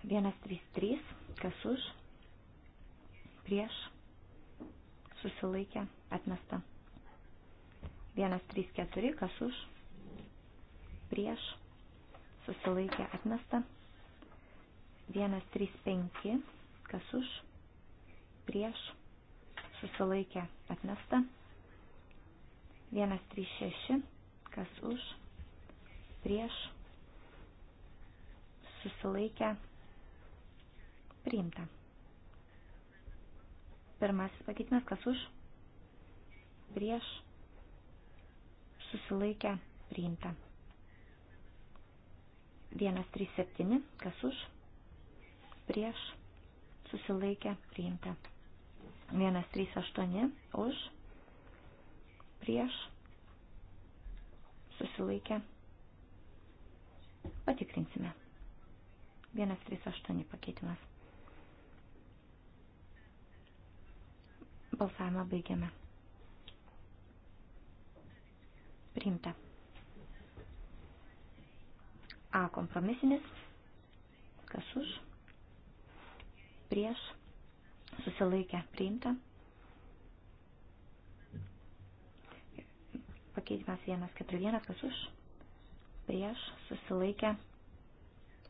133, kas už, prieš, susilaikę atmesta. 134, kas už, prieš, susilaikę atmesta. 135, kas už, prieš, susilaikę atmesta. 136, kas už, prieš, susilaikę, priimta. Pirmasis pakeitimas, kas už, prieš, susilaikę, priimta. 137, kas už, prieš, susilaikę, priimta. 138, už, prieš, susilaikė. Patikrinsime. 138 pakeitimas. Balsavimą baigiame. Priimta. A kompromisinis. Kas už? Prieš. Susilaikę. Priimta. pakeitimas 141, kas už, prieš, susilaikę,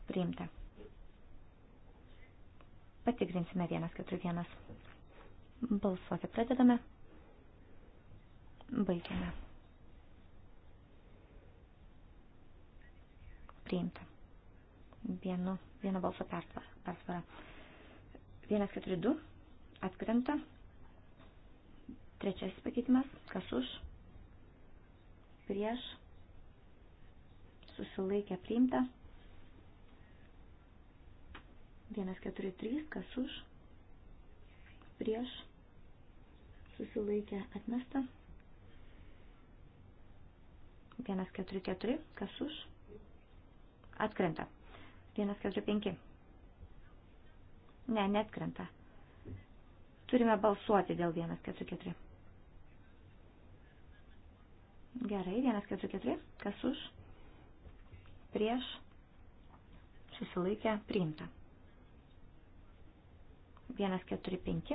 priimta. Patikrinsime 141. Balsuoti pradedame. Baigiame. Priimta. Vienu, vieno balso persvara. 142 atkrenta. Trečiasis pakeitimas. Kas už? prieš, susilaikė priimta. 143, kas už, prieš, susilaikė atmesta. 144, kas už, atkrenta. 145. Ne, netkrenta. Turime balsuoti dėl 144. Gerai, 144. Kas už? Prieš. Susilaikę. Priimta. 145.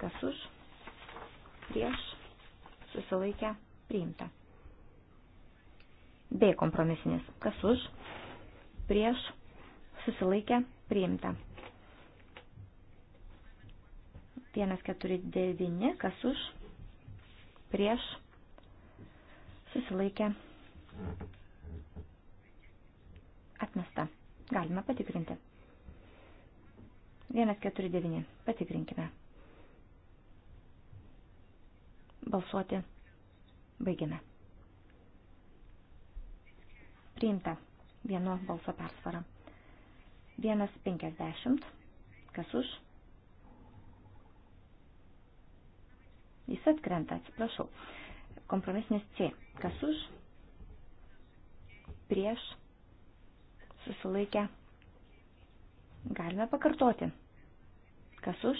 Kas už? Prieš. Susilaikę. Priimta. B kompromisinis. Kas už? Prieš. Susilaikę. Priimta. 149. Kas už? Prieš susilaikė, atmesta. Galima patikrinti. 149. Patikrinkime. Balsuoti. Baigiame. Priimta. Vieno balso persvara. 150. Kas už? Jis atkrenta, atsiprašau. Kompromisinis C. Kas už? Prieš? Susilaikę? Galime pakartoti. Kas už?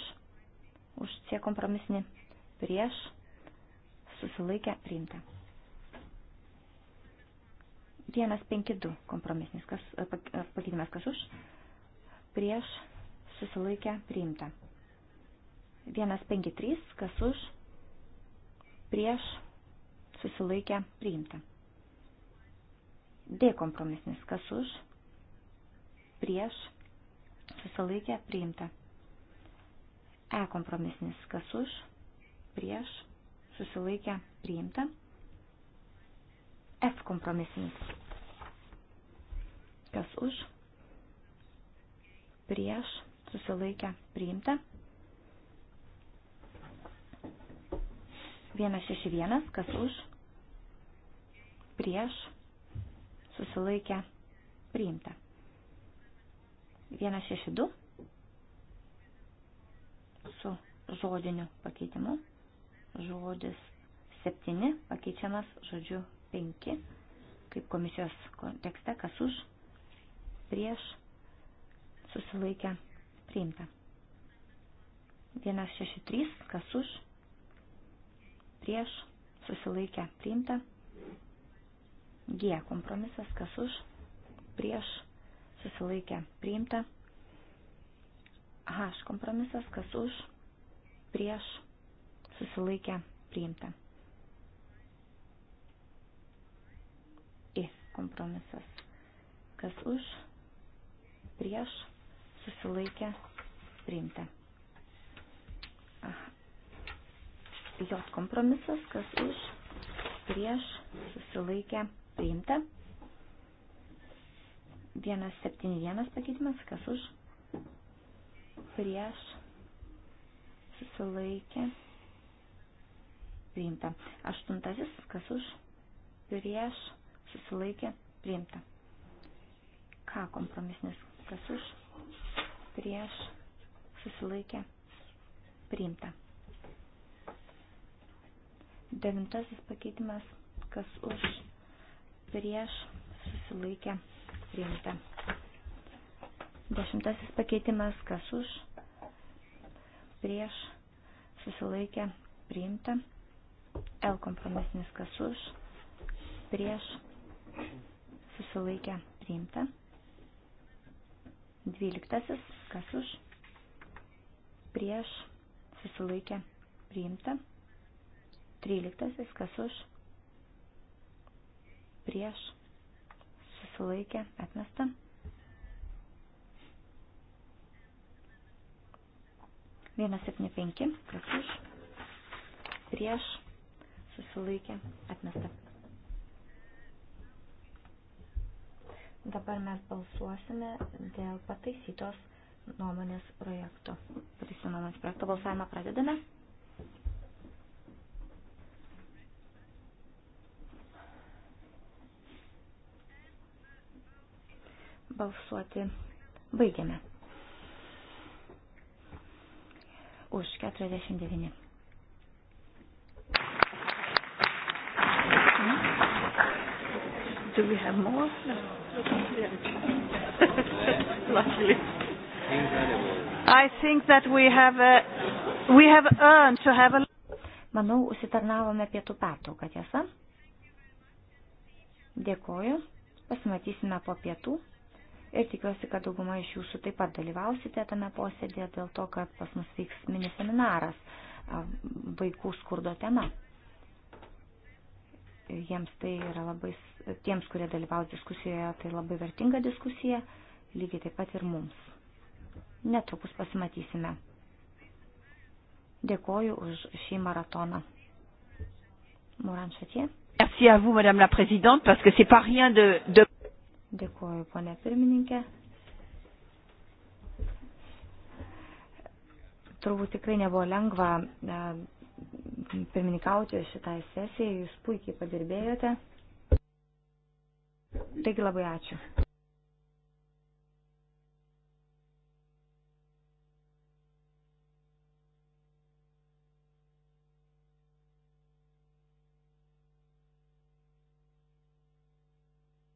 Už C kompromisinį. Prieš? Susilaikę? Priimta. 152 kompromisinis. Kas, e, e, pakeitimas kas už? Prieš? Susilaikę? Priimta. 153 kas už? Prieš? susilaikė priimta. D kompromisnis, kas už, prieš, susilaikė priimta. E kompromisnis, kas už, prieš, susilaikė priimta. F kompromisinis, kas už, prieš, susilaikė priimta. 161, kas už, prieš, susilaikę, priimta. 162 su žodiniu pakeitimu. Žodis 7 pakeičiamas žodžiu 5, kaip komisijos kontekste, kas už, prieš, susilaikę, priimta. 163, kas už, prieš, susilaikę, priimta. G kompromisas, kas už, prieš, susilaikė, priimta. H kompromisas, kas už, prieš, susilaikė, priimta. I kompromisas, kas už, prieš, susilaikė, priimta. Aha. J kompromisas, kas už, prieš, susilaikė, priimta priimta. 171 pakeitimas, kas už, prieš, susilaikė, priimta. Aštuntasis, kas už, prieš, susilaikė, priimta. Ką kompromisnis, kas už, prieš, susilaikė, priimta. Devintasis pakeitimas, kas už, prieš susilaikė priimta. Dešimtasis pakeitimas, kas už, prieš susilaikė priimta. L kompromisinis, kas už, prieš susilaikė priimta. Dvyliktasis, kas už, prieš susilaikė priimta. Tryliktasis, kas už, prieš, susilaikė, atmesta. Vienas septyni penki, kas už, prieš, susilaikė, atmesta. Dabar mes balsuosime dėl pataisytos nuomonės projekto. Pataisyto nuomonės projekto balsavimą pradedame. Balsuoti baigiame. Už 49. Do we have more? No. Luckily. I think that we have a, uh, we have earned to have a Manau, užsitarnavome pietų pertrauką, tiesa? Dėkoju. Pasimatysime po pietų ir tikiuosi, kad dauguma iš jūsų taip pat dalyvausite tame posėdėje dėl to, kad pas mus vyks mini seminaras vaikų skurdo tema. Jiems tai yra labai, tiems, kurie dalyvaus diskusijoje, tai labai vertinga diskusija, lygiai taip pat ir mums. Netrukus pasimatysime. Dėkoju už šį maratoną. Moran Chatier. Merci à vous, Madame la Présidente, parce que c'est pas rien de, de... Dėkuoju, ponė pirmininkė. Turbūt tikrai nebuvo lengva e, pirmininkauti šitai sesijai, jūs puikiai padirbėjote. Taigi labai ačiū.